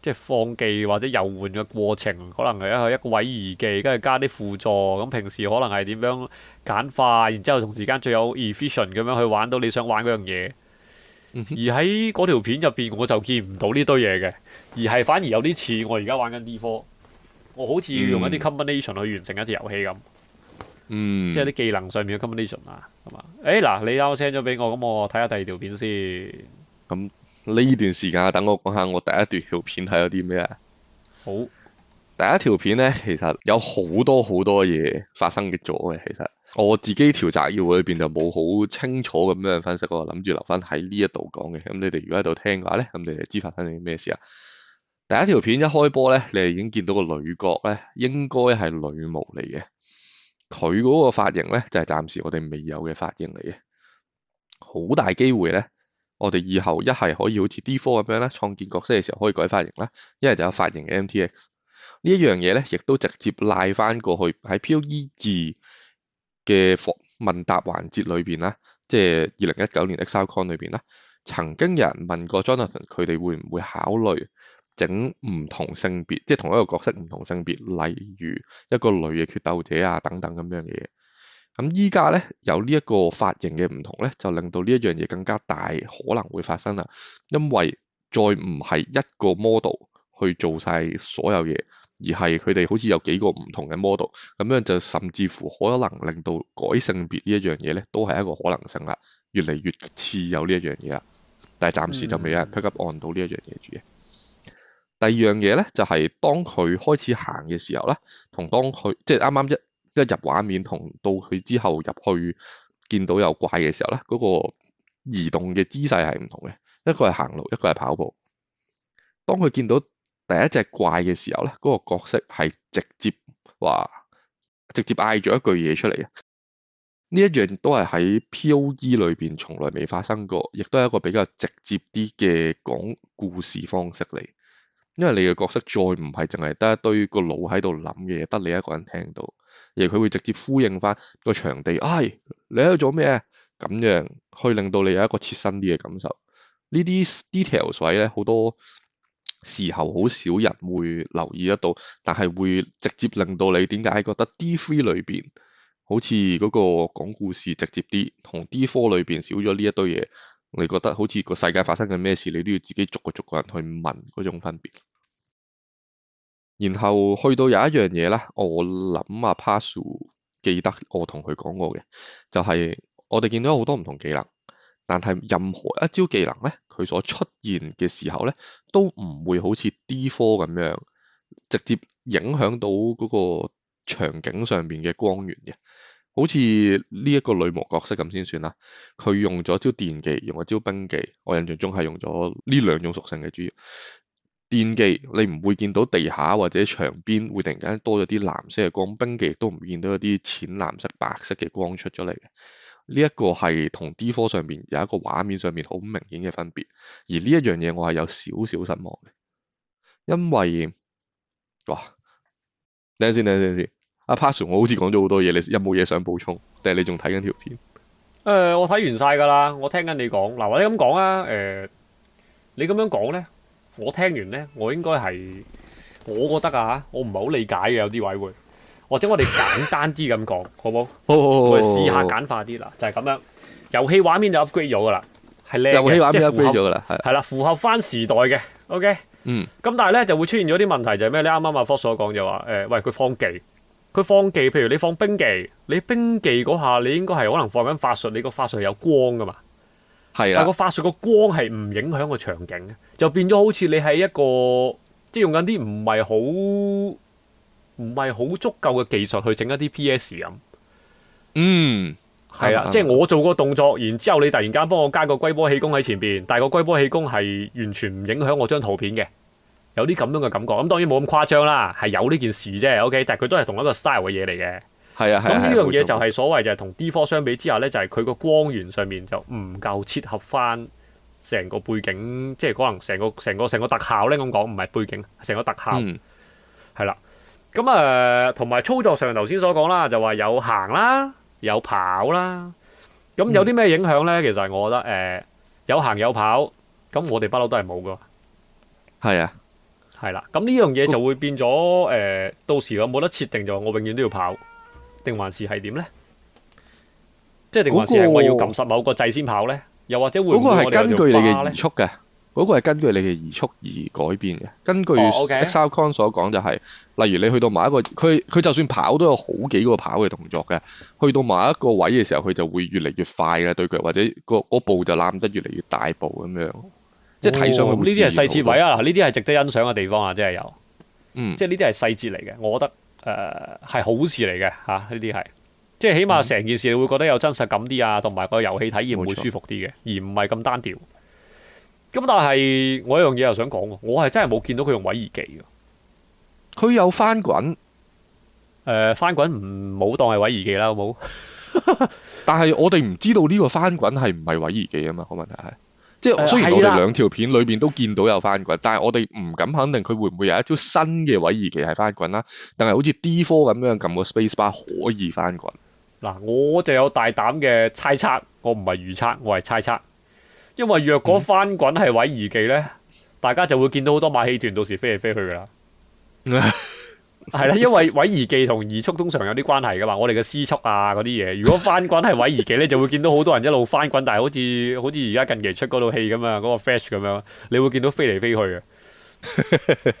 [SPEAKER 2] 即係放技或者遊玩嘅過程，可能係一一個位移技，跟住加啲輔助。咁平時可能係點樣簡化，然之後同時間最有 efficient 咁樣去玩到你想玩嗰樣嘢。 而喺嗰條片入邊，我就見唔到呢堆嘢嘅，而係反而有啲似我而家玩緊 D4，我好似要用一啲 combination 去完成一隻遊戲咁。嗯、
[SPEAKER 3] 即係啲
[SPEAKER 2] 技能上面嘅 combination 啊，係嘛、嗯？誒嗱、哎，你啱先 send 咗俾我，咁我睇下第二條片先。
[SPEAKER 1] 咁、嗯。呢段時間等我講下我第一條片睇有啲咩啊？好，第一條片咧，其實有好多好多嘢發生嘅咗嘅。其實我自己條摘要裏邊就冇好清楚咁樣分析，我諗住留翻喺呢一度講嘅。咁你哋如果喺度聽嘅話咧，咁你哋知發生啲咩事啊？第一條片一開波咧，你哋已經見到個女角咧，應該係女巫嚟嘅。佢嗰個髮型咧，就係、係、暫時我哋未有嘅髮型嚟嘅，好大機會咧。我哋以後一係可以好似 D4 咁樣咧，創建角色嘅時候可以改髮型啦；一係就有髮型嘅 MTX 呢一樣嘢咧，亦都直接賴翻過去喺 PUE 二嘅問答環節裏邊啦，即係二零一九年 x b o c o n 裏邊啦，曾經有人問過 Jonathan 佢哋會唔會考慮整唔同性別，即係同一個角色唔同性別，例如一個女嘅決鬥者啊等等咁樣嘢。咁依家咧有呢一個髮型嘅唔同咧，就令到呢一樣嘢更加大可能會發生啦。因為再唔係一個 model 去做晒所有嘢，而係佢哋好似有幾個唔同嘅 model，咁樣就甚至乎可能令到改性別呢一樣嘢咧，都係一個可能性啦。越嚟越似有呢一樣嘢啦，但係暫時就未有人 pick up 按到呢一樣嘢住。嗯、第二樣嘢咧，就係、是、當佢開始行嘅時候啦，同當佢即係啱啱一。即係入畫面同到佢之後入去見到有怪嘅時候咧，嗰個移動嘅姿勢係唔同嘅，一個係行路，一個係跑步。當佢見到第一隻怪嘅時候咧，嗰個角色係直接話，直接嗌咗一句嘢出嚟啊！呢一樣都係喺 P.O.E 裏邊從來未發生過，亦都係一個比較直接啲嘅講故事方式嚟，因為你嘅角色再唔係淨係得一堆個腦喺度諗嘅嘢，得你一個人聽到。而佢會直接呼應翻個場地，唉、哎，你喺度做咩？咁樣去令到你有一個切身啲嘅感受。呢啲 detail 所以咧好多時候好少人會留意得到，但係會直接令到你點解覺得 D3 裏邊好似嗰個講故事直接啲，同 D4 裏邊少咗呢一堆嘢，你覺得好似個世界發生緊咩事，你都要自己逐個逐個人去問嗰種分別。然後去到有一樣嘢咧，我諗阿 Passu 記得我同佢講過嘅，就係、是、我哋見到好多唔同技能，但係任何一招技能咧，佢所出現嘅時候咧，都唔會好似 D 科咁樣直接影響到嗰個場景上面嘅光源嘅，好似呢一個女模角色咁先算啦。佢用咗招電技，用咗招兵技，我印象中係用咗呢兩種屬性嘅主要。電極，你唔會見到地下或者牆邊會突然間多咗啲藍色嘅光，冰極亦都唔見到有啲淺藍色、白色嘅光出咗嚟。呢一個係同 D4 上面有一個畫面上面好明顯嘅分別，而呢一樣嘢我係有少少失望嘅，因為哇，等陣先等陣先，阿 Pazu 我好似講咗好多嘢，你有冇嘢想補充？定係你仲睇緊條片？
[SPEAKER 2] 誒，我睇完晒噶啦，我聽緊你講，嗱，或者咁講啊，誒，你咁樣講咧？我聽完咧，我應該係我覺得啊我唔係好理解嘅有啲位會，或者我哋簡單啲咁講，好唔
[SPEAKER 3] 好？好好，我哋試下簡
[SPEAKER 2] 化啲啦，就係、是、咁樣。遊戲畫面就 upgrade 咗噶啦，係靚，即係符合噶啦，係啦、啊，符合翻時代嘅。OK，嗯。咁但係咧就會出現咗啲問題就，就係咩你啱啱阿 Force 所講就話誒，喂佢放技，佢放技，譬如你放冰技，你冰技嗰下你應該係可能放緊法術，你個法術有光噶嘛？係啦，但個法術個光係唔影響個場景嘅，就變咗好似你係一個即係用緊啲唔係好唔係好足夠嘅技術去整一啲 P.S. 咁，嗯，係啊、嗯，即係我做個動作，然之後你突然間幫我加個龜波氣功喺前邊，但係個龜波氣功係完全唔影響我張圖片嘅，有啲咁樣嘅感覺。咁、嗯、當然冇咁誇張啦，係有呢件事啫，O.K.，但係佢都係同一個 style 嘅嘢嚟嘅。係啊，咁呢、嗯嗯、樣嘢就係所謂就係同 D 科，相比之下咧，就係佢個光源上面就唔夠切合翻成個背景，即、就、係、是、可能成個成個成個特效咧。咁講唔係背景，成個特效係、嗯、啦。咁、嗯、誒，同埋操作上頭先所講啦，就話有行啦，有跑啦。咁有啲咩影響咧？嗯、其實我覺得誒、呃，有行有跑，咁我哋不嬲都係冇噶。
[SPEAKER 1] 係啊，
[SPEAKER 2] 係啦。咁呢樣嘢就會變咗誒，我到時有冇得設定咗，我永遠都要跑。定還是係點咧？即係定還是係我要撳實某個掣先跑咧？又或者會唔會根據你嘅移
[SPEAKER 1] 速嘅？嗰個係根據你嘅移，移速而改變嘅。根據 ExileCon 所講就係、是，例如你去到某一個，佢佢就算跑都有好幾個跑嘅動作嘅。去到某一個位嘅時候，佢就會越嚟越快嘅對腳，或者、嗰個步就攬得越嚟越大步咁樣。
[SPEAKER 2] 即係睇上去呢啲係細節位啊！呢啲係值得欣賞嘅地方啊！真係有，嗯、即係呢啲係細節嚟嘅，我覺得。誒，係、uh, 好事嚟嘅吓，呢啲係，即係起碼成件事你會覺得有真實感啲啊，同埋個遊戲體驗會舒服啲嘅，錯而唔係咁單調。咁但係我一樣嘢又想講，我係真係冇見到佢用毀二技嘅，佢有翻滾，誒、呃、翻滾唔好當係位移技啦，好冇？
[SPEAKER 1] 但係我哋唔知道呢個翻滾係唔係位移技啊嘛，個問題係。
[SPEAKER 2] 即係雖然我哋兩
[SPEAKER 1] 條片裏邊都見到有翻滾，啊、但係我哋唔敢肯定佢會唔會有一招新嘅位移技係翻滾啦。但係好似 D 科咁樣撳個 space bar 可以翻滾。
[SPEAKER 2] 嗱、啊，我就有大膽嘅猜測，我唔係預測，我係猜測，因為若果翻滾係位移技咧，嗯、大家就會見到好多買氣團到時飛嚟飛去噶啦。 係啦， 因為位移技同移速通常有啲關係噶嘛，我哋嘅絲速啊嗰啲嘢。如果翻滾係位移技咧，就會見到好多人一路翻滾，但係好似好似而家近期出嗰套戲咁啊，嗰、嗰個 flash 咁樣，你會見到飛嚟飛去嘅，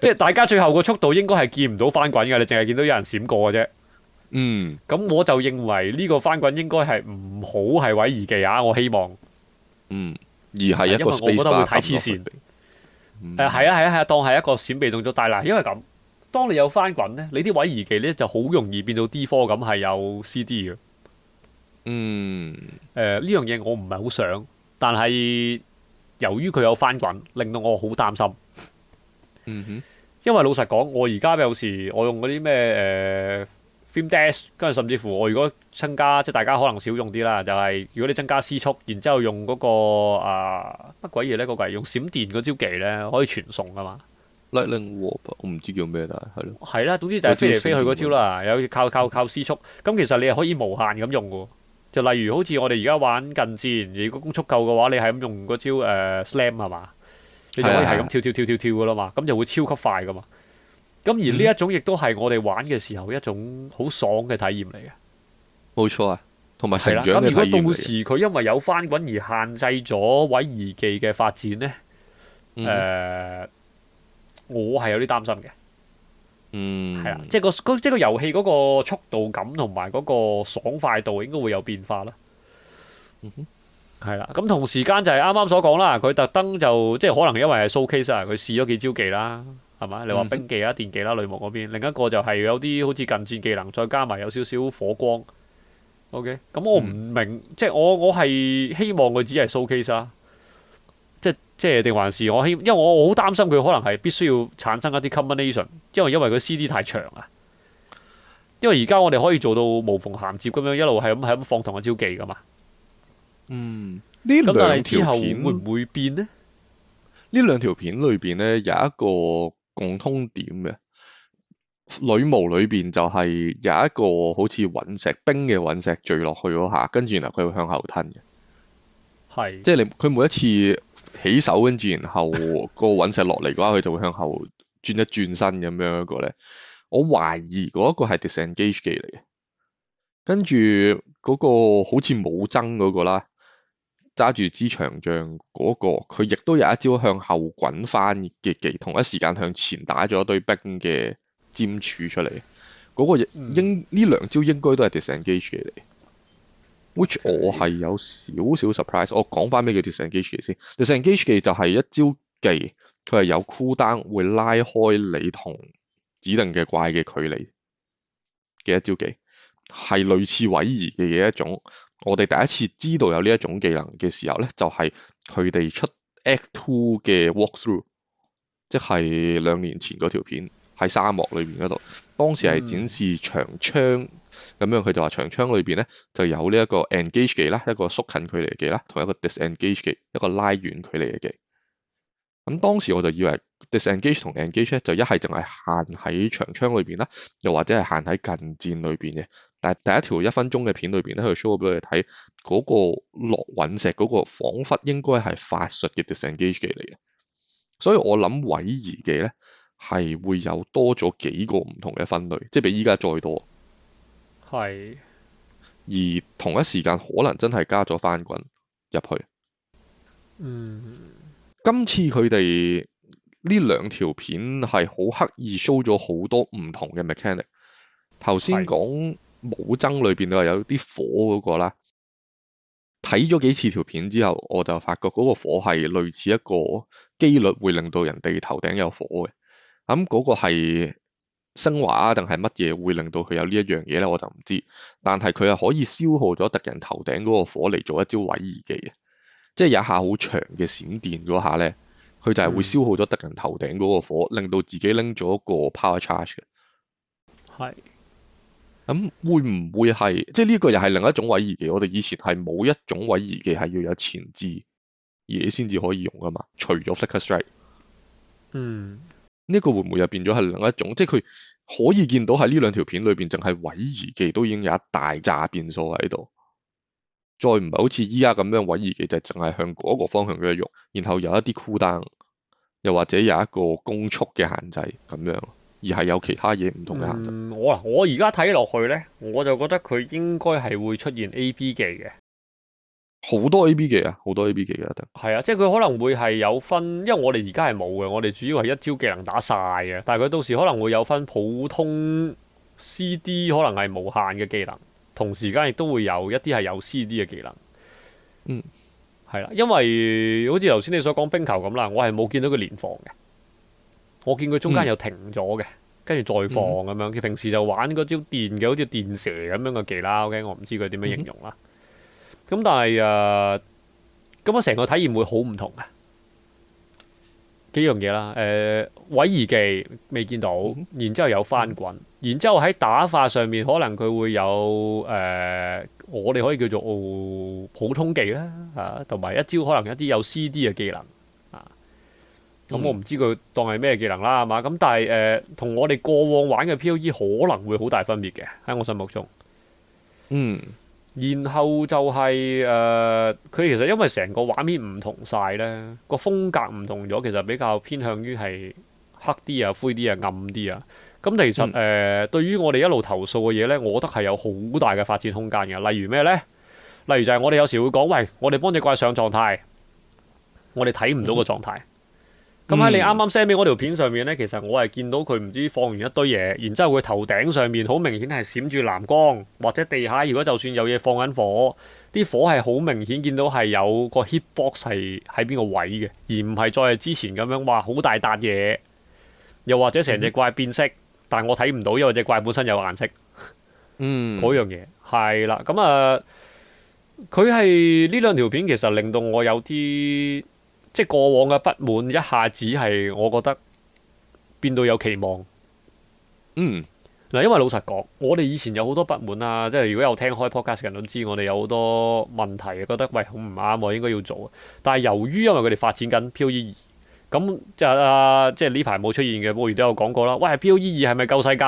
[SPEAKER 2] 即係大家最後個速度應該係見唔到翻滾噶，你淨係見到有人閃過嘅啫。嗯，咁我就認為呢個翻滾應該係唔好係位移技啊，我希望。嗯，
[SPEAKER 1] 而係一個被爆咁多。因為我覺
[SPEAKER 2] 得會太黐線，誒，係啊係啊係啊，當係一個閃避動，動作嚟啦，因為咁。當你有翻滾咧，你啲位移技咧就好容易變到 D 科咁係有 CD 嘅。嗯，誒呢樣嘢我唔係好想，但係由於佢有翻滾，令到我好擔心。嗯哼，因為老實講，我而家有時我用嗰啲咩誒，film dash，跟住甚至乎我如果增加，即係大家可能少用啲啦。就係、是，如果你增加 C 速，然之後用嗰、那個啊乜鬼嘢咧，嗰、呃那個係用閃電嗰招技咧，可以傳送噶嘛。
[SPEAKER 1] Lightning Warp，我唔知叫咩，但係係咯，
[SPEAKER 2] 係啦，啊，總之就係飛嚟飛去嗰招啦。有靠靠靠施速，咁，其實你係可以無限咁用嘅。就例如好似我哋而家玩近戰，如果攻速夠嘅話，你係咁用嗰招誒、uh, Slam 係嘛，
[SPEAKER 1] 你就可以係咁跳
[SPEAKER 2] 的、啊、跳跳跳跳噶啦嘛。咁就會超級快噶嘛。咁而呢一種亦都係我哋玩嘅時候一種好爽嘅體驗嚟嘅，冇錯、嗯、啊。同埋成長嘅意味嚟。咁如果到時佢因為有翻滾而限制咗位移技嘅發展咧，誒、嗯。我係有啲擔心嘅，嗯、mm，係、hmm. 啦，即係個即係個遊戲嗰個速度感同埋嗰個爽快度應該會有變化啦。哼、mm，係、hmm. 啦。咁同時間就係啱啱所講啦，佢特登就即係可能因為係 Showcase 啊，佢試咗幾招技啦，係嘛？你話冰技啦、電技啦、類目嗰邊，另一個就係有啲好似近戰技能，再加埋有少少火光。OK，咁我唔明，mm hmm. 即係我我係希望佢只係 Showcase 啦。即即係定還是我希，因為我好擔心佢可能係必須要產生一啲 combination，因為因為佢 CD 太長啊。因為而家我哋可以做到無縫銜接咁樣，一路係咁係咁放同一招技㗎嘛。嗯，呢咁但係之後會唔會變呢？
[SPEAKER 1] 呢兩條片裏邊呢，有一個共通點嘅，女巫裏邊就係有一個好似隕石冰嘅隕石墜落去嗰下，跟住然後佢會向後吞嘅。係，即係你佢每一次起手跟住，然後個隕石落嚟嘅話，佢就會向後轉一轉身咁樣一個咧。我懷疑嗰一個係 disengage 嚟嘅。跟住嗰個好似武僧嗰個啦，揸住支長杖嗰、那個，佢亦都有一招向後滾翻嘅技，同一時間向前打咗一堆冰嘅尖柱出嚟。嗰、那個應呢、嗯、兩招應該都係 disengage 嚟。Which 我係有少少 surprise。我講翻咩叫 disengage 技先。disengage 技就係一招技，佢係有 cooldown 會拉開你同指定嘅怪嘅距離嘅一招技，係類似位移嘅嘢一種。我哋第一次知道有呢一種技能嘅時候咧，就係佢哋出 Act Two 嘅 Walkthrough，即係兩年前嗰條片喺沙漠裏面嗰度，當時係展示長槍。咁樣佢就話長槍裏邊咧就有呢一個 engage 技啦，一個縮近距離嘅技啦，同一個 disengage 技，一個拉遠距離嘅技。咁當時我就以為 disengage 同 engage 咧就一係淨係限喺長槍裏邊啦，又或者係限喺近戰裏邊嘅。但係第一條一分鐘嘅片裏邊咧，佢 show 咗俾我哋睇嗰個落隕石嗰個，彷彿應該係法術嘅 disengage 技嚟嘅。所以我諗位移技咧係會有多咗幾個唔同嘅分類，即係比依家再多。
[SPEAKER 2] 係，
[SPEAKER 1] 是而同一時間可能真係加咗翻滾入去。嗯，今次佢哋呢兩條片係好刻意 show 咗好多唔同嘅 mechanic。頭先講武僧裏邊都有啲火嗰、那個啦，睇咗是幾次條片之後，我就發覺嗰個火係類似一個幾率會令到人哋頭頂有火嘅。咁、嗯、嗰、那個係。升華啊，定係乜嘢會令到佢有呢一樣嘢咧？我就唔知。但係佢係可以消耗咗敵人頭頂嗰個火嚟做一招位移技嘅，即係有下好長嘅閃電嗰下咧，佢就係會消耗咗敵人頭頂嗰個火，令到自己拎咗一個 power charge 嘅。係是。咁、嗯、會唔會係即係呢個又係另一種位移技？我哋以前係冇一種位移技係要有前置嘢先至可以用噶嘛？除咗 flicker strike。是嗯。呢個會唔會又變咗係另一種？即係佢可以見到喺呢兩條片裏邊，淨係位移技都已經有一大紮變數喺度。再唔係好似依家咁樣位移技，就淨係向嗰個方向去用，然後有一啲 cooldown 又或者有一個攻速嘅限制咁樣，而係有其他嘢唔
[SPEAKER 2] 同嘅限制。我啊、嗯，我而家睇落去咧，我就覺得佢應該係會出現 AB 技嘅。
[SPEAKER 1] 好多 A B 技啊，好多 A B 技嘅，係啊，
[SPEAKER 2] 即係佢可能會係有分，因為我哋而家係冇嘅，我哋主要係一招技能打晒嘅，但係佢到時可能會有分普通 C D，可能係無限嘅技能，同時間亦都會有一啲係有 C D 嘅技能。
[SPEAKER 3] 嗯，
[SPEAKER 2] 係啦、啊，因為好似頭先你所講冰球咁啦，我係冇見到佢連放嘅，我見佢中間有停咗嘅，跟住、嗯、再放咁樣，佢平時就玩嗰招電嘅，好似電蛇咁樣嘅技啦。嗯、OK，我唔知佢點樣形容啦。嗯咁但係誒，咁我成個體驗會好唔同嘅，幾樣嘢啦。誒、呃，位移技未見到，然之後有翻滾，然之後喺打法上面可能佢會有誒、呃，我哋可以叫做普通技啦，吓、啊，同埋一招可能一啲有 CD 嘅技能啊。
[SPEAKER 3] 咁我唔
[SPEAKER 2] 知佢當係咩技能啦，係嘛、嗯？咁但係誒，同、呃、我哋過往玩嘅 POE 可能會好大分別嘅，喺我心目中。
[SPEAKER 3] 嗯。
[SPEAKER 2] 然後就係、是、誒，佢、呃、其實因為成個畫面唔同晒，咧，個風格唔同咗，其實比較偏向於係黑啲啊、灰啲啊、暗啲啊。咁其實誒、嗯呃，對於我哋一路投訴嘅嘢咧，我覺得係有好大嘅發展空間嘅。例如咩咧？例如就係我哋有時會講，喂，我哋幫你怪上狀態，我哋睇唔到個狀態。嗯。咁喺、嗯、你啱啱 send 俾我條片上面呢，其實我係見到佢唔知放完一堆嘢，然之後佢頭頂上面好明顯係閃住藍光，或者地下如果就算有嘢放緊火，啲火係好明顯見到係有個 hitbox 係喺邊個位嘅，而唔係再係之前咁樣哇好大笪嘢，又或者成隻怪變色，嗯、但我睇唔到，因為隻怪本身有顏色。嗯，嗰 樣嘢係啦，咁啊，佢係呢兩條片其實令到我有啲。即係過往嘅不滿，一下子係我覺得變到有期望。嗯，嗱，因為老實講，我哋以前有好多不滿啊！即係如果有聽開 podcast 嘅人都知，我哋有好多問題，覺得喂好唔啱我應該要做啊。但係由於因為佢哋發展緊 POE2，咁就啊，即係呢排冇出現嘅，我亦都有講過啦。喂，POE2 係咪救世界？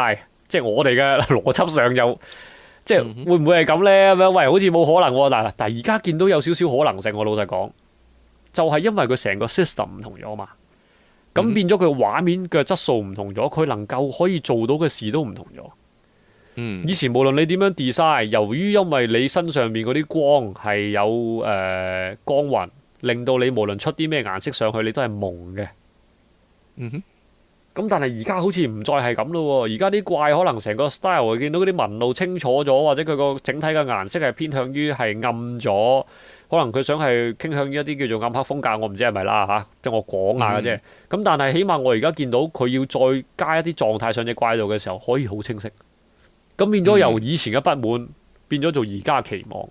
[SPEAKER 2] 即係我哋嘅邏輯上有，即係會唔會係咁咧？咁樣喂，好似冇可能喎、啊。但係但係而家見到有少少可能性，我老實講。就係因為佢成個 system 唔同咗嘛，咁變咗佢畫面嘅質素唔同咗，佢能夠可以做到嘅事都唔同咗。嗯、以前無論你點樣 design，由於因為你身上面嗰啲光係有誒、呃、光暈，令到你無論出啲咩顏色上去，你都係蒙嘅。嗯哼，咁但係而家好似唔再係咁咯，而家啲怪可能成個 style 見到嗰啲紋路清楚咗，或者佢個整體嘅顏色係偏向於係暗咗。可能佢想係傾向於一啲叫做暗黑風格，我唔知係咪啦吓，即、啊、係、就是、我講下嘅啫。咁、mm. 但係起碼我而家見到佢要再加一啲狀態上嘅怪度嘅時候，可以好清晰。咁變咗由以前嘅不滿變咗做而家嘅期望。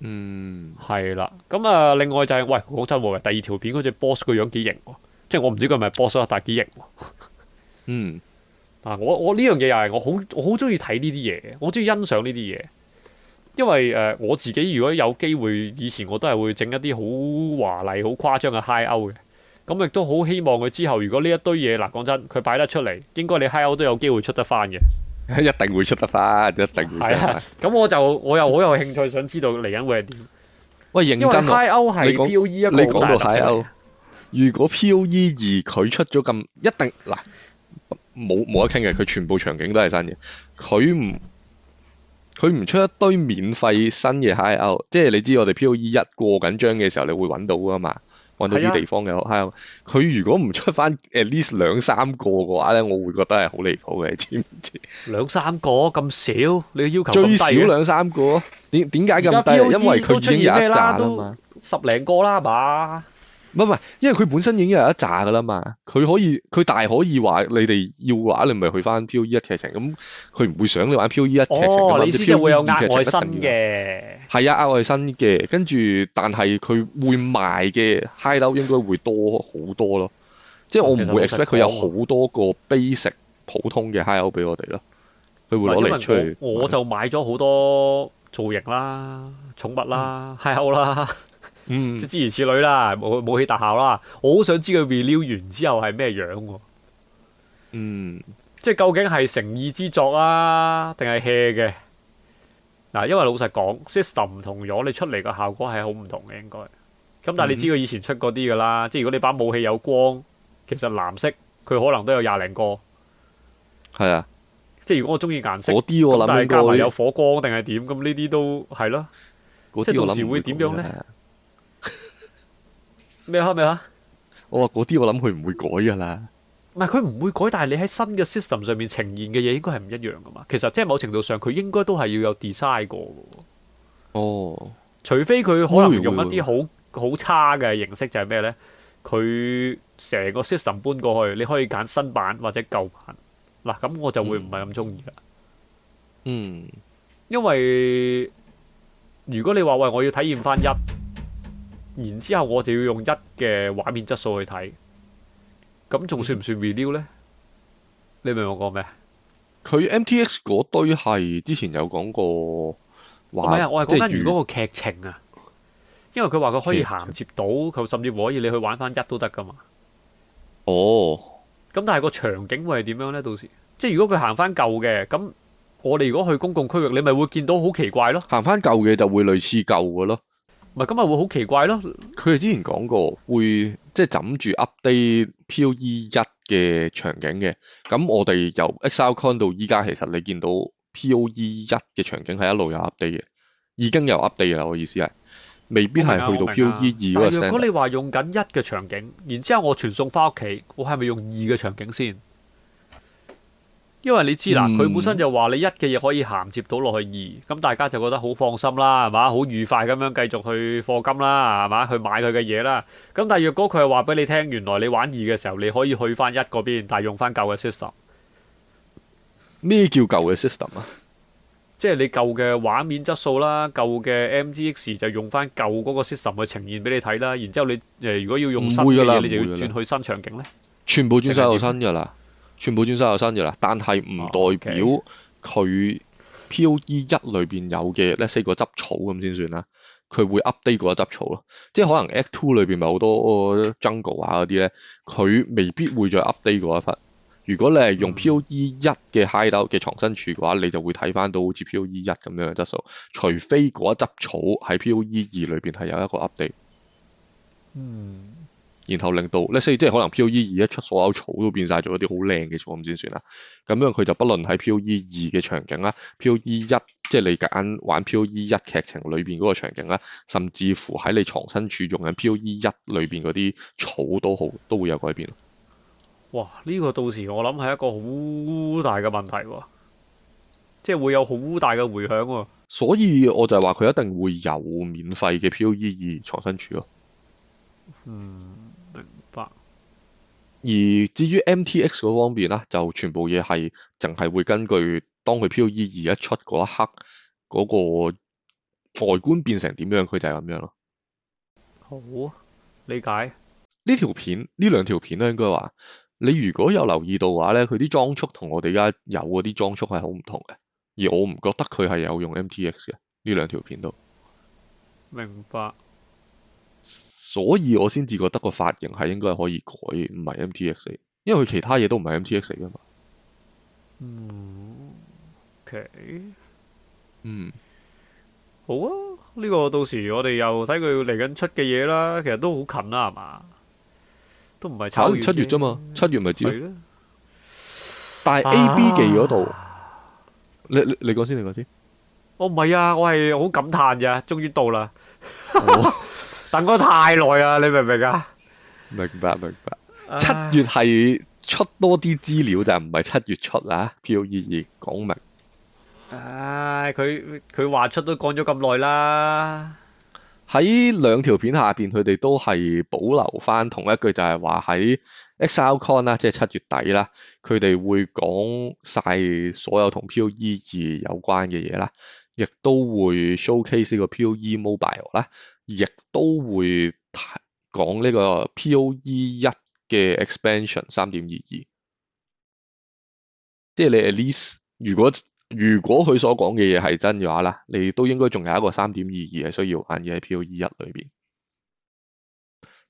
[SPEAKER 2] 嗯、mm.，係啦。咁啊，另外就係、是、喂，講真話，第二條片嗰隻 boss 個樣幾型喎，即、就、係、是、我唔知佢係咪 boss 啊，但係幾型喎。嗯，嗱，我我呢樣嘢又係我好我好中意睇呢啲嘢，我中意欣賞呢啲嘢。因為誒，我自己如果有機會，以前我都係會整一啲好華麗、好誇張嘅 high 歐嘅。咁亦都好希望佢之後，如果呢一堆嘢嗱，講真，佢擺得出嚟，應該你 high 歐都有機會出得翻嘅。一定會出得翻，一定係啊！咁我就我又好有興趣想知道嚟緊會係點？喂，認真啊！因為 high 歐係 POE 一個好大嘅。
[SPEAKER 1] 如果 POE 二佢出咗咁，一定嗱，冇冇得傾嘅。佢全部場景都係新嘅，佢唔。佢唔出一堆免費新嘅 hideout 即係你知我哋 P O E 一過緊張嘅時候，你會揾到噶嘛？揾到啲地方嘅 hideout 佢如果唔出翻 at least 兩三個嘅話咧，我會覺得係好離譜嘅，知
[SPEAKER 2] 唔知？兩三個咁少，你要求最少兩
[SPEAKER 1] 三個。點點解咁低？E、因為佢出現一紮都
[SPEAKER 2] 十零個啦，嘛。唔係唔係，
[SPEAKER 1] 因為佢本身已經有一扎噶啦嘛，佢可以佢大可以話你哋要話，你咪去翻 POE 一劇情咁，佢唔會想你玩 POE 一劇情噶嘛。哦，意思即係會有額外新嘅，係啊，額外新嘅。跟住但係佢會賣嘅 hideout 應該會多好多咯，
[SPEAKER 2] 即係我唔會 expect 佢有好
[SPEAKER 1] 多個 basic 普通嘅 hideout 俾我哋咯。佢會攞嚟出嚟。
[SPEAKER 2] 我就買咗好多造型啦、寵物啦、嗯、hideout 啦。嗯，即係諸如此類啦，武，武器特效啦，我好想知佢 reveal 完之後係咩樣，啊。嗯，即係究竟係誠意之作啊，定係 hea 嘅？嗱，啊，因為老實講，system 唔同咗，你出嚟個效果係好唔同嘅，應該。咁但係你知佢以前出嗰啲噶啦，嗯，即係如果你把武器有光，其實藍色佢可能都有廿零個。係啊，即係如果我中意顏色，咁但係加埋有火光定係點？咁呢啲都係咯，即係到時會點樣咧？咩話咩話？
[SPEAKER 1] 我話嗰啲我諗佢唔會改噶啦。
[SPEAKER 2] 唔係佢唔會改，但係你喺新嘅 system 上面呈現嘅嘢應該係唔一樣噶嘛。其實即係某程度上佢應該都係要有 design 過嘅。哦，除非佢可能用一啲好好差嘅形式，就係咩咧？佢成個 system 搬過去，你可以揀新版或者舊版。嗱，咁我就會唔係咁中意啦。嗯，因為如果你話喂，我要體驗翻一。然之後我就要用一嘅畫面質素去睇，咁仲算唔算 reveal 呢？你明我講咩？
[SPEAKER 1] 佢 MTX 嗰堆係之前有講過，唔係我係講翻如果個
[SPEAKER 2] 劇情啊，雨因為佢話佢可以銜接到，佢情甚至可以你去玩翻一都得噶嘛。哦，咁但係個場景會係點樣呢？到時即係如果佢行翻舊嘅，咁我哋如果去公共區域，你咪會見到好奇怪咯。行翻舊嘅就會類似舊嘅咯。唔係咁咪會好奇怪咯。佢哋之前講過會即
[SPEAKER 1] 係枕住 update P O E 一嘅場景嘅。咁我哋由 ExileCon 到依家，其實你見到 P O E 一嘅場景係一路有 update 嘅，已經有 update 啦。我意思係未必係去到 P O E 二嗰個程度。但係如果你
[SPEAKER 2] 話用緊一嘅場景，然之後我傳送翻屋企，我係咪用二嘅場景先？因為你知啦，佢、嗯、本身就話你一嘅嘢可以銜接到落去二，咁大家就覺得好放心啦，係嘛，好愉快咁樣繼續去課金啦，係嘛，去買佢嘅嘢啦。咁但係若果佢係話俾你聽，原來你玩二嘅時候，你可以去翻一嗰邊，但係用翻舊嘅 system。
[SPEAKER 1] 咩叫舊嘅 system 啊？
[SPEAKER 2] 即係你舊嘅畫面質素啦，舊嘅 MGX 就用翻舊嗰個 system 去呈現俾你睇啦。然之後你、呃、如果要用新嘅嘢，你就要轉去新場景呢，
[SPEAKER 1] 全部轉晒新噶啦。全部轉晒有新嘅啦，但係唔代表佢 POE 一裏邊有嘅 let's say 個執草咁先算啦。佢會 update 嗰一執草咯，即係可能 Act 2裏邊咪好多 jungle 啊嗰啲咧，佢未必會再 update 嗰一忽。如果你係用 POE 一嘅 hideout 嘅藏身處嘅話，你就會睇翻到好似 POE 一咁樣嘅質素，除非嗰一執草喺 POE 二裏邊係有一個 update。嗯。然後令到咧，所以即係可能 P.O.E. 二一出所有草都變晒咗一啲好靚嘅草咁先算啦。咁樣佢就不論喺 P.O.E. 二嘅場景啦，P.O.E. 一即係你揀玩 P.O.E. 一劇情裏邊嗰個場景啦，甚至乎喺你藏身處用緊 P.O.E. 一裏邊嗰啲草都好，都會有改變。哇！呢、
[SPEAKER 2] 這個到時我諗係一個好大嘅問題喎、啊，即係會有好大嘅迴響喎。
[SPEAKER 1] 所以我就係話佢一定會有免費嘅 P.O.E. 二藏身處咯、啊。嗯。而至於 M T X 嗰方面呢就全部嘢係淨係會根據當佢 POE 二一出嗰一刻，嗰、嗰個外觀變成點樣，佢就係咁樣咯。
[SPEAKER 2] 好，理解。呢
[SPEAKER 1] 條片呢兩條片咧，應該話你如果有留意到嘅話咧，佢啲裝束同我哋而家有嗰啲裝束係好唔同嘅。而我唔覺得佢係有用 M T X 嘅呢兩條片都。
[SPEAKER 2] 明白。
[SPEAKER 1] 所以我先至覺得個髮型係應該可以改，唔係 MTX，因為佢其他嘢都唔係 MTX 㗎嘛。嗯
[SPEAKER 2] Okay.、mm. 好啊，呢、這個到時我哋又睇佢嚟緊出嘅嘢啦，其實都好近啦，係嘛？都唔係。九七月啫嘛，七月咪知的但係 A、啊、B 技嗰
[SPEAKER 1] 度，你你你講先，你講先。
[SPEAKER 2] 我唔係啊，我係好感嘆咋，終於到啦。 等咗太耐啦、啊，你明唔明啊？
[SPEAKER 1] 明白明白，七月係出多啲資料，就唔係七月初啦、啊。P O E 二講明，
[SPEAKER 2] 唉，佢佢話出都講咗咁耐啦。
[SPEAKER 1] 喺兩條片下邊，佢哋都係保留翻同一句，就係話喺 ExileCon 啦，即係七月底啦，佢哋會講晒所有同 P O E 二有關嘅嘢啦，亦都會 showcase 個 P O E Mobile 啦。亦都會講呢個 POE 一嘅 expansion 三點二二，即係你 at least 如果如果佢所講嘅嘢係真嘅話啦，你都應該仲有一個三點二二係需要玩嘅喺 POE 一裏邊。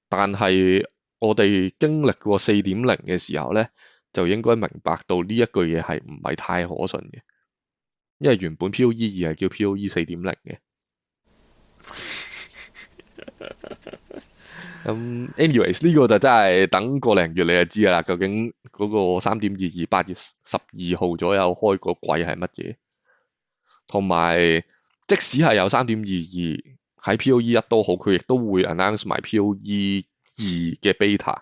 [SPEAKER 1] 但係我哋經歷過四點零嘅時候咧，就應該明白到呢一句嘢係唔係太可信嘅，因為原本 POE 二係叫 POE 四點零嘅。咁、um,，anyways 呢個就真係等個零月你就知噶啦。究竟嗰個三點二二八月十二號左右開個季係乜嘢？同埋，即使係有三點二二喺 P O E 一都好，佢亦都會 announce 埋 P O E 二嘅 beta。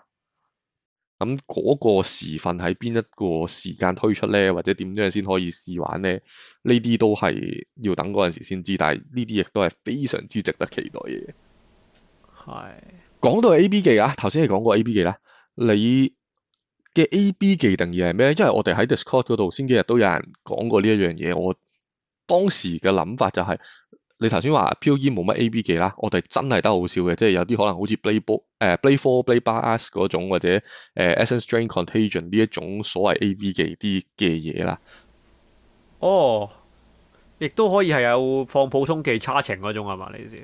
[SPEAKER 1] 咁嗰個時份喺邊一個時間推出呢？或者點樣先可以試玩呢？呢啲都係要等嗰陣時先知，但係呢啲亦都係非常之值得期待嘅。係講是到 A B 技啊，頭先係講過 A B 技啦。你嘅 A B 技定義係咩咧？因為我哋喺 Discord 嗰度先幾日都有人講過呢一樣嘢。我當時嘅諗法就係、是，你頭先話 P O E 冇乜 A B 技啦，我哋真係得好笑嘅，即係有啲可能好似 Play Ball、uh, Play Four、Play b s 嗰種或者誒、uh, Essence Drain Contagion 呢一種所謂 A B 技啲嘅嘢啦。
[SPEAKER 2] 哦，亦都可以係有放普通技 charging 嗰種係嘛？你意思？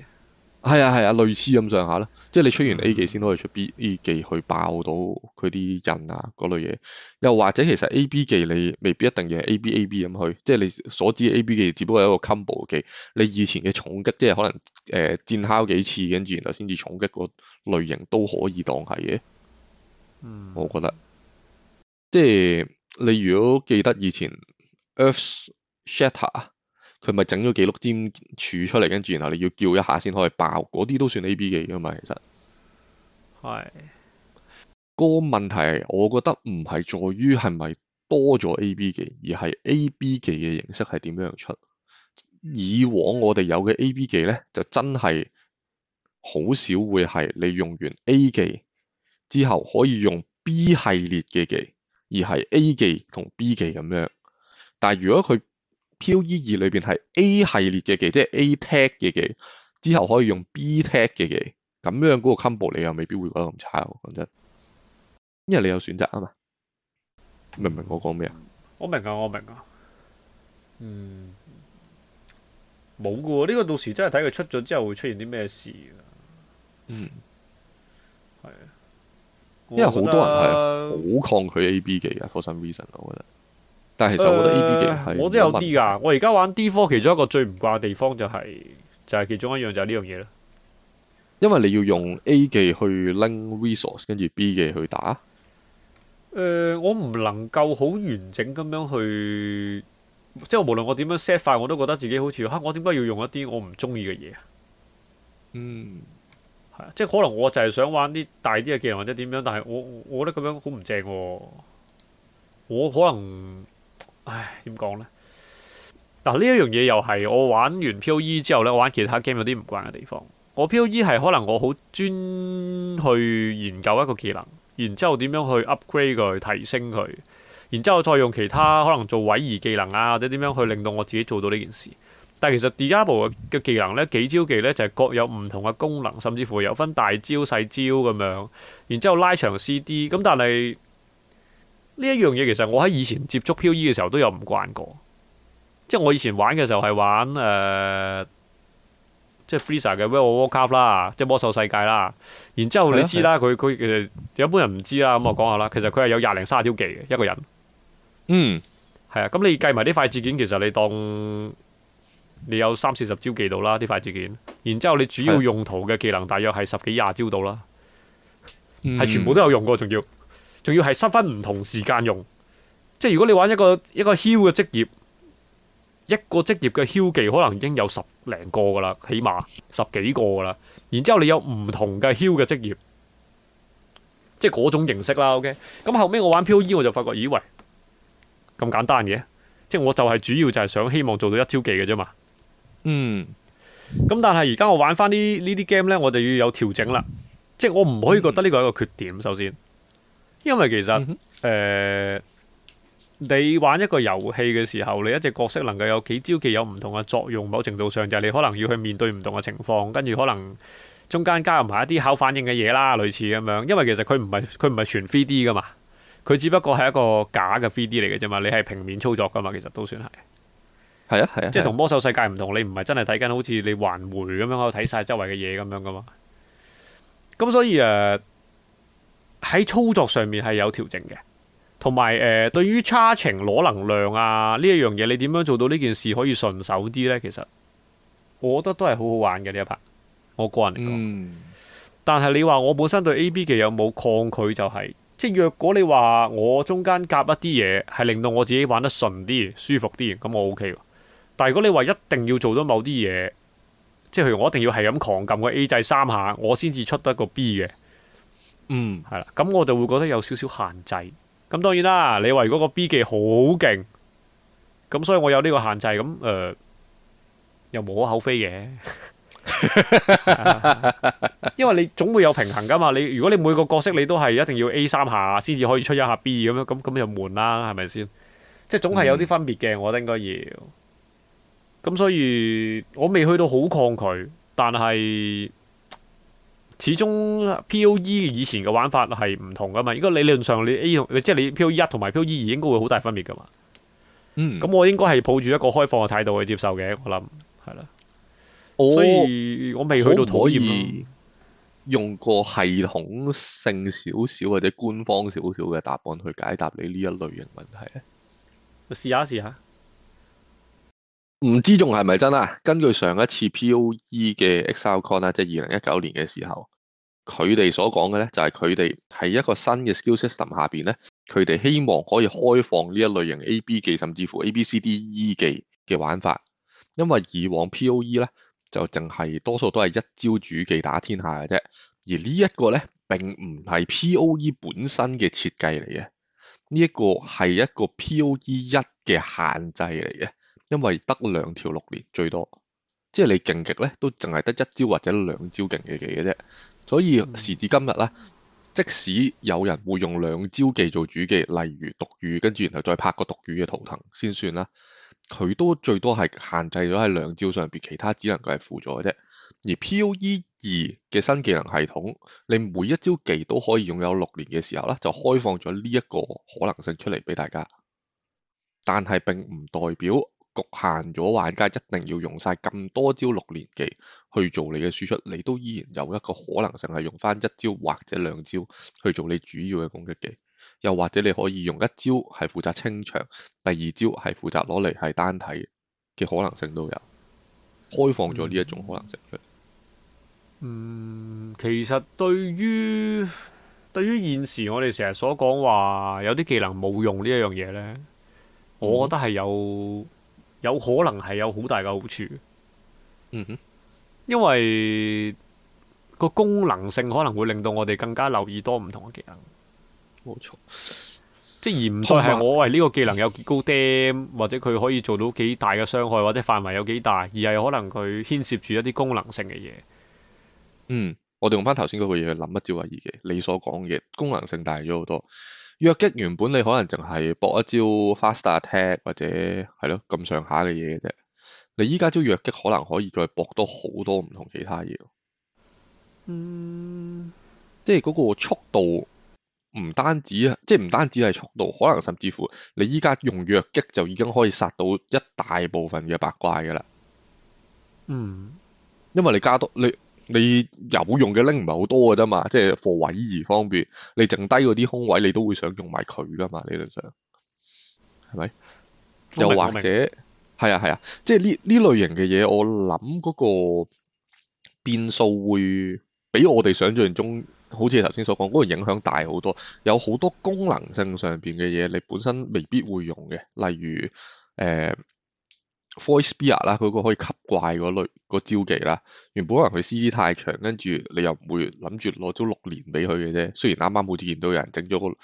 [SPEAKER 1] 係啊係啊，類似咁上下啦。即係你出完 A 技先可以出 B A 技去爆到佢啲印啊嗰類嘢，又或者其實 A B 技你未必一定要 A B A B 咁去，即係你所知 A B 技只不過係一個 combo 技，你以前嘅重擊即係可能誒、呃、戰敲幾次，跟住然後先至重擊個類型都可以當係嘅，嗯，我覺得，即係你如果記得以前 Earth Shatter。佢咪整咗幾碌尖柱出嚟，跟住然後你要叫一下先可以爆，嗰啲都算 AB 技㗎嘛。其實係是個問題，我覺得唔係在於係咪多咗 AB 技，而係 AB 技嘅形式係點樣出。以往我哋有嘅 AB 技咧，就真係好少會係你用完 A 技之後可以用 B 系列嘅技，而係 A 技同 B 技咁樣。但係如果佢 POE2 裏邊係 A 系列嘅技，即係 A tech 嘅技，之後可以用 B tech 嘅技，咁樣嗰個 combo 你又未必會覺得咁差，講真，因為你有選擇啊嘛，明唔明我講咩啊？
[SPEAKER 2] 我明啊，我明啊，嗯，冇噶，呢個到時真係睇佢出咗之後會出現啲咩事，嗯，係啊，因為好多人係
[SPEAKER 1] 好抗拒 A，B 技嘅，for some reason，我覺得。但係其實我覺得 A B 技係我都有啲噶，
[SPEAKER 2] 我而家題玩 D4 其中一個最唔慣嘅地方就係、是、就係、是、其中一樣就係呢樣嘢啦。
[SPEAKER 1] 因為你要用 A 技去拎 resource，跟住 B 技去打。
[SPEAKER 2] 誒、呃，我唔能夠好完整咁樣去，即、就、係、是、無論我點樣 set 法，我都覺得自己好似吓、啊，我點解要用一啲我唔中意嘅嘢啊？嗯，係即係可能我就係想玩啲大啲嘅技能或者點樣，但係我我覺得咁樣好唔正、啊。我可能。唉，點講呢？嗱、啊，呢一樣嘢又係我玩完 POE 之後呢，我玩其他 game 有啲唔慣嘅地方。我 POE 係可能我好專去研究一個技能，然之後點樣去 upgrade 佢、提升佢，然之後再用其他可能做位移技能啊，或者點樣去令到我自己做到呢件事。但係其實 Diablo 嘅技能呢，幾招技呢，就係、是、各有唔同嘅功能，甚至乎有分大招、細招咁樣，然之後拉長 CD 咁，但係。呢一樣嘢其實我喺以前接觸漂移嘅時候都有唔慣過，即係我以前玩嘅時候係玩誒，即係 Blizzard 嘅 World Warcraft 啦，即係魔獸世界啦。然之後你知啦，佢、佢的其實一般人唔知啦，咁我講下啦。嗯嗯、其實佢係有廿零卅招技嘅一個人。嗯，係啊。咁你計埋啲快捷鍵，其實你當你有三四十招技到啦，啲快捷鍵。然之後你主要用途嘅技能大約係十幾廿招到啦，
[SPEAKER 3] 係的、嗯、全部都
[SPEAKER 2] 有用過，仲要。仲要係十分唔同時間用，即係如果你玩一個一個轎嘅職業，一個職業嘅轎技可能已經有十零個噶啦，起碼十幾個噶啦。然之後你有唔同嘅轎嘅職業，即係嗰種形式啦。OK，咁後尾我玩 POE，e、我就發覺，咦喂，咁簡單嘅，即係我就係主要就係想希望做到一招技嘅啫嘛。嗯，咁但係而家我玩翻啲呢啲 game 咧，我哋要有調整啦。嗯、即係我唔可以覺得呢個係一個缺點，首先。因為其實誒，你玩一個遊戲嘅時候，你一隻角色能夠有幾招技有唔同嘅作用，某程度上就係你可能要去面對唔同嘅情況，跟住可能中間加入埋一啲考反應嘅嘢啦，類似咁樣。因為其實佢唔係佢唔係全 3D 噶嘛，佢只不過係一個假嘅 3D 嚟嘅啫嘛，你係平面操作噶嘛，其實都算係。
[SPEAKER 1] 係啊係啊，即係同魔
[SPEAKER 2] 獸世界唔同，你唔係真係睇緊好似你環回咁樣，可以睇晒周圍嘅嘢咁樣噶嘛。咁所以誒。喺操作上面係有調整嘅，同埋誒對於 charging 攞能量啊呢一樣嘢，你點樣做到呢件事可以順手啲呢？其實我覺得都係好好玩嘅呢一 part，我個人嚟講。嗯、但係你話我本身對 A B 嘅有冇抗拒、就是，就係即係若果你話我中間夾一啲嘢，係令到我自己玩得順啲、舒服啲，咁我 O K。但係如果你話一定要做到某啲嘢，即係譬如我一定要係咁狂撳個 A 掣三下，我先至出得個 B 嘅。嗯，係啦，咁我就會覺得有少少限制。咁當然啦，你話如果個 B 技好勁，咁所以我有呢個限制，咁誒又無可厚非嘅。因為你總會有平衡噶嘛。你如果你每個角色你都係一定要 A 三下先至可以出一下 B 咁樣，咁咁就悶啦，係咪先？即係總係有啲分別嘅，我覺得應該要。咁所以我未去到好抗拒，但係。始終 POE 以前嘅玩法係唔同噶嘛，如果理論上你 A 同即係你 POE 一同埋 POE 二應該會好大分別噶嘛。嗯，咁我應該係抱住一個開放嘅態度去接受嘅，我諗係啦。所以我,我未去到妥協。用個系統性少
[SPEAKER 1] 少或者官方少少嘅答案去解答你呢一類型問題咧，試下試下。唔知仲係咪真啊？根據上一次 POE 嘅 ExileCon 咧，即係二零一九年嘅時候。佢哋所講嘅咧，就係佢哋係一個新嘅 skill system 下邊咧，佢哋希望可以開放呢一類型 A B 技，甚至乎 A B C D E 技嘅玩法。因為以往 P O E 咧就淨係多數都係一招主技打天下嘅啫，而呢一個咧並唔係 P O E 本身嘅設計嚟嘅，呢一個係一個 P O E 一嘅限制嚟嘅，因為得兩條六連最多，即係你勁極咧都淨係得一招或者兩招勁嘅技嘅啫。所以時至今日咧，即使有人會用兩招技做主技，例如毒雨跟住然後再拍個毒雨嘅圖騰先算啦，佢都最多係限制咗喺兩招上邊，其他只能夠係輔助嘅啫。而 POE 二嘅新技能系統，你每一招技都可以擁有六年嘅時候咧，就開放咗呢一個可能性出嚟俾大家，但係並唔代表，局限咗玩家一定要用晒咁多招六連技去做你嘅輸出，你都依然有一個可能性係用翻一招或者兩招去做你主要嘅攻擊技，又或者你可以用一招係負責清場，第二招係負責攞嚟係單體嘅可能性都有，
[SPEAKER 2] 開放咗呢一種可能性。嗯，嗯，其實對於對於現時我哋成日所講話有啲技能冇用呢一樣嘢咧，我覺得係有。嗯有可能係有好大嘅好處，嗯哼，因為個功能性可能會令到我哋更加留意多唔同嘅技能，冇錯，即係而唔再係我係呢個技能有幾高 damage，或者佢可以做到幾大嘅傷害，或者範圍有幾大，而係可能佢牽涉住一啲功能性嘅嘢。嗯，
[SPEAKER 1] 我哋用翻頭先嗰句嘢去諗一招係二技，你所講嘅功能性大咗好多。弱擊原本你可能淨係搏一招 fast attack 或者係咯，咁上下嘅嘢嘅啫，你依家招弱擊可能可以再搏多好多唔同其他嘢。嗯，即係嗰個速度唔單止，即係唔單止係速度，可能甚至乎你依家用弱擊就已經可以殺到一大部分嘅白怪噶啦。嗯，因為你加多你。你有用嘅拎唔係好多嘅啫嘛，即係貨位而方便。你剩低嗰啲空位，你都會想用埋佢噶嘛？理論上係咪？又或者係啊係啊，即係呢呢類型嘅嘢，我諗嗰個變數會比我哋想象中，好似頭先所講嗰個影響大好多。有好多功能性上邊嘅嘢，你本身未必會用嘅，例如誒。呃 Voice Spear、er, 啦，佢個可以吸怪嗰類、嗰個招技啦。原本可能佢 CD 太長，跟住你又唔會諗住攞咗六年俾佢嘅啫。雖然啱啱好似見到有人整咗個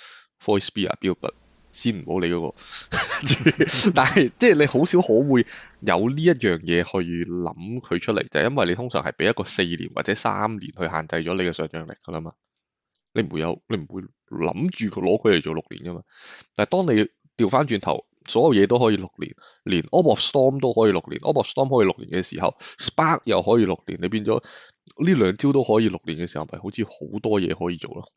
[SPEAKER 1] Voice Spear build 先唔好理嗰、嗰個。 但係即係你好少可會有呢一樣嘢去諗佢出嚟，就係、是、因為你通常係俾一個四年或者三年去限制咗你嘅想像力噶啦嘛。你唔會有，你唔會諗住佢攞佢嚟做六年噶嘛。但係當你調翻轉頭。所有嘢都可以六連，連 Orb of Storms 都可以六連，Orb of Storms 可以六連嘅時候，Spark 又可以六連，你變咗呢兩招都可以六連嘅時候，咪好似好多嘢可以做咯、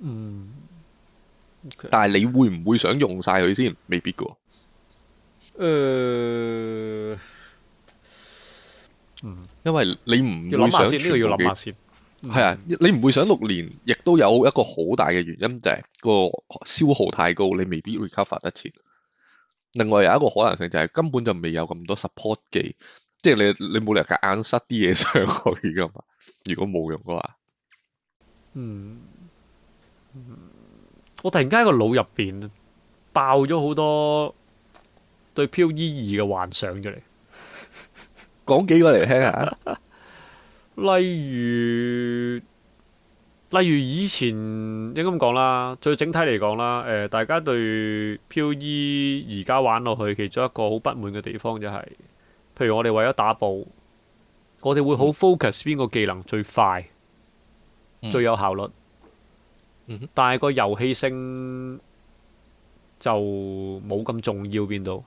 [SPEAKER 1] 嗯 okay. 呃。嗯，但係你會唔會想用晒佢先？未必噶。誒，嗯，因為你唔諗下先，呢個要諗下先。係啊，你唔會想六年，亦都有一個好大嘅原因，就係、是、個消耗太高，你未必 recover 得切。另外有一個可能性就係、是、根本就未有咁多 support 技，即係你你冇理由硬，硬塞啲嘢上去噶嘛。如果冇用嘅話，
[SPEAKER 2] 嗯，我突然間個腦入邊爆咗好多對 POE 二嘅幻想出嚟，講 幾個嚟聽下。 例如，例如以前，應該咁講啦。最整體嚟講啦，誒、呃，大家對 POE 而家玩落去，其中一個好不滿嘅地方就係、是，譬如我哋為咗打步，我哋會好 focus 邊個技能最快、嗯、最有效率。嗯、但係個遊戲性就冇咁重要變到。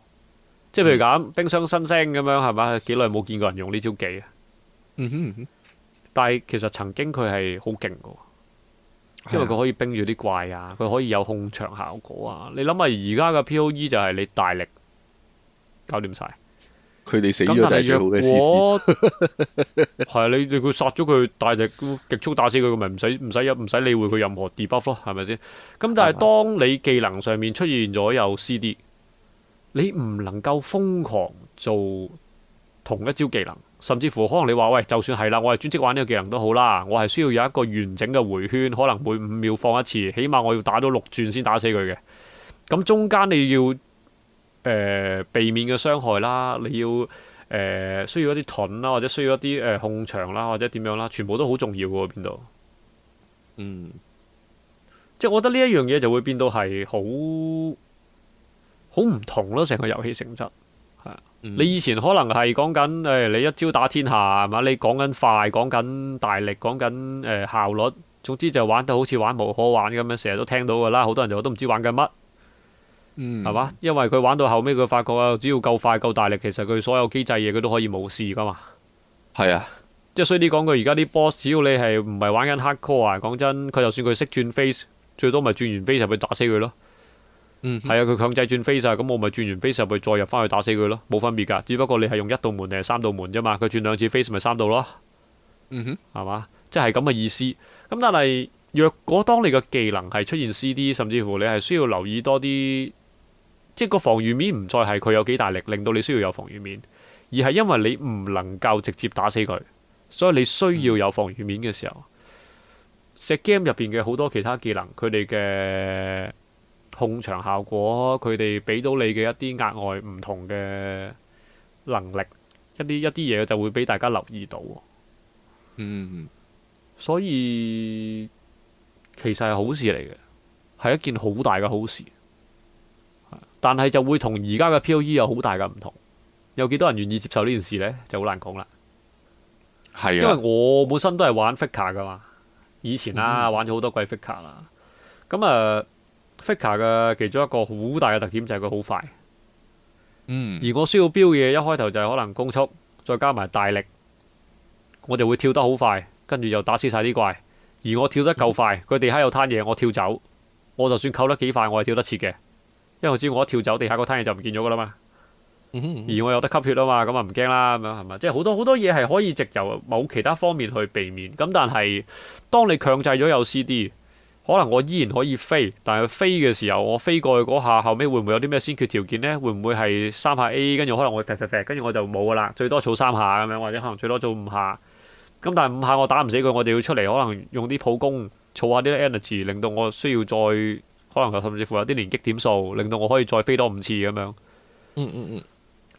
[SPEAKER 2] 即係譬如講，冰箱新星咁樣係咪？幾耐冇見過人用呢招技啊？嗯嗯嗯但係其實曾經佢係好勁嘅，
[SPEAKER 3] 因為佢
[SPEAKER 2] 可以冰住啲怪啊，佢可以有控場效果啊。你諗下而家嘅 POE 就係你大力搞掂晒，佢哋死咗就係最好啊，你你佢殺咗佢，大力都極速打死佢，咪唔使唔使唔使理會佢任何 debuff 咯，係咪先？咁但係當你技能上面出現咗有 CD，你唔能夠瘋狂做同一招技能。甚至乎可能你話喂，就算係啦，我係專職玩呢個技能都好啦，我係需要有一個完整嘅回圈，可能每五秒放一次，起碼我要打到六轉先打死佢嘅。咁中間你要誒、呃、避免嘅傷害啦，你要誒、呃、需要一啲盾啦，或者需要一啲誒、呃、控場啦，或者點樣啦，全部都好重要嘅邊度。嗯，即係我覺得呢一樣嘢就會變到係好好唔同咯，成個遊戲性質。你以前可能係講緊誒，你一招打天下係嘛？你講緊快，講緊大力，講緊誒效率。總之就玩得好似玩無可玩咁樣，成日都聽到㗎啦。好多人就都唔知玩緊乜，係嘛、嗯？因為佢玩到後尾，佢發覺啊，只要夠快夠大力，其實佢所有機制嘢佢都可以冇事㗎嘛。
[SPEAKER 1] 係啊，
[SPEAKER 2] 即係所以你講句，而家啲 boss，只要你係唔係玩緊 hardcore 啊，講真，佢就算佢識轉 face，最多咪轉完 face 就去打死佢咯。嗯，係啊，佢強制轉 face 晒，咁我咪轉完 face 入去再入翻去打死佢咯，冇分別噶，只不過你係用一道門定係三道門啫嘛，佢轉兩次 face 咪三道咯，嗯
[SPEAKER 3] 哼，
[SPEAKER 2] 係嘛，即係咁嘅意思。咁但係若果當你嘅技能係出現 CD，甚至乎你係需要留意多啲，即係個防禦面唔再係佢有幾大力令到你需要有防禦面，而係因為你唔能夠直接打死佢，所以你需要有防禦面嘅時候，石、嗯、game 入邊嘅好多其他技能，佢哋嘅。控場效果，佢哋俾到你嘅一啲額外唔同嘅能力，一啲一啲嘢就會俾大家留意到。嗯，所以其實係好事嚟嘅，係一件好大嘅好事。但係就會同而家嘅 POE 有好大嘅唔同。有幾多人願意接受呢件事呢？就好難講啦。
[SPEAKER 1] 係啊，因為
[SPEAKER 2] 我本身都係玩 figur 嘅嘛，以前啦，玩咗好多季 figur 啦，咁啊。嗯 Flicker 嘅其中一個好大嘅特點就係佢好快，嗯，而我需要標嘢一開頭就係可能攻速，再加埋大力，我哋會跳得好快，跟住又打死晒啲怪。而我跳得夠快，佢地下有攤嘢，我跳走，我就算扣得幾快，我係跳得切嘅，因為只要我一跳走，地下個攤嘢就唔見咗噶啦嘛。哼，而我有得吸血啊嘛，咁啊唔驚啦，咁樣係咪，即係好多好多嘢係可以直由某其他方面去避免。咁但係當你強制咗有 CD。可能我依然可以飛，但係飛嘅時候，我飛過去嗰下後尾會唔會有啲咩先決條件呢？會唔會係三下 A，跟住可能我啡啡啡，跟住我就冇㗎喇，最多儲三下咁樣，或者可能最多儲五下。咁但係五下我打唔死佢，我哋要出嚟，可能用啲普攻儲下啲 energy，令到我需要再可能甚至乎有啲連擊點數，令到我可以再飛多五次咁樣。嗯嗯嗯，嗯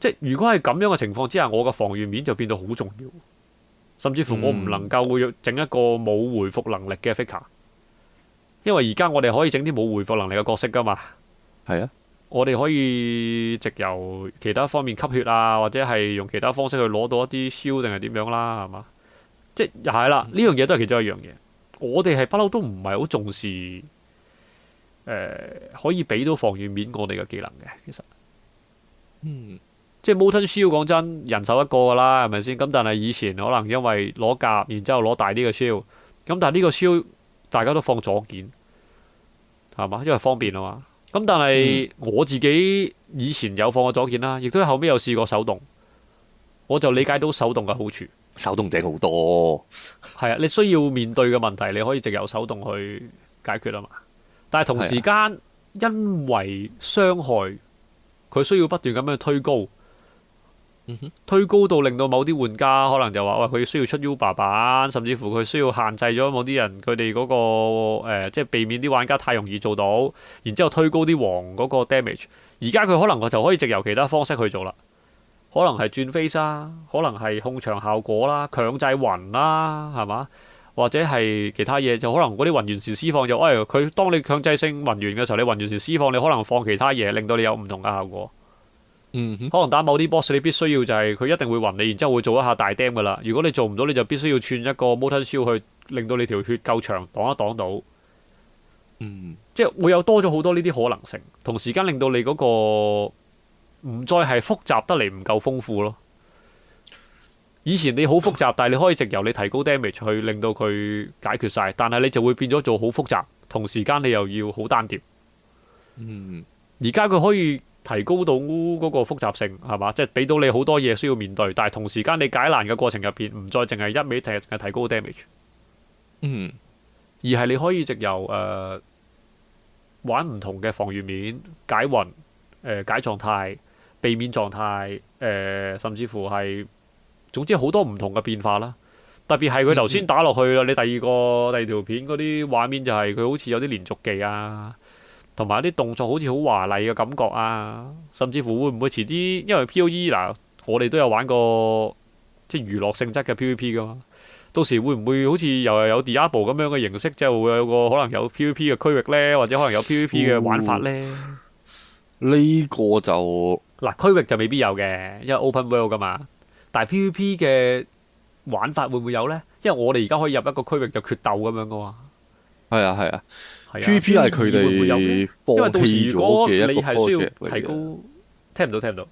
[SPEAKER 2] 即係如果係咁樣嘅情況之下，我嘅防禦面就變到好重要，甚至乎我唔能夠整一個冇回復能力嘅 figure。因為而家我哋可以整啲冇回復能力嘅角色噶嘛，係啊，我哋可以直由其他方面吸血啊，或者係用其他方式去攞到一啲 shield 定係點樣啦，係嘛，即係又係啦，呢、嗯、樣嘢都係其中一樣嘢。我哋係不嬲都唔係好重視，誒、呃、可以俾到防禦面我哋嘅技能嘅，其實，嗯，即係 Molten Shell 講真，人手一個噶啦，係咪先？咁但係以前可能因為攞甲，然之後攞大啲嘅 Shell，咁但係呢個 Shell 大家都放左鍵。係嘛，因為方便啊嘛。咁但係、嗯、我自己以前有放過左鍵啦，亦都後尾有試過手動，我就理解到手動嘅好處。
[SPEAKER 1] 手動正好多，
[SPEAKER 2] 係啊，你需要面對嘅問題，你可以直由手動去解決啊嘛。但係同時間，啊、因為傷害，佢需要不斷咁樣推高。推高到令到某啲玩家可能就話，喂佢需要出 Uber 版，甚至乎佢需要限制咗某啲人佢哋嗰個誒、呃，即係避免啲玩家太容易做到。然之後推高啲王嗰個 damage，而家佢可能就可以藉由其他方式去做啦。可能係轉 phase、啊，可能係控場效果啦，強制暈啦、啊，係嘛，或者係其他嘢，就可能嗰啲暈完時釋放就喂佢。哎、當你強制性暈完嘅時候，你暈完時釋放，你可能放其他嘢，令到你有唔同嘅效果。嗯，可能打某啲 boss 你必須要就係佢一定會暈你，然之後會做一下大 dam 噶啦。如果你做唔到，你就必須要串一個 motion skill 去令到你條血夠長擋一擋到。嗯，即係會有多咗好多呢啲可能性，同時間令到你嗰個唔再係複雜得嚟唔夠豐富咯。以前你好複雜，但係你可以直由你提高 damage 去令到佢解決晒，但係你就會變咗做好複雜，同時間你又要好單調。嗯，而家佢可以。提高到嗰個複雜性係嘛？即係俾到你好多嘢需要面對，但係同時間你解難嘅過程入邊，唔再淨係一味提提高 damage。嗯。而係你可以藉由誒、呃、玩唔同嘅防禦面解暈誒、呃、解狀態，避免狀態誒，甚至乎係總之好多唔同嘅變化啦。特別係佢頭先打落去啦，嗯、你第二個第二條片嗰啲畫面就係、是、佢好似有啲連續技啊。同埋啲動作好似好華麗嘅感覺啊，甚至乎會唔會遲啲？因為 POE 嗱、呃，我哋都有玩過即係娛樂性質嘅 PVP 噶嘛。到時會唔會好似又又有 Diablo 咁樣嘅形式，即係會有個可能有 PVP 嘅區域呢？或者可能有 PVP 嘅玩法呢？呢、呃呢個就嗱、呃、區域就未必有嘅，因為 open world 噶嘛。但係 PVP 嘅玩法會唔會有呢？因為我哋而家可以入一個區域就決鬥咁樣噶嘛。
[SPEAKER 1] 係啊，係啊。PVP 係佢哋放棄咗嘅一個 project 嚟嘅，
[SPEAKER 2] 聽唔到聽唔
[SPEAKER 1] 到。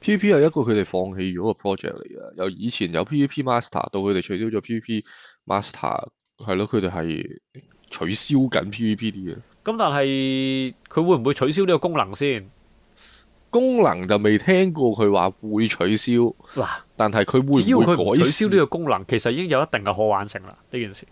[SPEAKER 1] PVP 係一個佢哋放棄咗個 project 嚟嘅，由以前有 PVP Master 到佢哋取消咗 PVP Master，係咯，佢哋係取消緊 PVP 嘅。
[SPEAKER 2] 咁但係佢會唔會取消呢個功能先？功能就未聽過佢話會取消嗱，但係佢會唔會要取消呢個功能？其實已經有一定嘅可玩性啦，呢件事。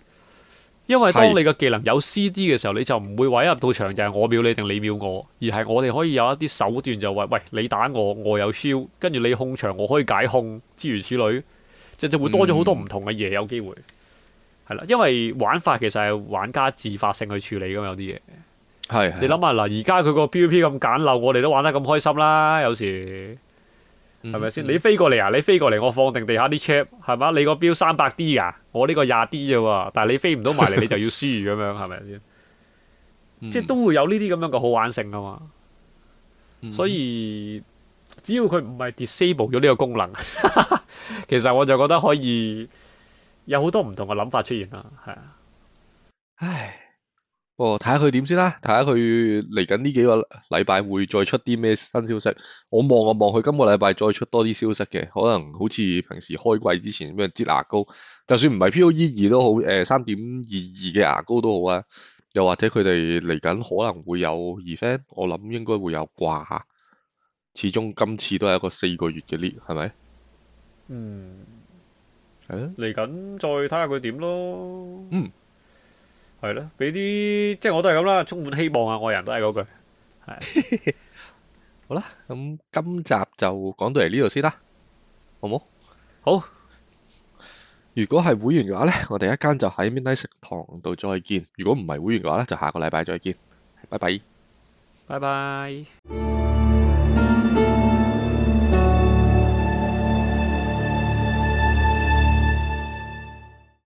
[SPEAKER 2] 因為當你個技能有 C.D. 嘅時候，你就唔會話一入到場就係我秒你定你秒我，而係我哋可以有一啲手段就話，是，喂，你打我，我有 shield，跟住你控場，我可以解控，諸如此類，就就會多咗好多唔同嘅嘢有機會。係啦，因為玩法其實係玩家自發性去處理㗎嘛。有啲嘢。係的你諗下嗱，而家佢個 PvP 咁簡陋，我哋都玩得咁開心啦，有時。係咪先？你飛過嚟啊！你飛過嚟，我放定地下啲車，係嘛？你個標三百 D 噶，我呢個廿 D 咋喎？但係你飛唔到埋嚟，你就要輸咁樣，係咪先？即係都會有呢啲咁樣嘅好玩性啊嘛。所以只要佢唔係 disable 咗呢個功能， 其實我就覺得可以有好多唔同嘅諗法出現啦。係啊，
[SPEAKER 1] 唉。哦，睇下佢點先啦，睇下佢嚟緊呢幾個禮拜會再出啲咩新消息。我望就望佢今個禮拜再出多啲消息嘅，可能好似平時開季之前咩擠牙膏，就算唔係 POE 二都好，誒三點二二嘅牙膏都好啊。又或者佢哋嚟緊可能會有 event，我諗應該會有挂。始終今次都係一個四個月嘅 league，係咪？嗯，
[SPEAKER 2] 係咯。嚟緊再睇下佢點咯。嗯。係咯，俾啲即係我都係咁啦，充滿希望啊！我人都係嗰句，係
[SPEAKER 1] 好啦，咁今集就講到嚟呢度先啦，好唔好？好，如果係會員嘅話咧，我哋一間就喺 Midnight 食堂度再見。如果唔係會員嘅話咧，就下個禮拜再見，拜拜，
[SPEAKER 2] 拜拜。